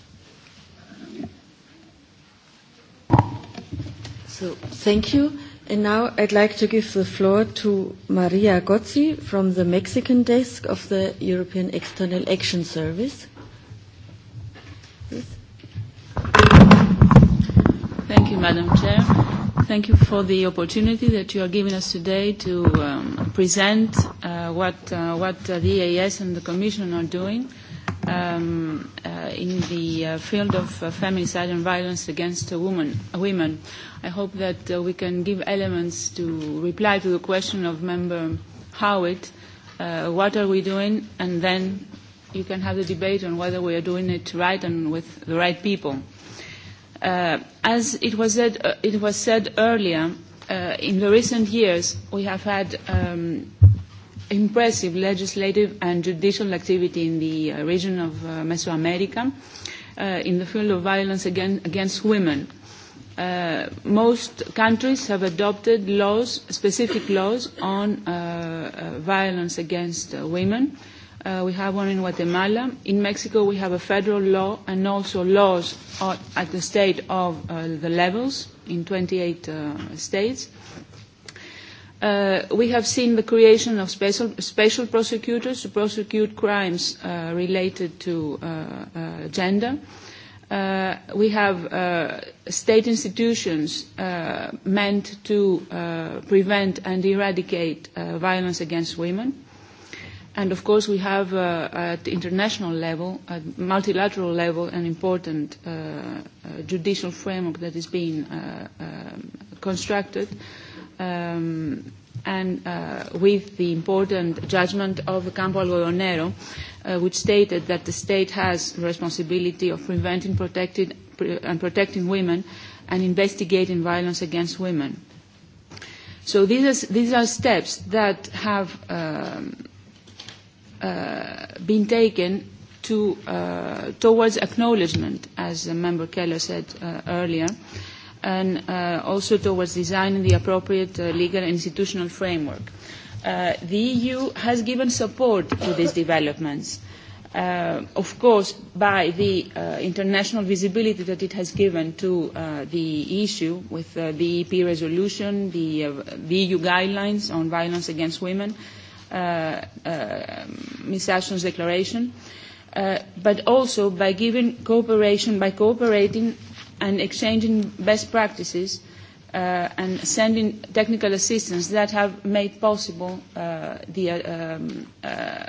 So, thank you. And now I'd like to give the floor to Maria Gozzi from the Mexican desk of the European External Action Service. Please. Thank you, Madam Chair. Thank you for the opportunity that you are giving us today to um, present uh, what, uh, what the EAS and the Commission are doing um, Uh, in the uh, field of uh, feminicide and violence against women. women. I hope that we can give elements to reply to the question of Member Howitt, what are we doing, and then you can have the debate on whether we are doing it right and with the right people. Uh, as it was said, uh, it was said earlier, uh, in the recent years we have had um, impressive legislative and judicial activity in the uh, region of uh, Mesoamerica uh, in the field of violence again, against women. Uh, most countries have adopted laws, specific laws on uh, uh, violence against uh, women. Uh, we have one in Guatemala. In Mexico, we have a federal law and also laws at the state of uh, the levels in 28 uh, states. Uh, we have seen the creation of special, special prosecutors to prosecute crimes uh, related to uh, uh gender. Uh, we have state institutions meant to prevent and eradicate violence against women. And of course, we have at international level, at multilateral level, an important judicial framework that is being uh, um, constructed um, and uh, with the important judgment of Campo Algodonero, uh, which stated that the state has the responsibility of preventing protected, pre- and protecting women and investigating violence against women. So these are, these are steps that have um, uh, been taken to, uh, towards acknowledgement, as uh, Member Keller said uh, earlier, uh, and uh, also towards designing the appropriate uh, legal and institutional framework. Uh, the EU has given support to these developments, uh, of course, by the uh, international visibility that it has given to uh, the issue with uh, the EP resolution, the, uh, the EU guidelines on violence against women, uh, uh, Ms. Ashton's declaration. Uh, but also by giving cooperation, by cooperating and exchanging best practices uh, and sending technical assistance that have made possible uh, the, uh, um, uh,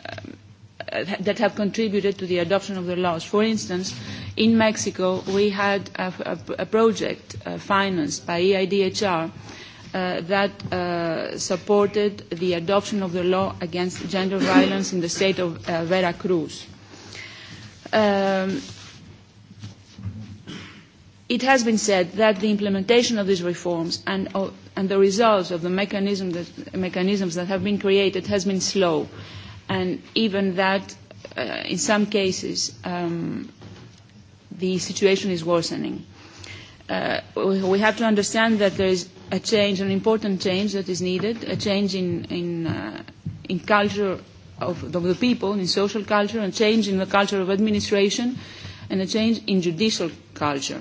that have contributed to the adoption of the laws. For instance, in Mexico, we had a, a, a project uh, financed by EIDHR uh, that uh, supported the adoption of the law against gender violence in the state of uh, Veracruz. Um, It has been said that the implementation of these reforms and, uh, and the results of the mechanism that, mechanisms that have been created has been slow, and even that uh, in some cases um, the situation is worsening. Uh, we have to understand that there is a change, an important change that is needed, a change in, in, uh, in culture of, of the people, in social culture, a change in the culture of administration, uh, and a change in judicial culture.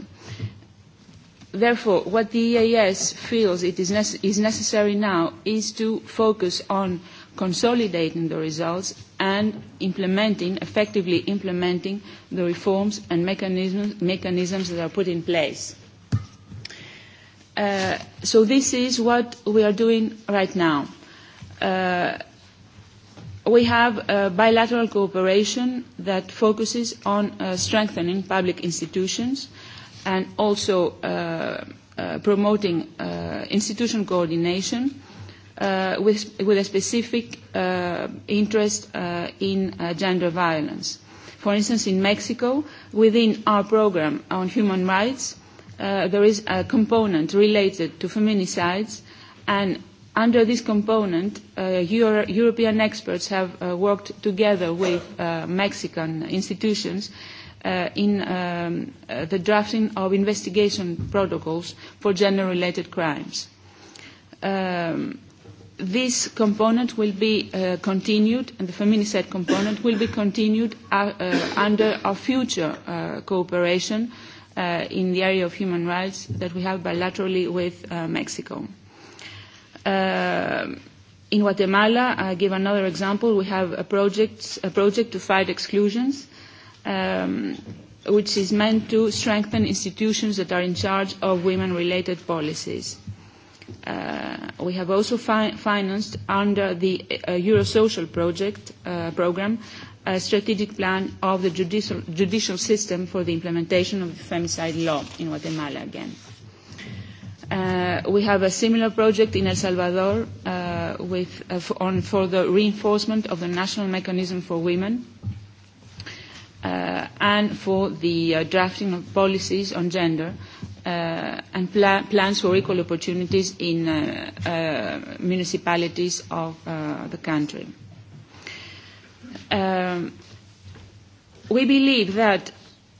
Therefore, what the EAS feels it is, nece is necessary now is to focus on consolidating the results and implementing, effectively implementing the reforms and mechanisms, mechanisms that are put in place. Uh, so this is what we are doing right now. Uh, we have a bilateral cooperation that focuses on uh, strengthening public institutions and also uh, uh, promoting uh, institution coordination uh, with, with a specific uh, interest uh, in uh, gender violence. For instance, in Mexico, within our program on human rights, uh, there is a component related to feminicides and Under this component, uh, Euro European experts have uh, worked together with uh, Mexican institutions uh, in um, uh, the drafting of investigation protocols for gender-related crimes. Um, this component will be uh, continued, and the feminicide component will be continued uh, uh, under our future uh, cooperation uh, in the area of human rights that we have bilaterally with uh, Mexico. Uh, in Guatemala, I give another example, we have a project, a project to fight exclusions, um, which is meant to strengthen institutions that are in charge of women-related policies. Uh, we have also fi financed under the uh, Eurosocial project uh, program a strategic plan of the judicial, judicial system for the implementation of the femicide law in Guatemala again. Uh, Uh, we have a similar project in El Salvador uh, with, uh, on reinforcement of the national mechanism for women uh, and for the uh, drafting of policies on gender uh, and plans for equal opportunities in uh, uh, municipalities of uh, the country. Um, we believe that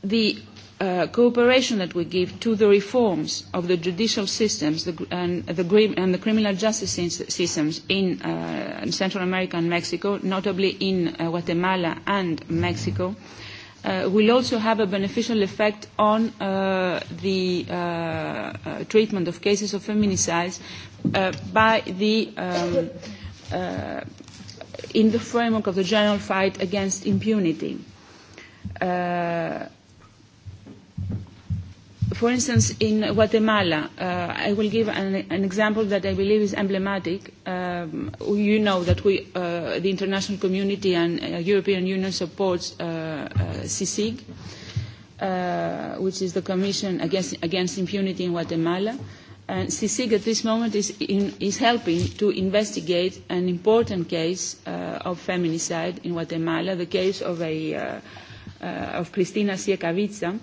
the Uh, cooperation that we give to the reforms of the judicial systems the, and, the, and the criminal justice systems in, uh, in Central America and Mexico, notably in uh, Guatemala and Mexico, uh, will also have a beneficial effect on uh, the uh, uh, treatment of cases of feminicides uh, by the um, uh, in the framework of the general fight against impunity. Uh, for instance, in Guatemala, uh, I will give an, an example that I believe is emblematic. Um, you know that we, uh, the international community and uh, European Union supports uh, uh, CICIG, uh, which is the Commission Against, Against Impunity in Guatemala. And CICIG at this moment is, in, is helping to investigate an important case uh, of feminicide in Guatemala, the case of, a, uh, uh, of Cristina Siecavica,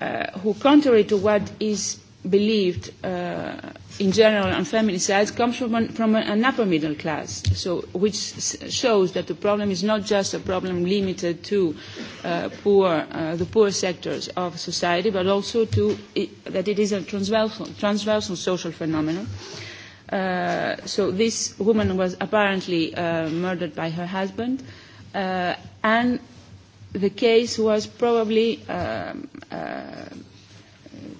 uh, who, contrary to what is believed uh, in general on feminist sides, comes from an, from an upper middle class, so, which shows that the problem is not just a problem limited to uh, poor, uh, the poor sectors of society, but also to i that it is a transversal, transversal social phenomenon. Uh, so this woman was apparently uh, murdered by her husband, uh, and the case was probably uh uh,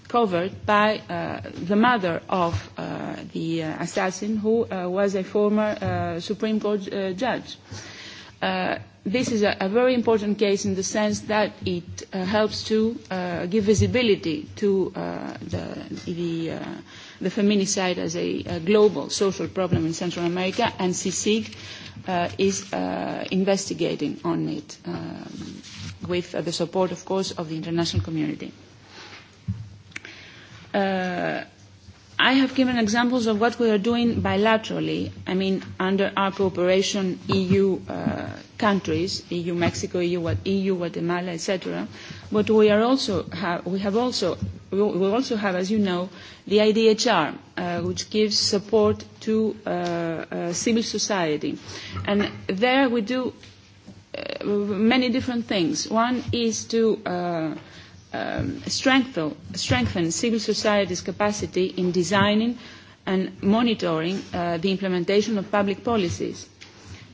covered by uh, the mother of uh, the uh, assassin, who uh, was a former uh, Supreme Court uh, judge. Uh, this is a, a very important case in the sense that it uh, helps to uh, give visibility to uh, the, the uh, the feminicide as a, a global social problem in Central America, and CICIG uh, is uh, investigating on it um, with uh, the support, of course, of the international community. Uh, I have given examples of what we are doing bilaterally, I mean, under our cooperation, EU uh, countries, EU Mexico, EU, EU Guatemala, etc., But we, are also have, we, have also, we also have, as you know, the IDHR, uh, which gives support to uh, uh, civil society. And there we do uh, many different things. One is to uh, um, strengthen, strengthen civil society's capacity in designing and monitoring uh, the implementation of public policies,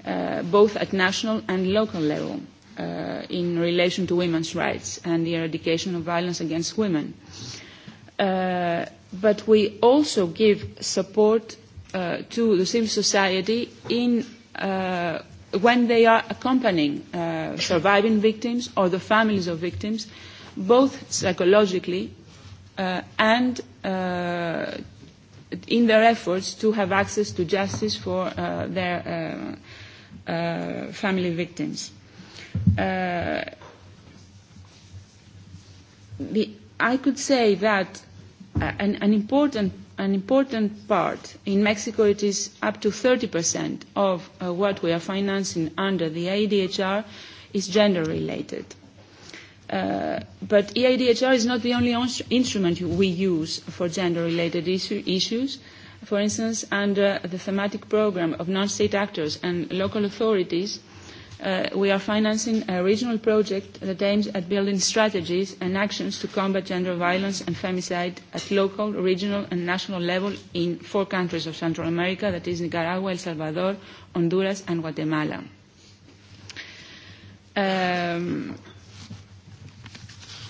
uh, both at national and local level uh, in relation to women's rights and the eradication of violence against women. Uh, but we also give support uh, to the civil society in, uh, when they are accompanying uh, surviving victims or the families of victims, both psychologically uh, and uh, in their efforts to have access to justice for uh, their uh, uh, family victims uh, the, I could say that uh, an, an, important, an important part in Mexico it is up to 30% of uh, what we are financing under the ADHR is gender related. Uh, but EIDHR is not the only instrument we use for gender-related issue, issues. For instance, under the thematic program of non-state actors and local authorities, uh, we are financing a regional project that aims at building strategies and actions to combat gender violence and femicide at local, regional and national level in four countries of Central America, that is Nicaragua, El Salvador, Honduras and Guatemala. Um,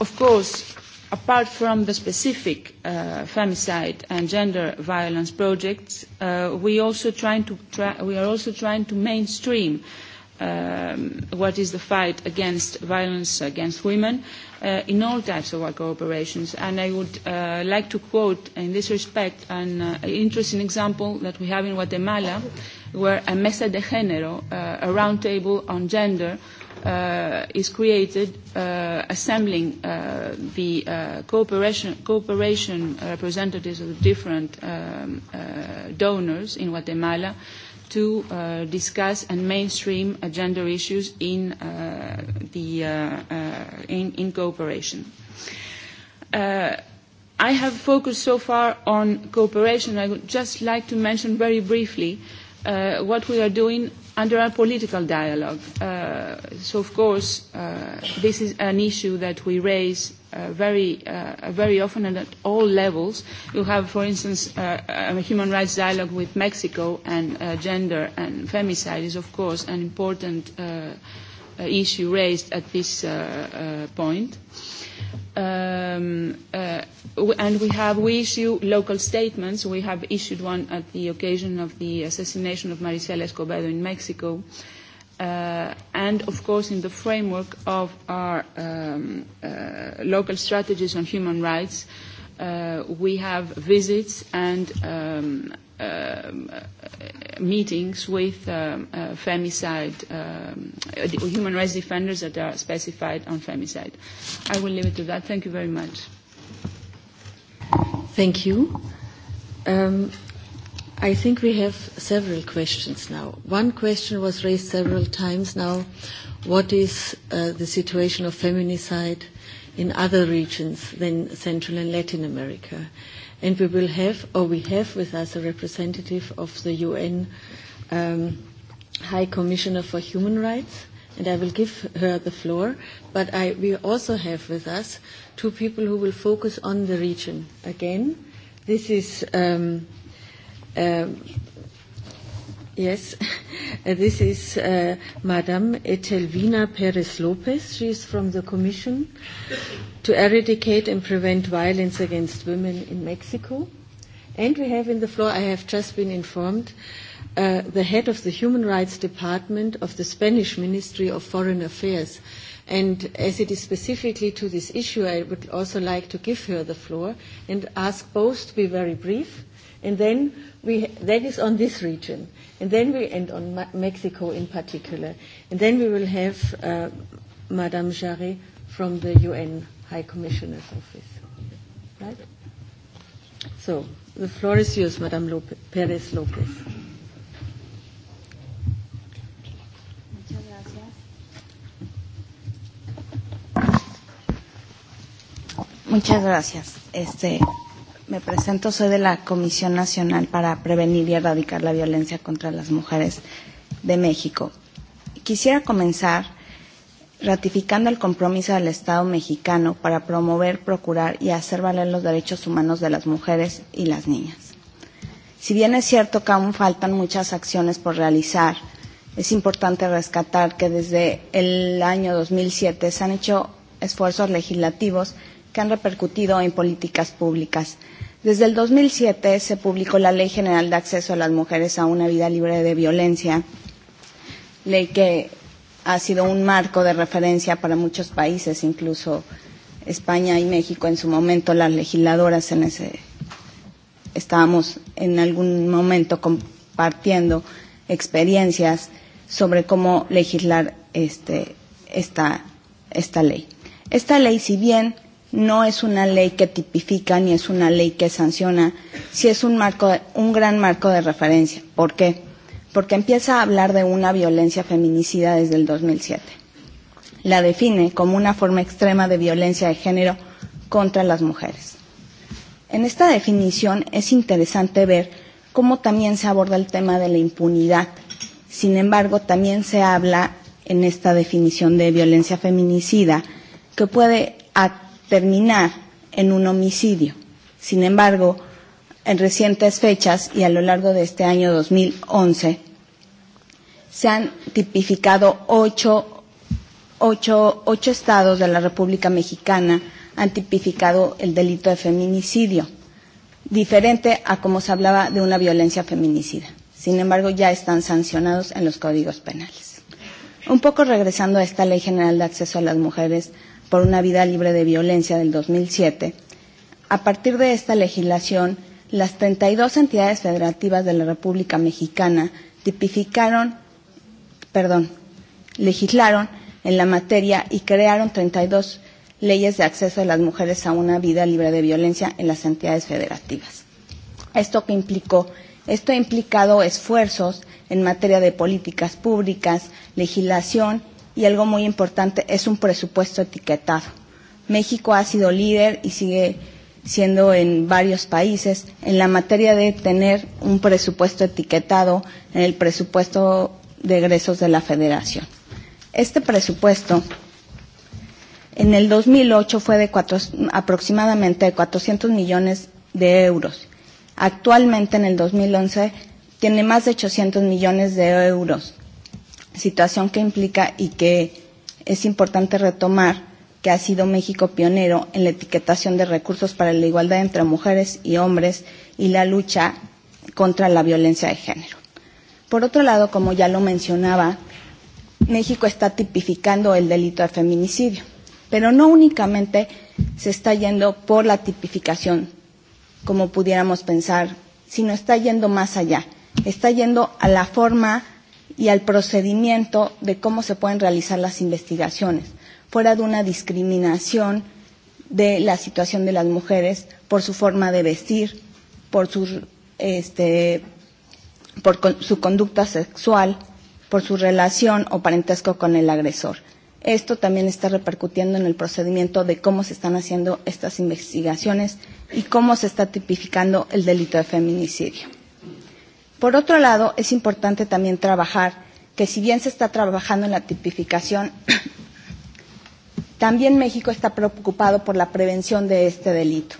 of course, apart from the specific uh, femicide and gender violence projects, uh, we, also trying to try, we are also trying to mainstream uh, um, what is the fight against violence against women uh, in all types of our cooperations. And I would uh, like to quote in this respect an uh, interesting example that we have in Guatemala, where a mesa de género, uh, a table on gender, uh, is created uh, assembling uh, the uh, cooperation, cooperation representatives of different um, uh, donors in Guatemala to uh, discuss and mainstream uh, gender issues in, uh, the, uh, uh, in, in cooperation. Uh, I have focused so far on cooperation. I would just like to mention very briefly uh, what we are doing under our political dialogue. Uh, so, of course, uh, this is an issue that we raise uh, very, uh, very often and at all levels. You have, for instance, uh, a human rights dialogue with Mexico, and uh, gender and femicide is, of course, an important uh, issue raised at this uh, uh, point. Um, uh, and we have, we issue local statements. We have issued one at the occasion of the assassination of Maricela Escobedo in Mexico. Uh, and of course, in the framework of our um, uh, local strategies on human rights, uh, we have visits and um, um, uh, meetings with um, uh, femicide, um, uh, human rights defenders that are specified on femicide. I will leave it to that. Thank you very much. Thank you. Um, I think we have several questions now. One question was raised several times now. What is uh, the situation of feminicide in other regions than Central and Latin America? Uh, and we will have, or we have with us, a representative of the UN um, High Commissioner for Human Rights, and I will give her the floor. But I, we also have with us two people who will focus on the region. Again, this is um, um, Yes, uh, this is uh, Madame Etelvina Perez Lopez. She is from the Commission to Eradicate and Prevent Violence Against Women in Mexico. And we have in the floor, I have just been informed, uh, the head of the Human Rights Department of the Spanish Ministry of Foreign Affairs. And as it is specifically to this issue, I would also like to give her the floor and ask both to be very brief. And then we, that is on this region. And then we, end on Mexico in particular. And then we will have uh, Madame Jarry from the UN High Commissioner's Office. Right? So, the floor is yours, Madame Lope- Perez Lopez. Muchas gracias. Este, Me presento, soy de la Comisión Nacional para Prevenir y Erradicar la Violencia contra las Mujeres de México. Quisiera comenzar ratificando el compromiso del Estado mexicano para promover, procurar y hacer valer los derechos humanos de las mujeres y las niñas. Si bien es cierto que aún faltan muchas acciones por realizar, es importante rescatar que desde el año 2007 se han hecho esfuerzos legislativos que han repercutido en políticas públicas Desde el 2007 se publicó la Ley General de Acceso a las Mujeres a una Vida Libre de Violencia, ley que ha sido un marco de referencia para muchos países, incluso España y México en su momento, las legisladoras en ese estábamos en algún momento compartiendo experiencias sobre cómo legislar este, esta, esta ley. Esta ley, si bien no es una ley que tipifica ni es una ley que sanciona, sí es un, marco de, un gran marco de referencia. ¿Por qué? Porque empieza a hablar de una violencia feminicida desde el 2007. La define como una forma extrema de violencia de género contra las mujeres. En esta definición es interesante ver cómo también se aborda el tema de la impunidad. Sin embargo, también se habla en esta definición de violencia feminicida que puede a terminar en un homicidio. Sin embargo, en recientes fechas y a lo largo de este año 2011 se han tipificado ocho, ocho, ocho estados de la República Mexicana han tipificado el delito de feminicidio, diferente a como se hablaba de una violencia feminicida. Sin embargo, ya están sancionados en los códigos penales. Un poco regresando a esta Ley General de Acceso a las Mujeres, por una vida libre de violencia del 2007, a partir de esta legislación, las 32 entidades federativas de la República Mexicana tipificaron, perdón, legislaron en la materia y crearon 32 leyes de acceso de las mujeres a una vida libre de violencia en las entidades federativas. Esto que implicó, esto ha implicado esfuerzos en materia de políticas públicas, legislación y algo muy importante es un presupuesto etiquetado. México ha sido líder y sigue siendo en varios países en la materia de tener un presupuesto etiquetado en el presupuesto de egresos de la federación. Este presupuesto en el 2008 fue de cuatro, aproximadamente de 400 millones de euros. Actualmente en el 2011 tiene más de 800 millones de euros situación que implica y que es importante retomar que ha sido México pionero en la etiquetación de recursos para la igualdad entre mujeres y hombres y la lucha contra la violencia de género. Por otro lado, como ya lo mencionaba, México está tipificando el delito de feminicidio, pero no únicamente se está yendo por la tipificación, como pudiéramos pensar, sino está yendo más allá, está yendo a la forma y al procedimiento de cómo se pueden realizar las investigaciones, fuera de una discriminación de la situación de las mujeres por su forma de vestir, por su, este, por con, su conducta sexual, por su relación o parentesco con el agresor. Esto también está repercutiendo en el procedimiento de cómo se están haciendo estas investigaciones y cómo se está tipificando el delito de feminicidio. Por otro lado, es importante también trabajar que si bien se está trabajando en la tipificación, también México está preocupado por la prevención de este delito.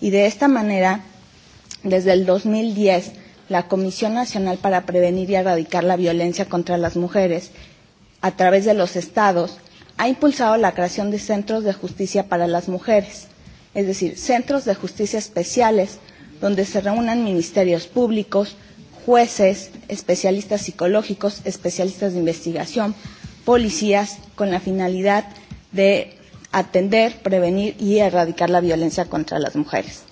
Y de esta manera, desde el 2010, la Comisión Nacional para Prevenir y Erradicar la Violencia contra las Mujeres, a través de los estados, ha impulsado la creación de centros de justicia para las mujeres, es decir, centros de justicia especiales donde se reúnan ministerios públicos, jueces, especialistas psicológicos, especialistas de investigación, policías, con la finalidad de atender, prevenir y erradicar la violencia contra las mujeres.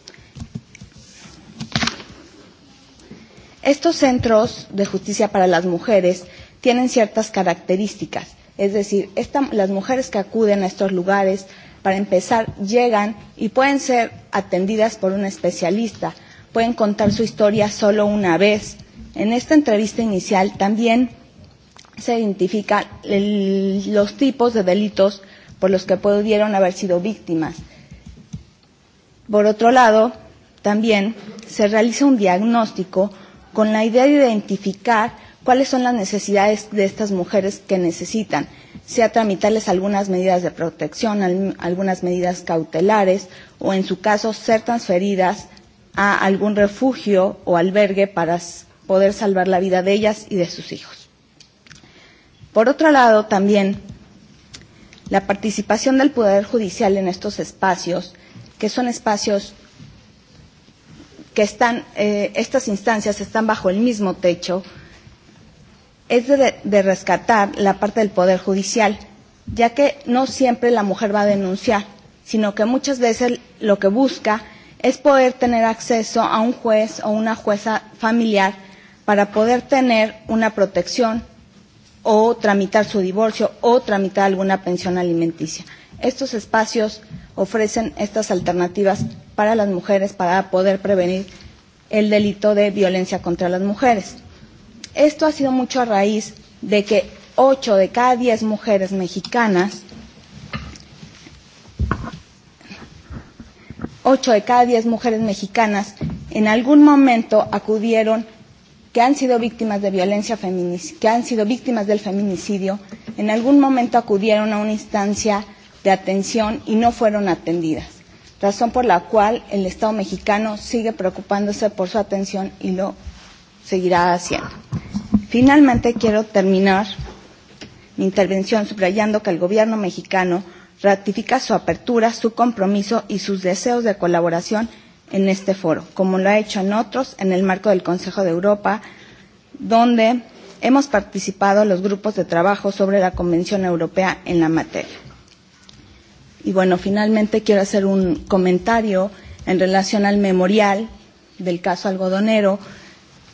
Estos centros de justicia para las mujeres tienen ciertas características, es decir, esta, las mujeres que acuden a estos lugares, para empezar, llegan y pueden ser atendidas por un especialista, pueden contar su historia solo una vez, En esta entrevista inicial también se identifican el, los tipos de delitos por los que pudieron haber sido víctimas. Por otro lado, también se realiza un diagnóstico con la idea de identificar cuáles son las necesidades de estas mujeres que necesitan, sea tramitarles algunas medidas de protección, al, algunas medidas cautelares o, en su caso, ser transferidas a algún refugio o albergue para poder salvar la vida de ellas y de sus hijos. Por otro lado, también la participación del Poder Judicial en estos espacios, que son espacios que están, eh, estas instancias están bajo el mismo techo, es de, de rescatar la parte del Poder Judicial, ya que no siempre la mujer va a denunciar, sino que muchas veces lo que busca es poder tener acceso a un juez o una jueza familiar para poder tener una protección o tramitar su divorcio o tramitar alguna pensión alimenticia. Estos espacios ofrecen estas alternativas para las mujeres para poder prevenir el delito de violencia contra las mujeres. Esto ha sido mucho a raíz de que ocho de cada diez mujeres mexicanas, ocho de cada diez mujeres mexicanas en algún momento acudieron que han sido víctimas de violencia feminicidio, que han sido víctimas del feminicidio, en algún momento acudieron a una instancia de atención y no fueron atendidas, razón por la cual el Estado mexicano sigue preocupándose por su atención y lo seguirá haciendo. Finalmente, quiero terminar mi intervención subrayando que el gobierno mexicano ratifica su apertura, su compromiso y sus deseos de colaboración en este foro, como lo ha hecho en otros en el marco del Consejo de Europa, donde hemos participado los grupos de trabajo sobre la Convención Europea en la materia. Y bueno, finalmente quiero hacer un comentario en relación al memorial del caso algodonero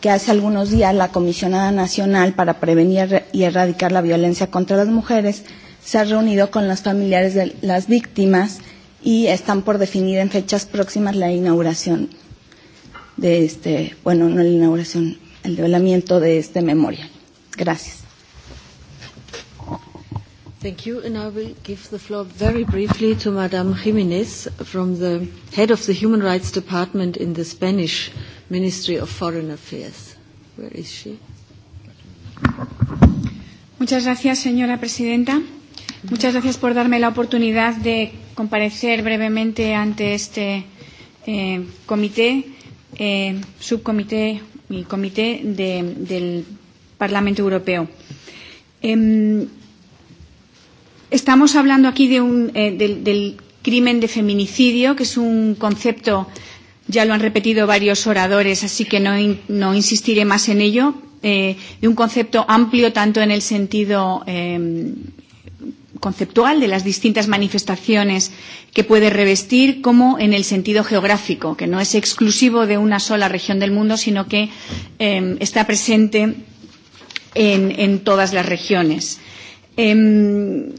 que hace algunos días la Comisionada Nacional para Prevenir y Erradicar la Violencia contra las Mujeres se ha reunido con los familiares de las víctimas y están por definir en fechas próximas la inauguración de este, bueno, no la inauguración, el develamiento de este memorial. Gracias. Thank you, and I will give the floor very briefly to Madame Jiménez from the head of the Human Rights Department in the Spanish Ministry of Foreign Affairs. Where is she? Muchas gracias, señora presidenta. Muchas gracias por darme la oportunidad de comparecer brevemente ante este eh, comité, eh, subcomité y comité de, del Parlamento Europeo. Eh, estamos hablando aquí de un, eh, del, del crimen de feminicidio, que es un concepto, ya lo han repetido varios oradores, así que no, in, no insistiré más en ello, eh, de un concepto amplio tanto en el sentido eh, conceptual de las distintas manifestaciones que puede revestir como en el sentido geográfico, que no es exclusivo de una sola región del mundo, sino que eh, está presente en, en todas las regiones. Eh,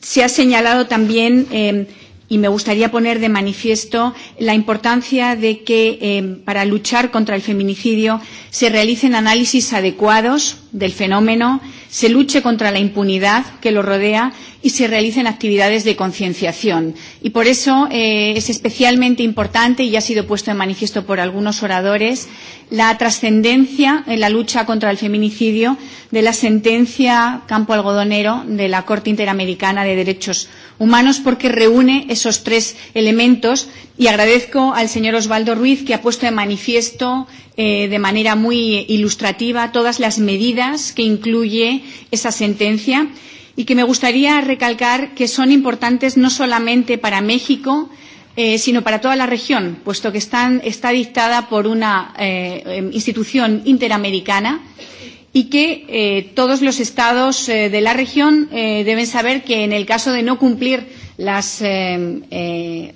se ha señalado también eh, y me gustaría poner de manifiesto la importancia de que eh, para luchar contra el feminicidio se realicen análisis adecuados del fenómeno, se luche contra la impunidad que lo rodea y se realicen actividades de concienciación. Y por eso eh, es especialmente importante, y ya ha sido puesto en manifiesto por algunos oradores, la trascendencia en la lucha contra el feminicidio de la sentencia Campo Algodonero de la Corte Interamericana de Derechos Humanos, porque reúne esos tres elementos Y agradezco al señor Osvaldo Ruiz que ha puesto de manifiesto eh, de manera muy ilustrativa todas las medidas que incluye esa sentencia y que me gustaría recalcar que son importantes no solamente para México, eh, sino para toda la región, puesto que están, está dictada por una eh, institución interamericana y que eh, todos los estados eh, de la región eh, deben saber que en el caso de no cumplir las eh, eh,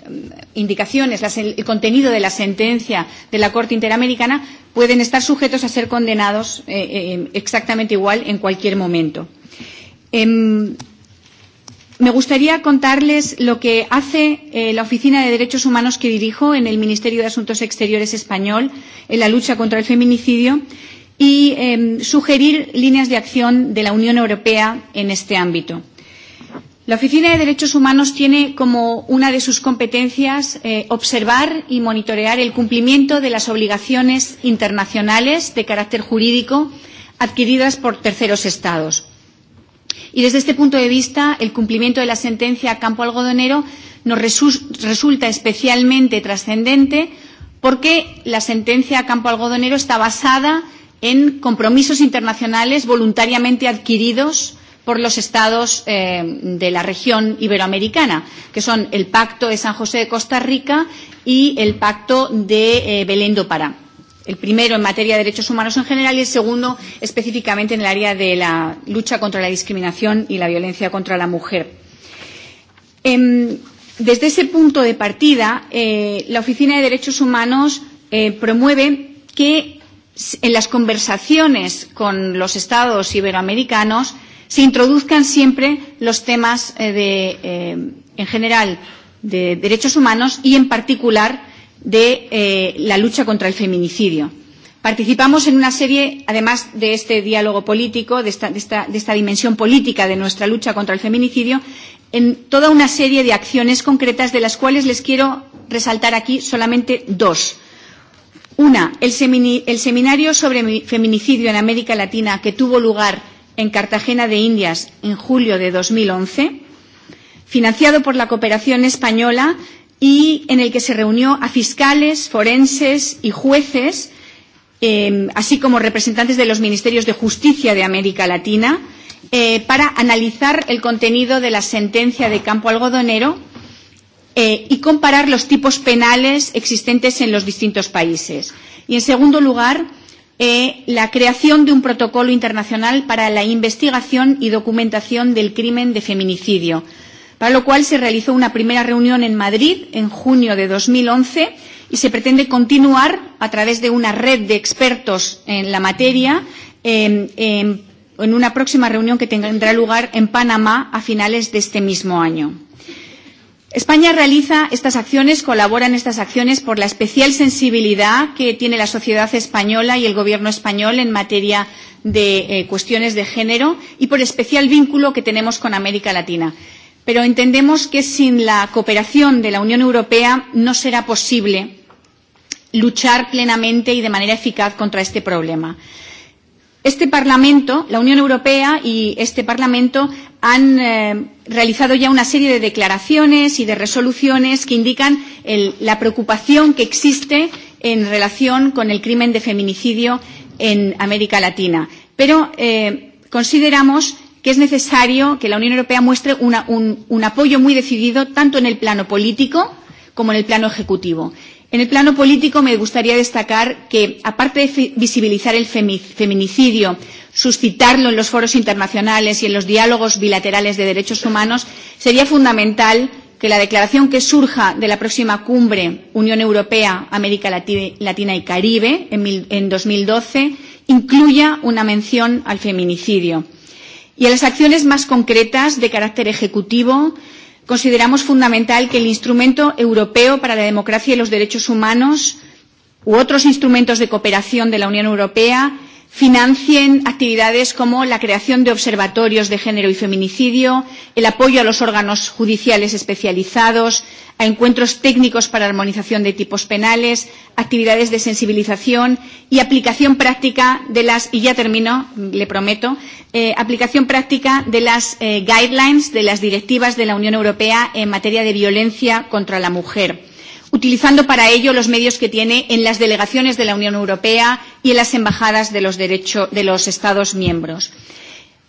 indicaciones, las, el, el contenido de la sentencia de la Corte Interamericana, pueden estar sujetos a ser condenados eh, eh, exactamente igual en cualquier momento. Eh, me gustaría contarles lo que hace eh, la Oficina de Derechos Humanos que dirijo en el Ministerio de Asuntos Exteriores español en la lucha contra el feminicidio y eh, sugerir líneas de acción de la Unión Europea en este ámbito. La Oficina de Derechos Humanos tiene como una de sus competencias eh, observar y monitorear el cumplimiento de las obligaciones internacionales de carácter jurídico adquiridas por terceros estados. Y desde este punto de vista, el cumplimiento de la sentencia Campo Algodonero nos resu resulta especialmente trascendente porque la sentencia Campo Algodonero está basada en en compromisos internacionales voluntariamente adquiridos por los estados eh, de la región iberoamericana, que son el Pacto de San José de Costa Rica y el Pacto de eh, Belén do Pará. El primero en materia de derechos humanos en general y el segundo específicamente en el área de la lucha contra la discriminación y la violencia contra la mujer. En, desde ese punto de partida, eh, la Oficina de Derechos Humanos eh, promueve que en las conversaciones con los estados iberoamericanos se introduzcan siempre los temas eh, de, eh, en general de derechos humanos y en particular de eh, la lucha contra el feminicidio. Participamos en una serie, además de este diálogo político, de esta, de, esta, de esta dimensión política de nuestra lucha contra el feminicidio, en toda una serie de acciones concretas de las cuales les quiero resaltar aquí solamente dos Una, el, semini el seminario sobre feminicidio en América Latina que tuvo lugar en Cartagena de Indias en julio de 2011, financiado por la cooperación española y en el que se reunió a fiscales, forenses y jueces, eh, así como representantes de los ministerios de justicia de América Latina, eh, para analizar el contenido de la sentencia de Campo Algodonero eh, y comparar los tipos penales existentes en los distintos países. Y, en segundo lugar, eh, la creación de un protocolo internacional para la investigación y documentación del crimen de feminicidio, para lo cual se realizó una primera reunión en Madrid en junio de 2011 y se pretende continuar a través de una red de expertos en la materia eh, eh, en una próxima reunión que tendrá lugar en Panamá a finales de este mismo año. España realiza estas acciones, colabora en estas acciones por la especial sensibilidad que tiene la sociedad española y el gobierno español en materia de eh, cuestiones de género y por especial vínculo que tenemos con América Latina. Pero entendemos que sin la cooperación de la Unión Europea no será posible luchar plenamente y de manera eficaz contra este problema. Este Parlamento, la Unión Europea y este Parlamento han eh, realizado ya una serie de declaraciones y de resoluciones que indican el, la preocupación que existe en relación con el crimen de feminicidio en América Latina. Pero eh, consideramos que es necesario que la Unión Europea muestre una, un, un apoyo muy decidido tanto en el plano político como en el plano ejecutivo. En el plano político me gustaría destacar que, aparte de visibilizar el feminicidio, suscitarlo en los foros internacionales y en los diálogos bilaterales de derechos humanos, sería fundamental que la declaración que surja de la próxima cumbre Unión Europea, América Latina y Caribe en, 2012 incluya una mención al feminicidio. Y a las acciones más concretas de carácter ejecutivo, consideramos fundamental que el instrumento europeo para la democracia y los derechos humanos u otros instrumentos de cooperación de la Unión Europea financien actividades como la creación de observatorios de género y feminicidio, el apoyo a los órganos judiciales especializados, a encuentros técnicos para armonización de tipos penales, actividades de sensibilización y aplicación práctica de las y ya termino, le prometo, eh, aplicación práctica de las eh, guidelines de las directivas de la Unión Europea en materia de violencia contra la mujer utilizando para ello los medios que tiene en las delegaciones de la Unión Europea, y en las embajadas de los, derecho, de los Estados miembros.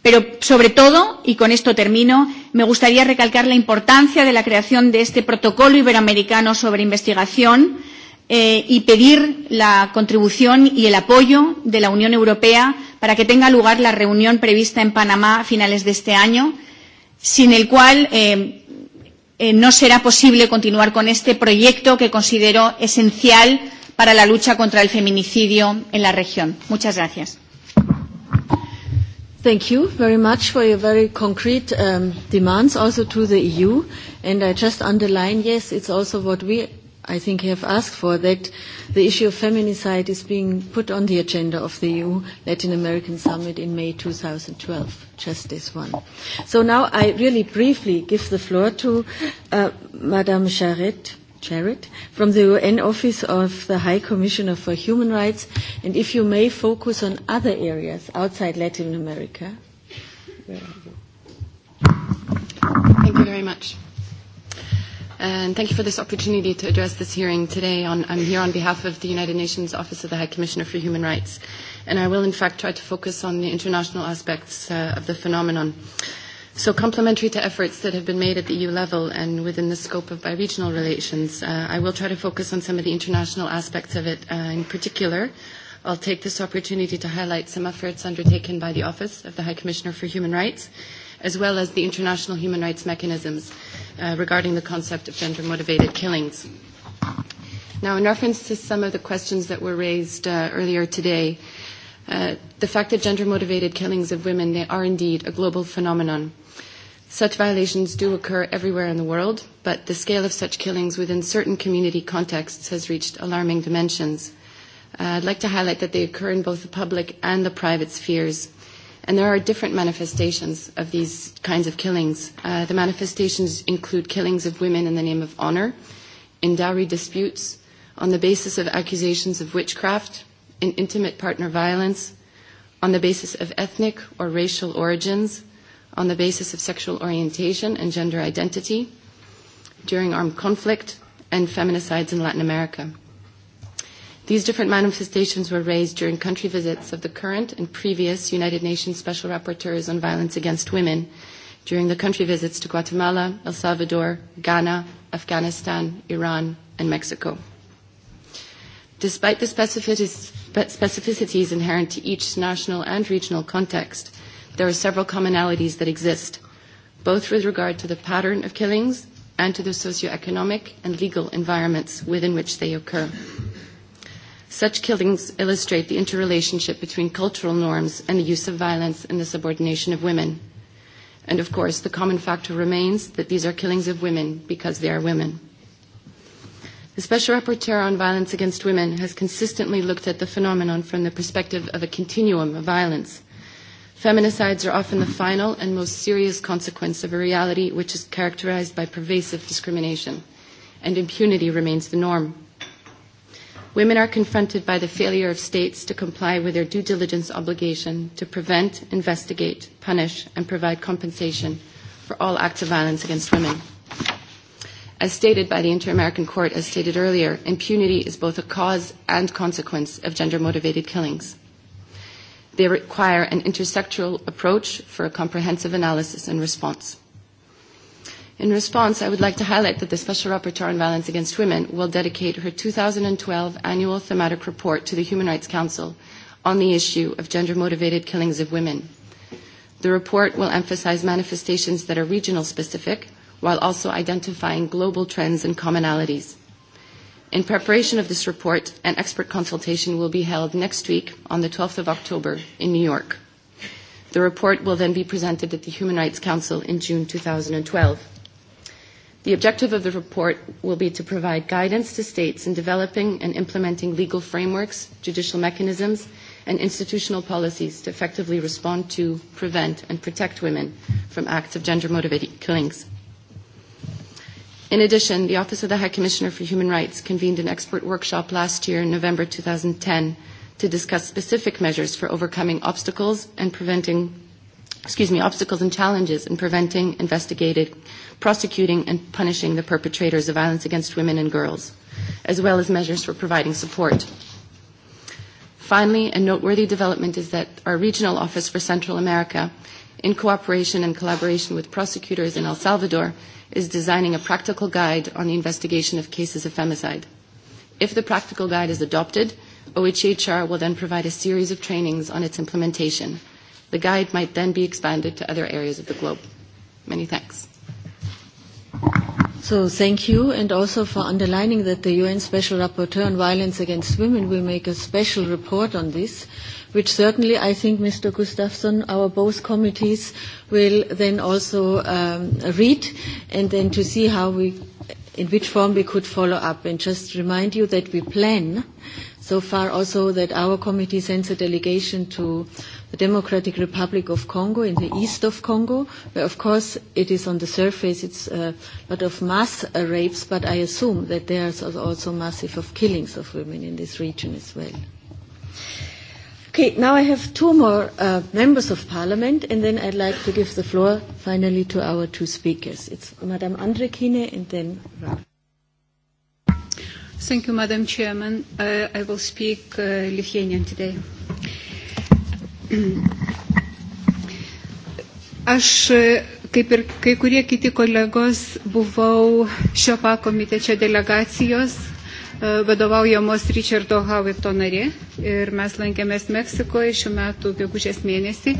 Pero, sobre todo, y con esto termino, me gustaría recalcar la importancia de la creación de este protocolo iberoamericano sobre investigación eh, y pedir la contribución y el apoyo de la Unión Europea para que tenga lugar la reunión prevista en Panamá a finales de este año, sin el cual eh, eh, no será posible continuar con este proyecto que considero esencial para la lucha contra el feminicidio en la región. Muchas gracias. Thank you very much for your very concrete um, demands also to the EU. And I just underline, yes, it's also what we, I think, have asked for, that the issue of feminicide is being put on the agenda of the EU Latin American Summit in May 2012, just this one. So now I really briefly give the floor to uh, Madame Charette Jarrett from the UN Office of the High Commissioner for Human Rights, and if you may focus on other areas outside Latin America. Thank you very much. And thank you for this opportunity to address this hearing today. On, I'm here on behalf of the United Nations Office of the High Commissioner for Human Rights, and I will in fact try to focus on the international aspects uh, of the phenomenon. Uh, so complementary to efforts that have been made at the EU level and within the scope of bi regional relations, uh, I will try to focus on some of the international aspects of it. Uh, in particular, I'll take this opportunity to highlight some efforts undertaken by the Office of the High Commissioner for Human Rights, as well as the international human rights mechanisms uh, regarding the concept of gender-motivated killings. Now, in reference to some of the questions that were raised uh, earlier today, Uh, the fact that gender-motivated killings of women, they are indeed a global phenomenon. Such violations do occur everywhere in the world, but the scale of such killings within certain community contexts has reached alarming dimensions. Uh, I'd like to highlight that they occur in both the public and the private spheres. And there are different manifestations of these kinds of killings. Uh, the manifestations include killings of women in the name of honor, in dowry disputes, on the basis of accusations of witchcraft, in intimate partner violence on the basis of ethnic or racial origins, on the basis of sexual orientation and gender identity, during armed conflict, and feminicides in Latin America. These different manifestations were raised during country visits of the current and previous United Nations Special Rapporteurs on Violence Against Women during the country visits to Guatemala, El Salvador, Ghana, Afghanistan, Iran, and Mexico. Despite the specificities inherent to each national and regional context, there are several commonalities that exist, both with regard to the pattern of killings and to the socioeconomic and legal environments within which they occur. Such killings illustrate the interrelationship between cultural norms and the use of violence and the subordination of women. And of course, the common factor remains that these are killings of women because they are women. The Special Rapporteur on Violence Against Women has consistently looked at the phenomenon from the perspective of a continuum of violence. Feminicides are often the final and most serious consequence of a reality which is characterized by pervasive discrimination, and impunity remains the norm. Women are confronted by the failure of states to comply with their due diligence obligation to prevent, investigate, punish, and provide compensation for all acts of violence against women. As stated by the Inter-American Court, as stated earlier, impunity is both a cause and consequence of gender-motivated killings. They require an intersectoral approach for a comprehensive analysis and response. In response, I would like to highlight that the Special Rapporteur on Violence Against Women will dedicate her 2012 annual thematic report to the Human Rights Council on the issue of gender-motivated killings of women. The report will emphasize manifestations that are regional specific, while also identifying global trends and commonalities. In preparation of this report, an expert consultation will be held next week on the 12th of October in New York. The report will then be presented at the Human Rights Council in June 2012. The objective of the report will be to provide guidance to states in developing and implementing legal frameworks, judicial mechanisms, and institutional policies to effectively respond to, prevent, and protect women from acts of gender-motivated killings. In addition, the Office of the High Commissioner for Human Rights convened an expert workshop last year in November 2010 to discuss specific measures for overcoming obstacles and preventing excuse me, obstacles and challenges in preventing, investigating, prosecuting and punishing the perpetrators of violence against women and girls, as well as measures for providing support. Finally, a noteworthy development is that our regional office for Central America in cooperation and collaboration with prosecutors in El Salvador, is designing a practical guide on the investigation of cases of femicide. If the practical guide is adopted, OHHR will then provide a series of trainings on its implementation. The guide might then be expanded to other areas of the globe. Many thanks. So thank you, and also for underlining that the UN Special Rapporteur on Violence Against Women will make a special report on this which certainly I think Mr. Gustafsson, our both committees will then also um, read and then to see how we, in which form we could follow up. And just remind you that we plan so far also that our committee sends a delegation to the Democratic Republic of Congo in the east of Congo, where of course it is on the surface, it's a lot of mass rapes, but I assume that there are also massive of killings of women in this region as well. Okay, now I have two more uh, members of parliament, and then I'd like to give the floor finally to our two speakers. It's Madame Andre Kine and then Ralph. Thank you, Madam Chairman. Uh, I will speak uh, Lithuanian today. Aš, uh, kaip ir kai kurie kiti kolegos, buvau šio pakomitečio delegacijos vadovaujamos Richardo Havito narė ir mes lankėmės Meksikoje šiuo metu gegužės mėnesį.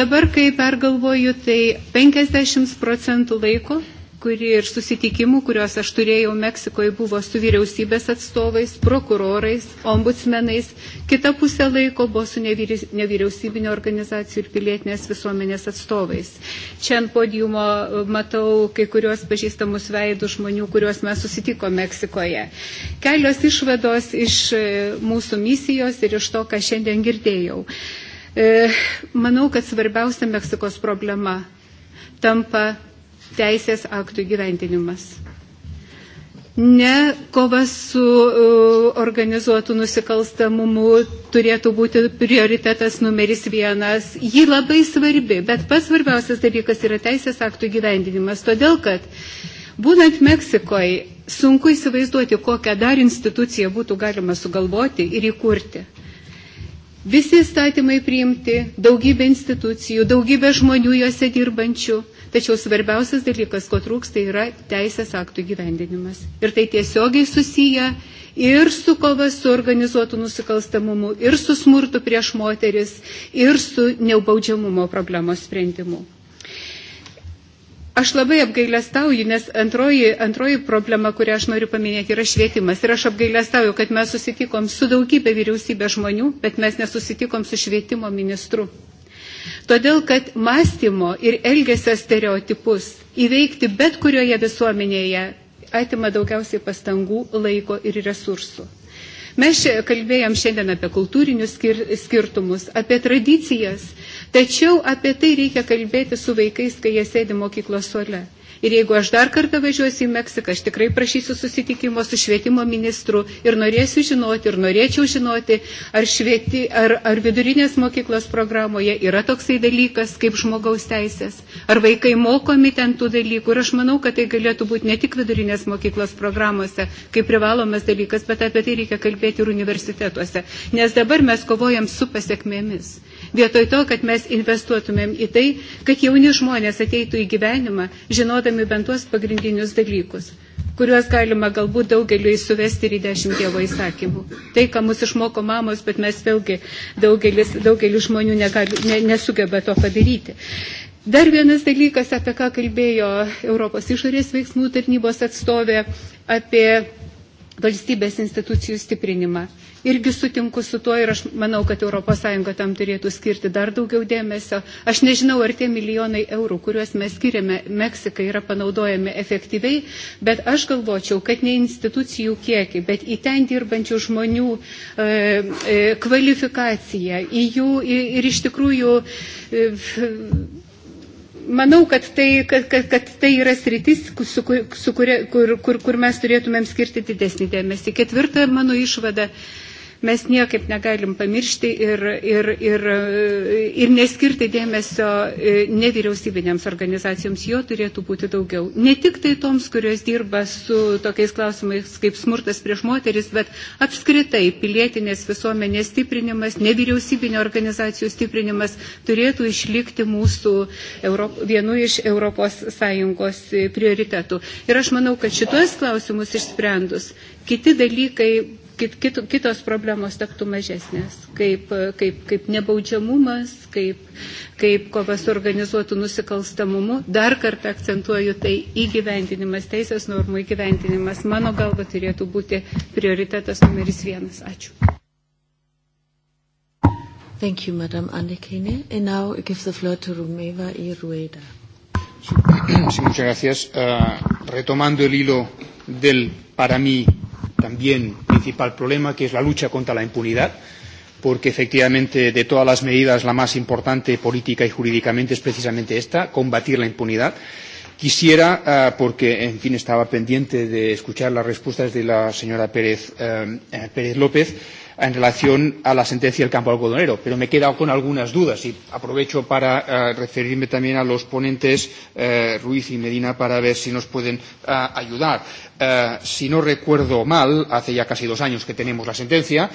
Dabar, kai pergalvoju, tai 50 procentų laiko kuri ir susitikimų, kuriuos aš turėjau Meksikoje, buvo su vyriausybės atstovais, prokurorais, ombudsmenais. Kita pusė laiko buvo su nevyriausybinio organizacijų ir pilietinės visuomenės atstovais. Čia ant podiumo e, matau kai kuriuos pažįstamus veidų žmonių, kuriuos mes susitiko Meksikoje. Kelios išvados iš e, mūsų misijos ir iš to, ką šiandien girdėjau. E, manau, kad svarbiausia Meksikos problema tampa teisės aktų gyventinimas. Ne kovas su e, organizuotu nusikalstamumu turėtų būti prioritetas numeris vienas. Ji labai svarbi, bet pats svarbiausias dalykas yra teisės aktų gyvendinimas, todėl kad būnant Meksikoje sunku įsivaizduoti, kokią dar instituciją būtų galima sugalvoti ir įkurti. Visi statymai priimti, daugybė institucijų, daugybė žmonių juose dirbančių tačiau svarbiausias dalykas, ko trūksta, yra teisės aktų gyvendinimas. Ir tai tiesiogiai susiję ir su kova su organizuotu nusikalstamumu, ir su smurtu prieš moteris, ir su neubaudžiamumo problemos sprendimu. Aš labai apgailestauju, nes antroji, antroji problema, kurią aš noriu paminėti, yra švietimas. Ir aš apgailestauju, kad mes susitikom su daugybė vyriausybė žmonių, bet mes nesusitikom su švietimo ministru. Todėl, kad mąstymo ir elgesio stereotipus įveikti bet kurioje visuomenėje atima daugiausiai pastangų, laiko ir resursų. Mes čia kalbėjom šiandien apie kultūrinius skir skirtumus, apie tradicijas, tačiau apie tai reikia kalbėti su vaikais, kai jie sėdi mokyklos suole. Ir jeigu aš dar kartą važiuosiu į Meksiką, aš tikrai prašysiu susitikimo su švietimo ministru ir norėsiu žinoti, ir norėčiau žinoti, ar, švieti, ar, ar vidurinės mokyklos programoje yra toksai dalykas kaip žmogaus teisės, ar vaikai mokomi ten tų dalykų. Ir aš manau, kad tai galėtų būti ne tik vidurinės mokyklos programuose kaip privalomas dalykas, bet apie tai reikia kalbėti ir universitetuose. Nes dabar mes kovojam su pasiekmėmis vietoj to, kad mes investuotumėm į tai, kad jauni žmonės ateitų į gyvenimą, žinodami bent tuos pagrindinius dalykus, kuriuos galima galbūt daugeliu įsivesti ir į dešimt Dievo įsakymų. Tai, ką mus išmoko mamos, bet mes vėlgi daugelis, daugelis žmonių negali, ne, nesugeba to padaryti. Dar vienas dalykas, apie ką kalbėjo Europos išorės veiksmų tarnybos atstovė, apie valstybės institucijų stiprinimą. Irgi sutinku su tuo ir aš manau, kad ES tam turėtų skirti dar daugiau dėmesio. Aš nežinau, ar tie milijonai eurų, kuriuos mes skiriame Meksikai, yra panaudojami efektyviai, bet aš galvočiau, kad ne institucijų kiekį, bet į ten dirbančių žmonių e, e, kvalifikaciją, į jų ir iš tikrųjų e, manau, kad tai, kad, kad, kad tai yra sritis, su, kur, su kuria, kur, kur, kur mes turėtumėm skirti didesnį dėmesį. Ketvirta mano išvada mes niekaip negalim pamiršti ir, ir, ir, e, ir neskirti dėmesio e, nevyriausybinėms organizacijoms. Jo turėtų būti daugiau. Ne tik tai toms, kurios dirba su tokiais klausimais kaip smurtas prieš moteris, bet apskritai pilietinės visuomenės stiprinimas, nevyriausybinio organizacijų stiprinimas turėtų išlikti mūsų Europ, vienu iš Europos Sąjungos prioritetų. Ir aš manau, kad šitos klausimus išsprendus, kiti dalykai kit, kitos problemos tektų mažesnės, kaip, kaip, kaip nebaudžiamumas, kaip, kaip kova su organizuotų nusikalstamumu. Dar kartą akcentuoju, tai įgyvendinimas, teisės normų įgyvendinimas, mano galva, turėtų būti prioritetas numeris vienas. Ačiū. Thank you, Madam And now I give the floor to Rumeva Irueda. Sí, muchas gracias. Uh, retomando el hilo del, para mí, también principal problema, que es la lucha contra la impunidad, porque efectivamente de todas las medidas la más importante política y jurídicamente es precisamente esta, combatir la impunidad. Quisiera, uh, porque en fin estaba pendiente de escuchar las respuestas de la señora Pérez, uh, Pérez López, en relación a la sentencia del campo algodonero, pero me he quedado con algunas dudas y aprovecho para eh, referirme también a los ponentes eh, Ruiz y Medina para ver si nos pueden eh, ayudar. Eh, si no recuerdo mal, hace ya casi dos años que tenemos la sentencia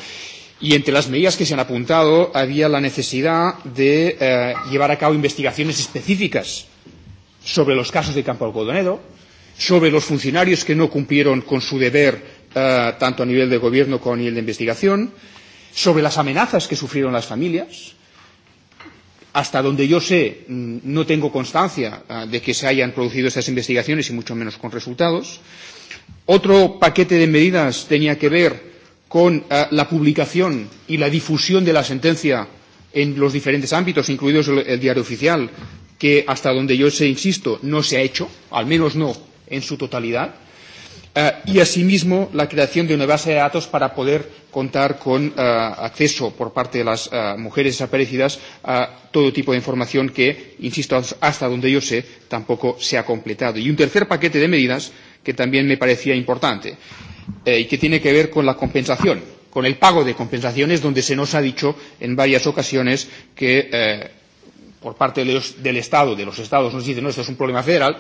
y entre las medidas que se han apuntado había la necesidad de eh, llevar a cabo investigaciones específicas sobre los casos de campo algodonero, sobre los funcionarios que no cumplieron con su deber Eh, tanto a nivel de gobierno como a nivel de investigación, sobre las amenazas que sufrieron las familias. Hasta donde yo sé, mm, no tengo constancia ah, de que se hayan producido esas investigaciones y mucho menos con resultados. Otro paquete de medidas tenía que ver con ah, la publicación y la difusión de la sentencia en los diferentes ámbitos, incluidos el diario oficial, que hasta donde yo sé, insisto, no se ha hecho, al menos no en su totalidad. Uh, y asimismo la creación de una base de datos para poder contar con uh, acceso por parte de las uh, mujeres desaparecidas a todo tipo de información que, insisto, hasta donde yo sé, tampoco se ha completado. Y un tercer paquete de medidas que también me parecía importante eh, y que tiene que ver con la compensación, con el pago de compensaciones, donde se nos ha dicho en varias ocasiones que eh, por parte de los, del Estado, de los Estados, nos dicen, no, esto es un problema federal,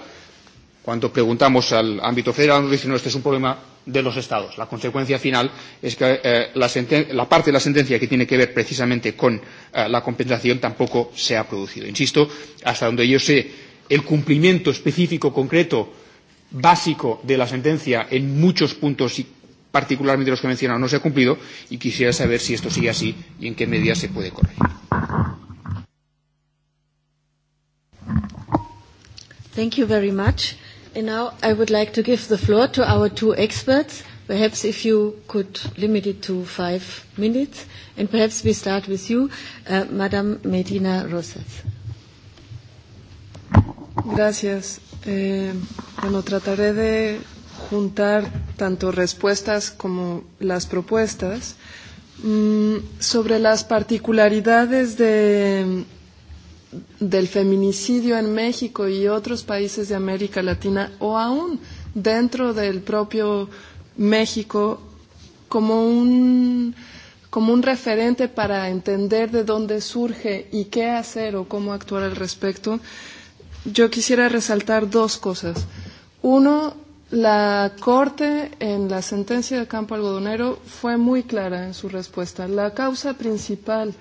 cuando preguntamos al ámbito federal nos dicen no, este es un problema de los Estados. La consecuencia final es que eh, la, la parte de la sentencia que tiene que ver precisamente con eh, la compensación tampoco se ha producido. Insisto, hasta donde yo sé, el cumplimiento específico, concreto, básico de la sentencia en muchos puntos y particularmente los que he mencionado no se ha cumplido y quisiera saber si esto sigue así y en qué medida se puede corregir. Thank you very much now I would like to give the floor to our two experts. Perhaps if you could limit it to five minutes, and perhaps we start with you, uh, Madam Medina Rosas. Gracias. Eh, bueno, trataré de juntar tanto respuestas como las propuestas. Mm, sobre las particularidades del feminicidio en México y otros países de América Latina o aún dentro del propio México como un, como un referente para entender de dónde surge y qué hacer o cómo actuar al respecto, yo quisiera resaltar dos cosas. Uno, la Corte en la sentencia de Campo Algodonero fue muy clara en su respuesta. La causa principal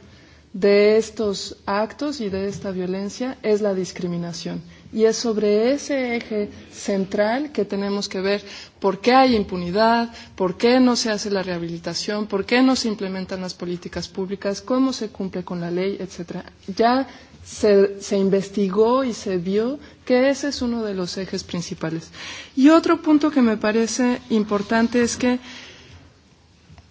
de estos actos y de esta violencia es la discriminación. Y es sobre ese eje central que tenemos que ver por qué hay impunidad, por qué no se hace la rehabilitación, por qué no se implementan las políticas públicas, cómo se cumple con la ley, etc. Ya se, se investigó y se vio que ese es uno de los ejes principales. Y otro punto que me parece importante es que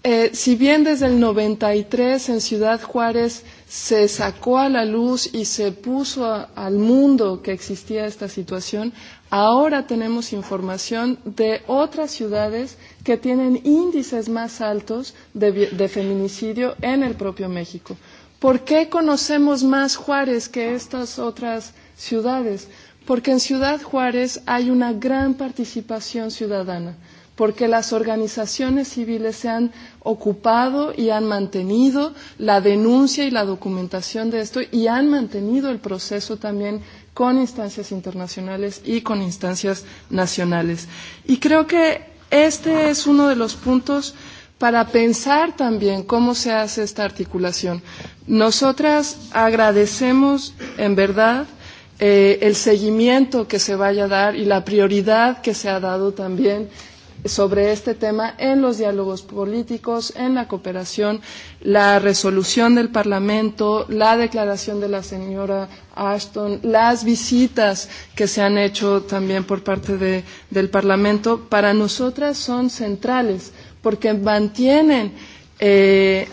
Eh, si bien desde el 93 en Ciudad Juárez se sacó a la luz y se puso a, al mundo que existía esta situación, ahora tenemos información de otras ciudades que tienen índices más altos de, de feminicidio en el propio México. ¿Por qué conocemos más Juárez que estas otras ciudades? Porque en Ciudad Juárez hay una gran participación ciudadana porque las organizaciones civiles se han ocupado y han mantenido la denuncia y la documentación de esto y han mantenido el proceso también con instancias internacionales y con instancias nacionales. Y creo que este es uno de los puntos para pensar también cómo se hace esta articulación. Nosotras agradecemos, en verdad, eh, el seguimiento que se vaya a dar y la prioridad que se ha dado también sobre este tema en los diálogos políticos, en la cooperación, la resolución del Parlamento, la declaración de la señora Ashton, las visitas que se han hecho también por parte de, del Parlamento, para nosotras son centrales porque mantienen eh,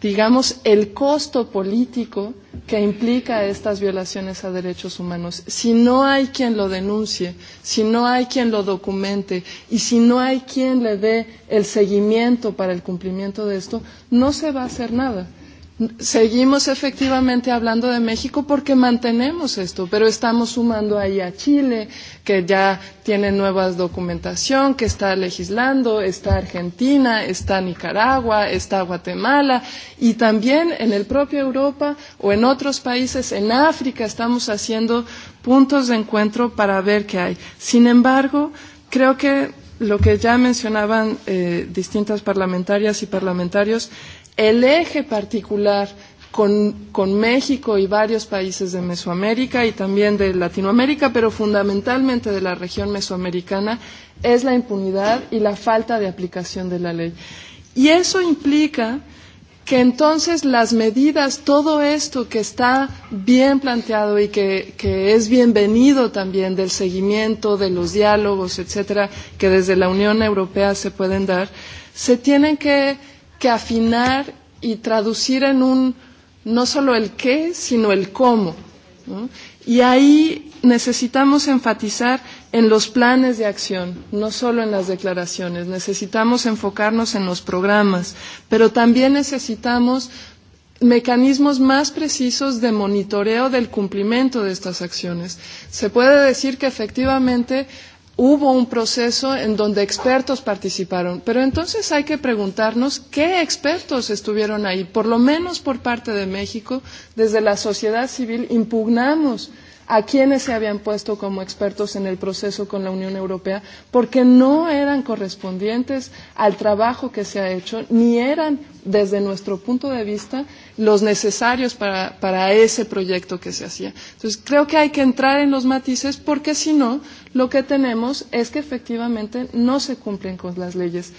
digamos, el costo político que implica estas violaciones a derechos humanos. Si no hay quien lo denuncie, si no hay quien lo documente y si no hay quien le dé el seguimiento para el cumplimiento de esto, no se va a hacer nada. Seguimos efectivamente hablando de México porque mantenemos esto, pero estamos sumando ahí a Chile, que ya tiene nueva documentación, que está legislando, está Argentina, está Nicaragua, está Guatemala, y también en el propio Europa o en otros países, en África, estamos haciendo puntos de encuentro para ver qué hay. Sin embargo, creo que lo que ya mencionaban eh, distintas parlamentarias y parlamentarios el eje particular con, con México y varios países de Mesoamérica y también de Latinoamérica, pero fundamentalmente de la región mesoamericana, es la impunidad y la falta de aplicación de la ley. Y eso implica que entonces las medidas, todo esto que está bien planteado y que, que es bienvenido también del seguimiento, de los diálogos, etcétera, que desde la Unión Europea se pueden dar, se tienen que que afinar y traducir en un no solo el qué, sino el cómo. ¿no? Y ahí necesitamos enfatizar en los planes de acción, no solo en las declaraciones. Necesitamos enfocarnos en los programas, pero también necesitamos mecanismos más precisos de monitoreo del cumplimiento de estas acciones. Se puede decir que efectivamente hubo un proceso en donde expertos participaron, pero entonces hay que preguntarnos qué expertos estuvieron ahí. Por lo menos por parte de México, desde la sociedad civil impugnamos a quienes se habían puesto como expertos en el proceso con la Unión Europea, porque no eran correspondientes al trabajo que se ha hecho, ni eran, desde nuestro punto de vista, los necesarios para, para ese proyecto que se hacía. Entonces, creo que hay que entrar en los matices, porque si no, lo que tenemos es que efectivamente no se cumplen con las leyes.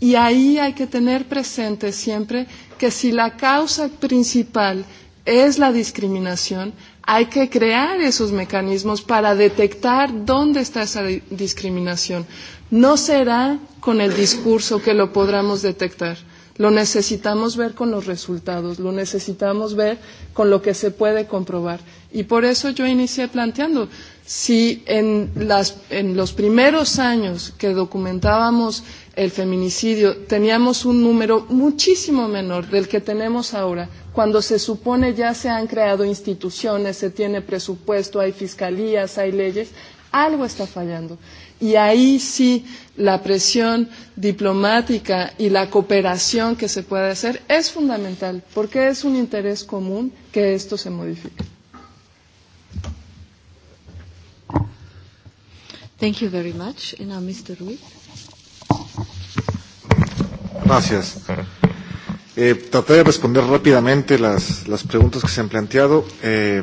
Y ahí hay que tener presente siempre que si la causa principal es la discriminación, hay que crear esos mecanismos para detectar dónde está esa discriminación. No será con el discurso que lo podamos detectar Lo necesitamos ver con los resultados, lo necesitamos ver con lo que se puede comprobar. Y por eso yo inicié planteando, si en, las, en los primeros años que documentábamos el feminicidio teníamos un número muchísimo menor del que tenemos ahora, cuando se supone ya se han creado instituciones, se tiene presupuesto, hay fiscalías, hay leyes, Algo está fallando. Y ahí sí la presión diplomática y la cooperación que se puede hacer es fundamental, porque es un interés común que esto se modifique. Thank you very much. And now Mr. Ruiz. Gracias. Eh, traté de responder rápidamente las, las preguntas que se han planteado. Eh,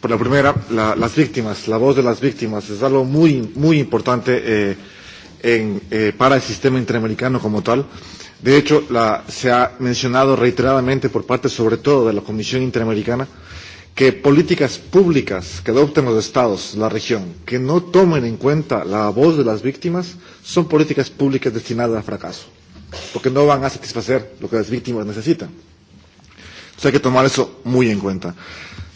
Por la primera, la, las víctimas, la voz de las víctimas es algo muy, muy importante eh, en, eh, para el sistema interamericano como tal. De hecho, la, se ha mencionado reiteradamente por parte sobre todo de la Comisión Interamericana que políticas públicas que adopten los estados, la región, que no tomen en cuenta la voz de las víctimas, son políticas públicas destinadas al fracaso, porque no van a satisfacer lo que las víctimas necesitan. Entonces hay que tomar eso muy en cuenta.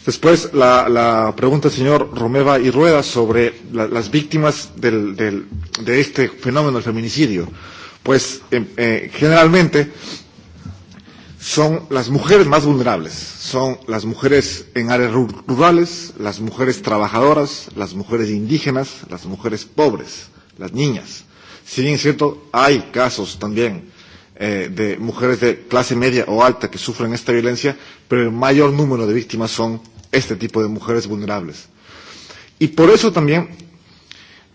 Después, la, la pregunta del señor Romeva y Rueda sobre la, las víctimas del, del, de este fenómeno, el feminicidio. Pues, eh, eh, generalmente, son las mujeres más vulnerables. Son las mujeres en áreas rurales, las mujeres trabajadoras, las mujeres indígenas, las mujeres pobres, las niñas. Si bien es cierto, hay casos también eh, de mujeres de clase media o alta que sufren esta violencia, pero el mayor número de víctimas son este tipo de mujeres vulnerables. Y por eso también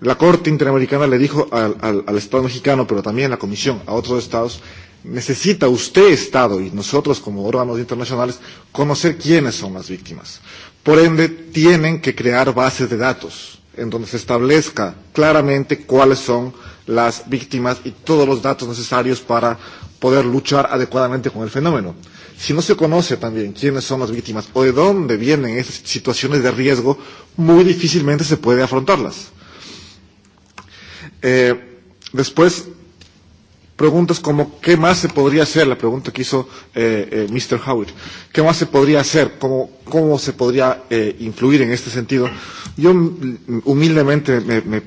la Corte Interamericana le dijo al, al, al Estado mexicano, pero también a la Comisión, a otros estados, necesita usted, Estado, y nosotros como órganos internacionales, conocer quiénes son las víctimas. Por ende, tienen que crear bases de datos en donde se establezca claramente cuáles son las víctimas y todos los datos necesarios para poder luchar adecuadamente con el fenómeno si no se conoce también quiénes son las víctimas o de dónde vienen esas situaciones de riesgo, muy difícilmente se puede afrontarlas. Eh, después, preguntas como ¿qué más se podría hacer? La pregunta que hizo eh, eh, Mr. Howard. ¿Qué más se podría hacer? ¿Cómo, cómo se podría eh, influir en este sentido? Yo mm, humildemente me, me,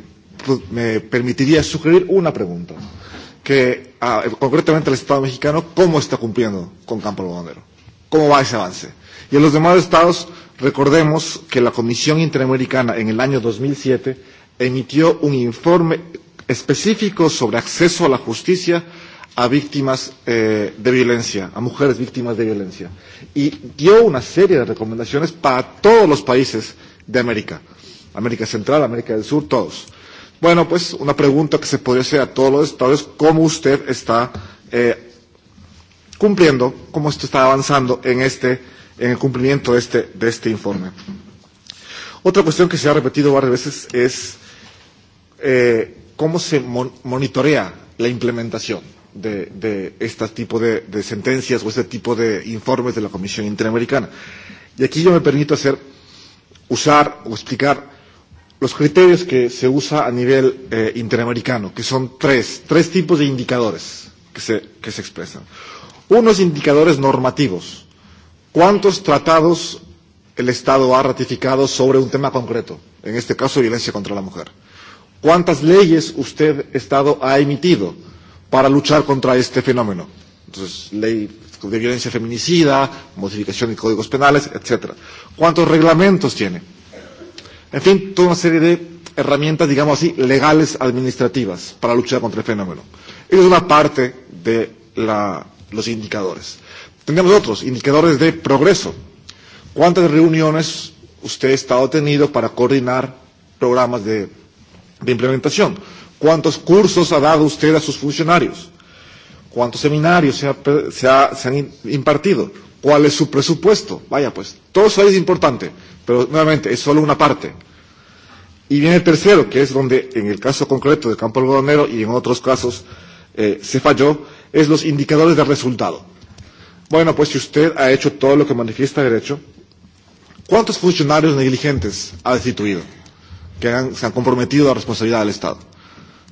me permitiría sugerir una pregunta. Eh, que a, concretamente el Estado mexicano, cómo está cumpliendo con Campo Algodonero, cómo va ese avance. Y en los demás estados, recordemos que la Comisión Interamericana en el año 2007 emitió un informe específico sobre acceso a la justicia a víctimas eh, de violencia, a mujeres víctimas de violencia. Y dio una serie de recomendaciones para todos los países de América, América Central, América del Sur, todos. Bueno, pues una pregunta que se podría hacer a todos los estados, ¿cómo usted está eh, cumpliendo, cómo usted está avanzando en, este, en el cumplimiento de este, de este informe? Otra cuestión que se ha repetido varias veces es eh, cómo se mon monitorea la implementación de, de este tipo de, de sentencias o este tipo de informes de la Comisión Interamericana. Y aquí yo me permito hacer, usar o explicar los criterios que se usa a nivel eh, interamericano, que son tres, tres tipos de indicadores que se, que se expresan. Unos indicadores normativos. ¿Cuántos tratados el Estado ha ratificado sobre un tema concreto? En este caso, violencia contra la mujer. ¿Cuántas leyes usted, Estado, ha emitido para luchar contra este fenómeno? Entonces, ley de violencia feminicida, modificación de códigos penales, etc. ¿Cuántos reglamentos tiene? En fin, toda una serie de herramientas, digamos así, legales administrativas para luchar contra el fenómeno. Esa es una parte de la, los indicadores. Tenemos otros, indicadores de progreso. ¿Cuántas reuniones usted ha estado tenido para coordinar programas de, de implementación? ¿Cuántos cursos ha dado usted a sus funcionarios? ¿Cuántos seminarios se, ha, se, ha, se han impartido? ¿Cuál es su presupuesto? Vaya, pues, todo eso es importante. Pero nuevamente es solo una parte. Y viene el tercero, que es donde en el caso concreto del campo algodonero y en otros casos eh, se falló, es los indicadores de resultado. Bueno, pues si usted ha hecho todo lo que manifiesta derecho, ¿cuántos funcionarios negligentes ha destituido que han, se han comprometido a la responsabilidad del Estado?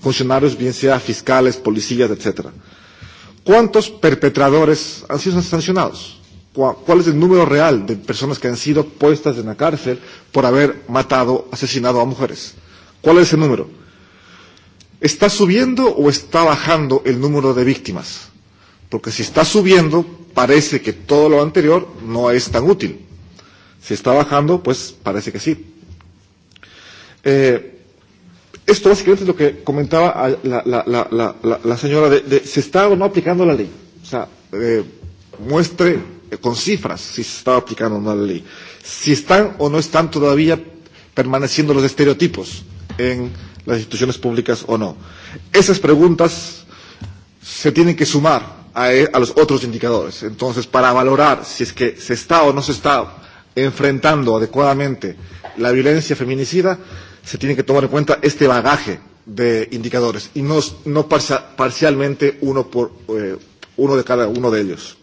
Funcionarios, bien sea fiscales, policías, etcétera. ¿Cuántos perpetradores han sido sancionados? cuál es el número real de personas que han sido puestas en la cárcel por haber matado, asesinado a mujeres. ¿Cuál es ese número? ¿Está subiendo o está bajando el número de víctimas? Porque si está subiendo, parece que todo lo anterior no es tan útil. Si está bajando, pues parece que sí. Eh, esto básicamente es lo que comentaba la, la, la, la, la señora de, de se está o no aplicando la ley. O sea, eh, muestre Eh, con cifras si se estaba aplicando una ley, si están o no están todavía permaneciendo los estereotipos en las instituciones públicas o no. Esas preguntas se tienen que sumar a, e, a los otros indicadores. Entonces, para valorar si es que se está o no se está enfrentando adecuadamente la violencia feminicida, se tiene que tomar en cuenta este bagaje de indicadores y no, no parcia, parcialmente uno, por, eh, uno de cada uno de ellos.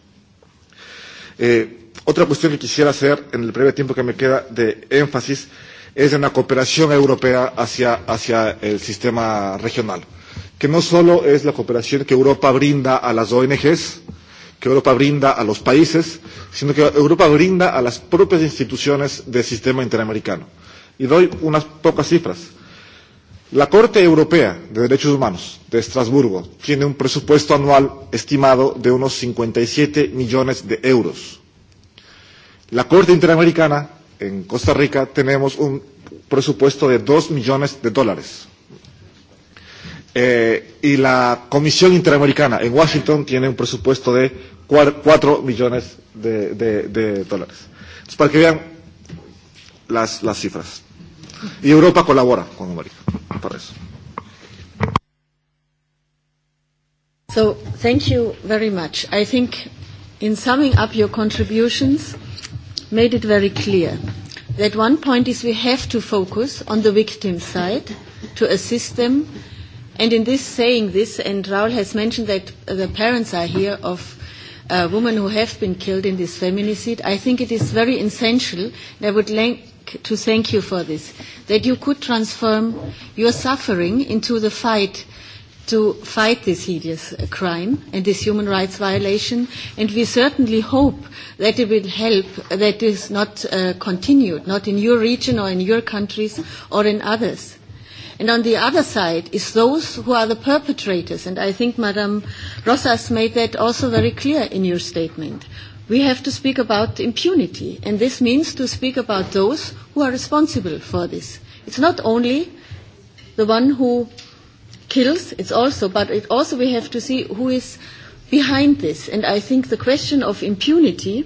Eh, otra cuestión que quisiera hacer en el breve tiempo que me queda de énfasis es en la cooperación europea hacia, hacia el sistema regional, que no solo es la cooperación que Europa brinda a las ONGs, que Europa brinda a los países, sino que Europa brinda a las propias instituciones del sistema interamericano. Y doy unas pocas cifras. La Corte Europea de Derechos Humanos de Estrasburgo tiene un presupuesto anual estimado de unos 57 millones de euros. La Corte Interamericana en Costa Rica tenemos un presupuesto de 2 millones de dólares. Eh, y la Comisión Interamericana en Washington tiene un presupuesto de 4 millones de, de, de dólares. Entonces, para que vean las, las cifras. Y Europa colabora con América para eso. So, thank you very much. I think in summing up your contributions, made it very clear that one point is we have to focus on the victim side to assist them. And in this saying this, and Raul has mentioned that the parents are here of uh, women who have been killed in this feminicide, I think it is very essential. And I would to thank you for this, that you could transform your suffering into the fight to fight this hideous crime and this human rights violation. And we certainly hope that it will help that it is not uh, continued, not in your region or in your countries or in others. And on the other side is those who are the perpetrators. And I think Madame Rosas made that also very clear in your statement we have to speak about impunity, and this means to speak about those who are responsible for this. It's not only the one who kills, it's also, but it also we have to see who is behind this. And I think the question of impunity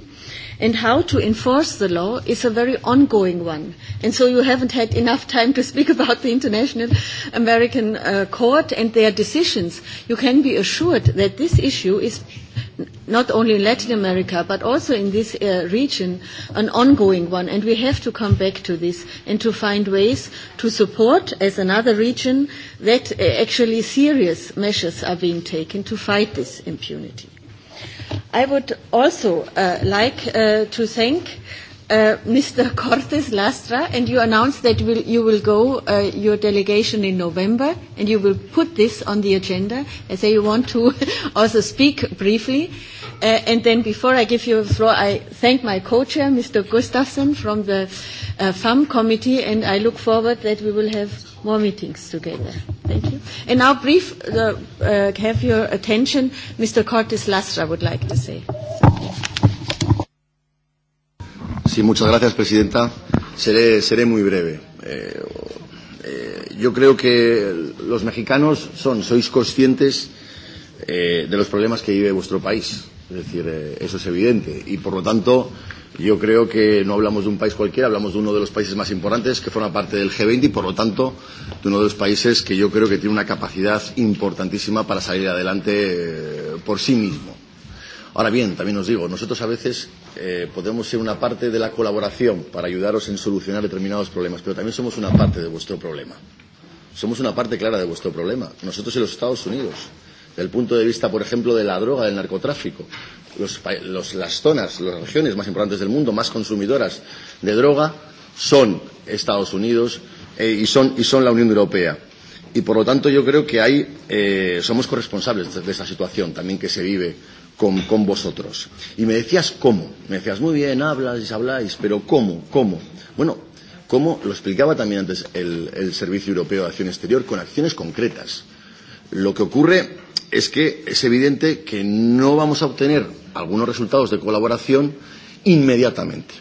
and how to enforce the law is a very ongoing one. And so you haven't had enough time to speak about the International American uh, Court and their decisions. You can be assured that this issue is not only in Latin America, but also in this uh, region, an ongoing one. And we have to come back to this and to find ways to support, as another region, that uh, actually serious measures are being taken to fight this impunity. I would also uh, like uh, to thank uh, Uh, Mr. Cortes Lastra, and you announced that will, you will go uh, your delegation in November, and you will put this on the agenda. I say you want to also speak briefly. Uh, and then before I give you the floor, I thank my co-chair, Mr. Gustafsson, from the uh, FAM committee, and I look forward that we will have more meetings together. Thank you. And now brief, uh, uh, have your attention. Mr. Cortes Lastra would like to say something. Sí, muchas gracias, presidenta. Seré, seré muy breve. Eh, eh, yo creo que los mexicanos son, sois conscientes eh, de los problemas que vive vuestro país. Es decir, eh, eso es evidente. Y por lo tanto, yo creo que no hablamos de un país cualquiera, hablamos de uno de los países más importantes que forma parte del G20 y por lo tanto de uno de los países que yo creo que tiene una capacidad importantísima para salir adelante eh, por sí mismo. Ahora bien, también os digo, nosotros a veces eh, podemos ser una parte de la colaboración para ayudaros en solucionar determinados problemas, pero también somos una parte de vuestro problema. Somos una parte clara de vuestro problema. Nosotros en los Estados Unidos, desde el punto de vista, por ejemplo, de la droga, del narcotráfico, los, los, las zonas, las regiones más importantes del mundo, más consumidoras de droga, son Estados Unidos eh, y, son, y son la Unión Europea. Y por lo tanto yo creo que hay eh, somos corresponsables de, de situación también que se vive con, con vosotros. Y me decías cómo. Me decías, muy bien, hablas, habláis, pero ¿cómo? ¿Cómo? Bueno, cómo lo explicaba también antes el, el Servicio Europeo de Acción Exterior, con acciones concretas. Lo que ocurre es que es evidente que no vamos a obtener algunos resultados de colaboración inmediatamente.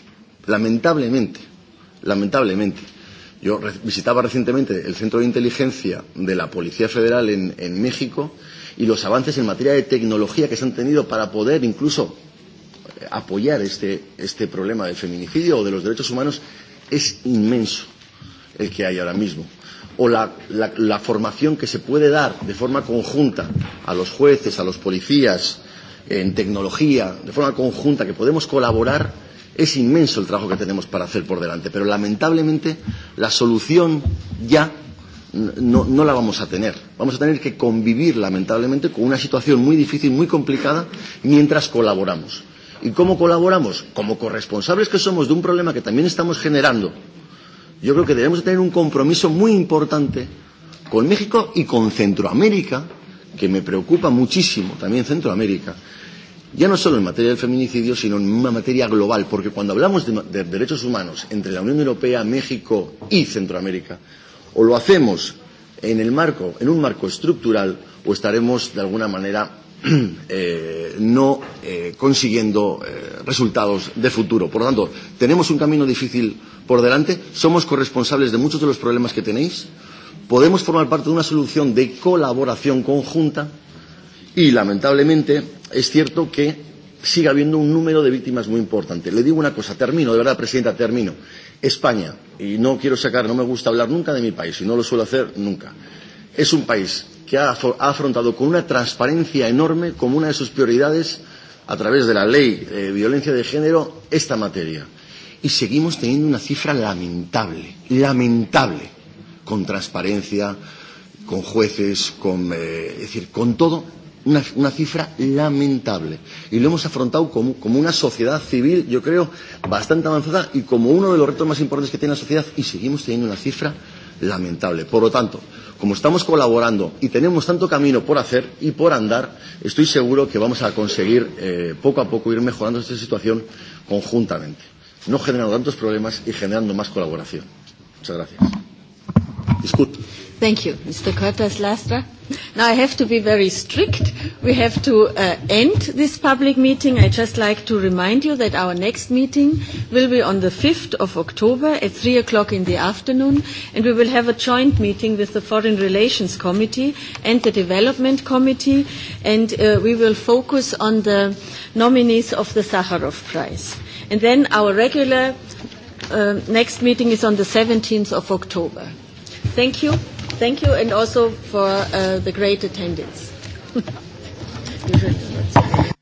Lamentablemente, lamentablemente. Yo visitaba recientemente el Centro de Inteligencia de la Policía Federal en, en México y los avances en materia de tecnología que se han tenido para poder incluso apoyar este, este problema del feminicidio o de los derechos humanos es inmenso el que hay ahora mismo. O la, la, la formación que se puede dar de forma conjunta a los jueces, a los policías, en tecnología, de forma conjunta, que podemos colaborar, es inmenso el trabajo que tenemos para hacer por delante. Pero lamentablemente la solución ya no, no la vamos a tener. Vamos a tener que convivir, lamentablemente, con una situación muy difícil, muy complicada, mientras colaboramos. ¿Y cómo colaboramos? Como corresponsables que somos de un problema que también estamos generando. Yo creo que debemos tener un compromiso muy importante con México y con Centroamérica, que me preocupa muchísimo, también Centroamérica, ya no solo en materia del feminicidio, sino en una materia global, porque cuando hablamos de, de derechos humanos entre la Unión Europea, México y Centroamérica, o lo hacemos en, el marco, en un marco estructural o estaremos de alguna manera eh, no eh, consiguiendo eh, resultados de futuro. Por lo tanto, tenemos un camino difícil por delante, somos corresponsables de muchos de los problemas que tenéis, podemos formar parte de una solución de colaboración conjunta y, lamentablemente, es cierto que sigue habiendo un número de víctimas muy importante. Le digo una cosa, termino, de verdad, Presidenta, termino. España, y no quiero sacar, no me gusta hablar nunca de mi país, y no lo suelo hacer nunca, es un país que ha afrontado con una transparencia enorme como una de sus prioridades a través de la ley de violencia de género esta materia. Y seguimos teniendo una cifra lamentable, lamentable, con transparencia, con jueces, con, eh, es decir, con todo una, una cifra lamentable. Y lo hemos afrontado como, como una sociedad civil, yo creo, bastante avanzada y como uno de los retos más importantes que tiene la sociedad y seguimos teniendo una cifra lamentable. Por lo tanto, como estamos colaborando y tenemos tanto camino por hacer y por andar, estoy seguro que vamos a conseguir eh, poco a poco ir mejorando esta situación conjuntamente, no generando tantos problemas y generando más colaboración. Muchas gracias. Discut. Thank you. Mr. Curtis Lastra. Now I have to be very strict. We have to uh, end this public meeting. I just like to remind you that our next meeting will be on the 5th of October at 3 o'clock in the afternoon and we will have a joint meeting with the Foreign Relations Committee and the Development Committee and uh, we will focus on the nominees of the Sakharov Prize. And then our regular uh, next meeting is on the 17th of October. Thank you thank you and also for uh, the great attendance.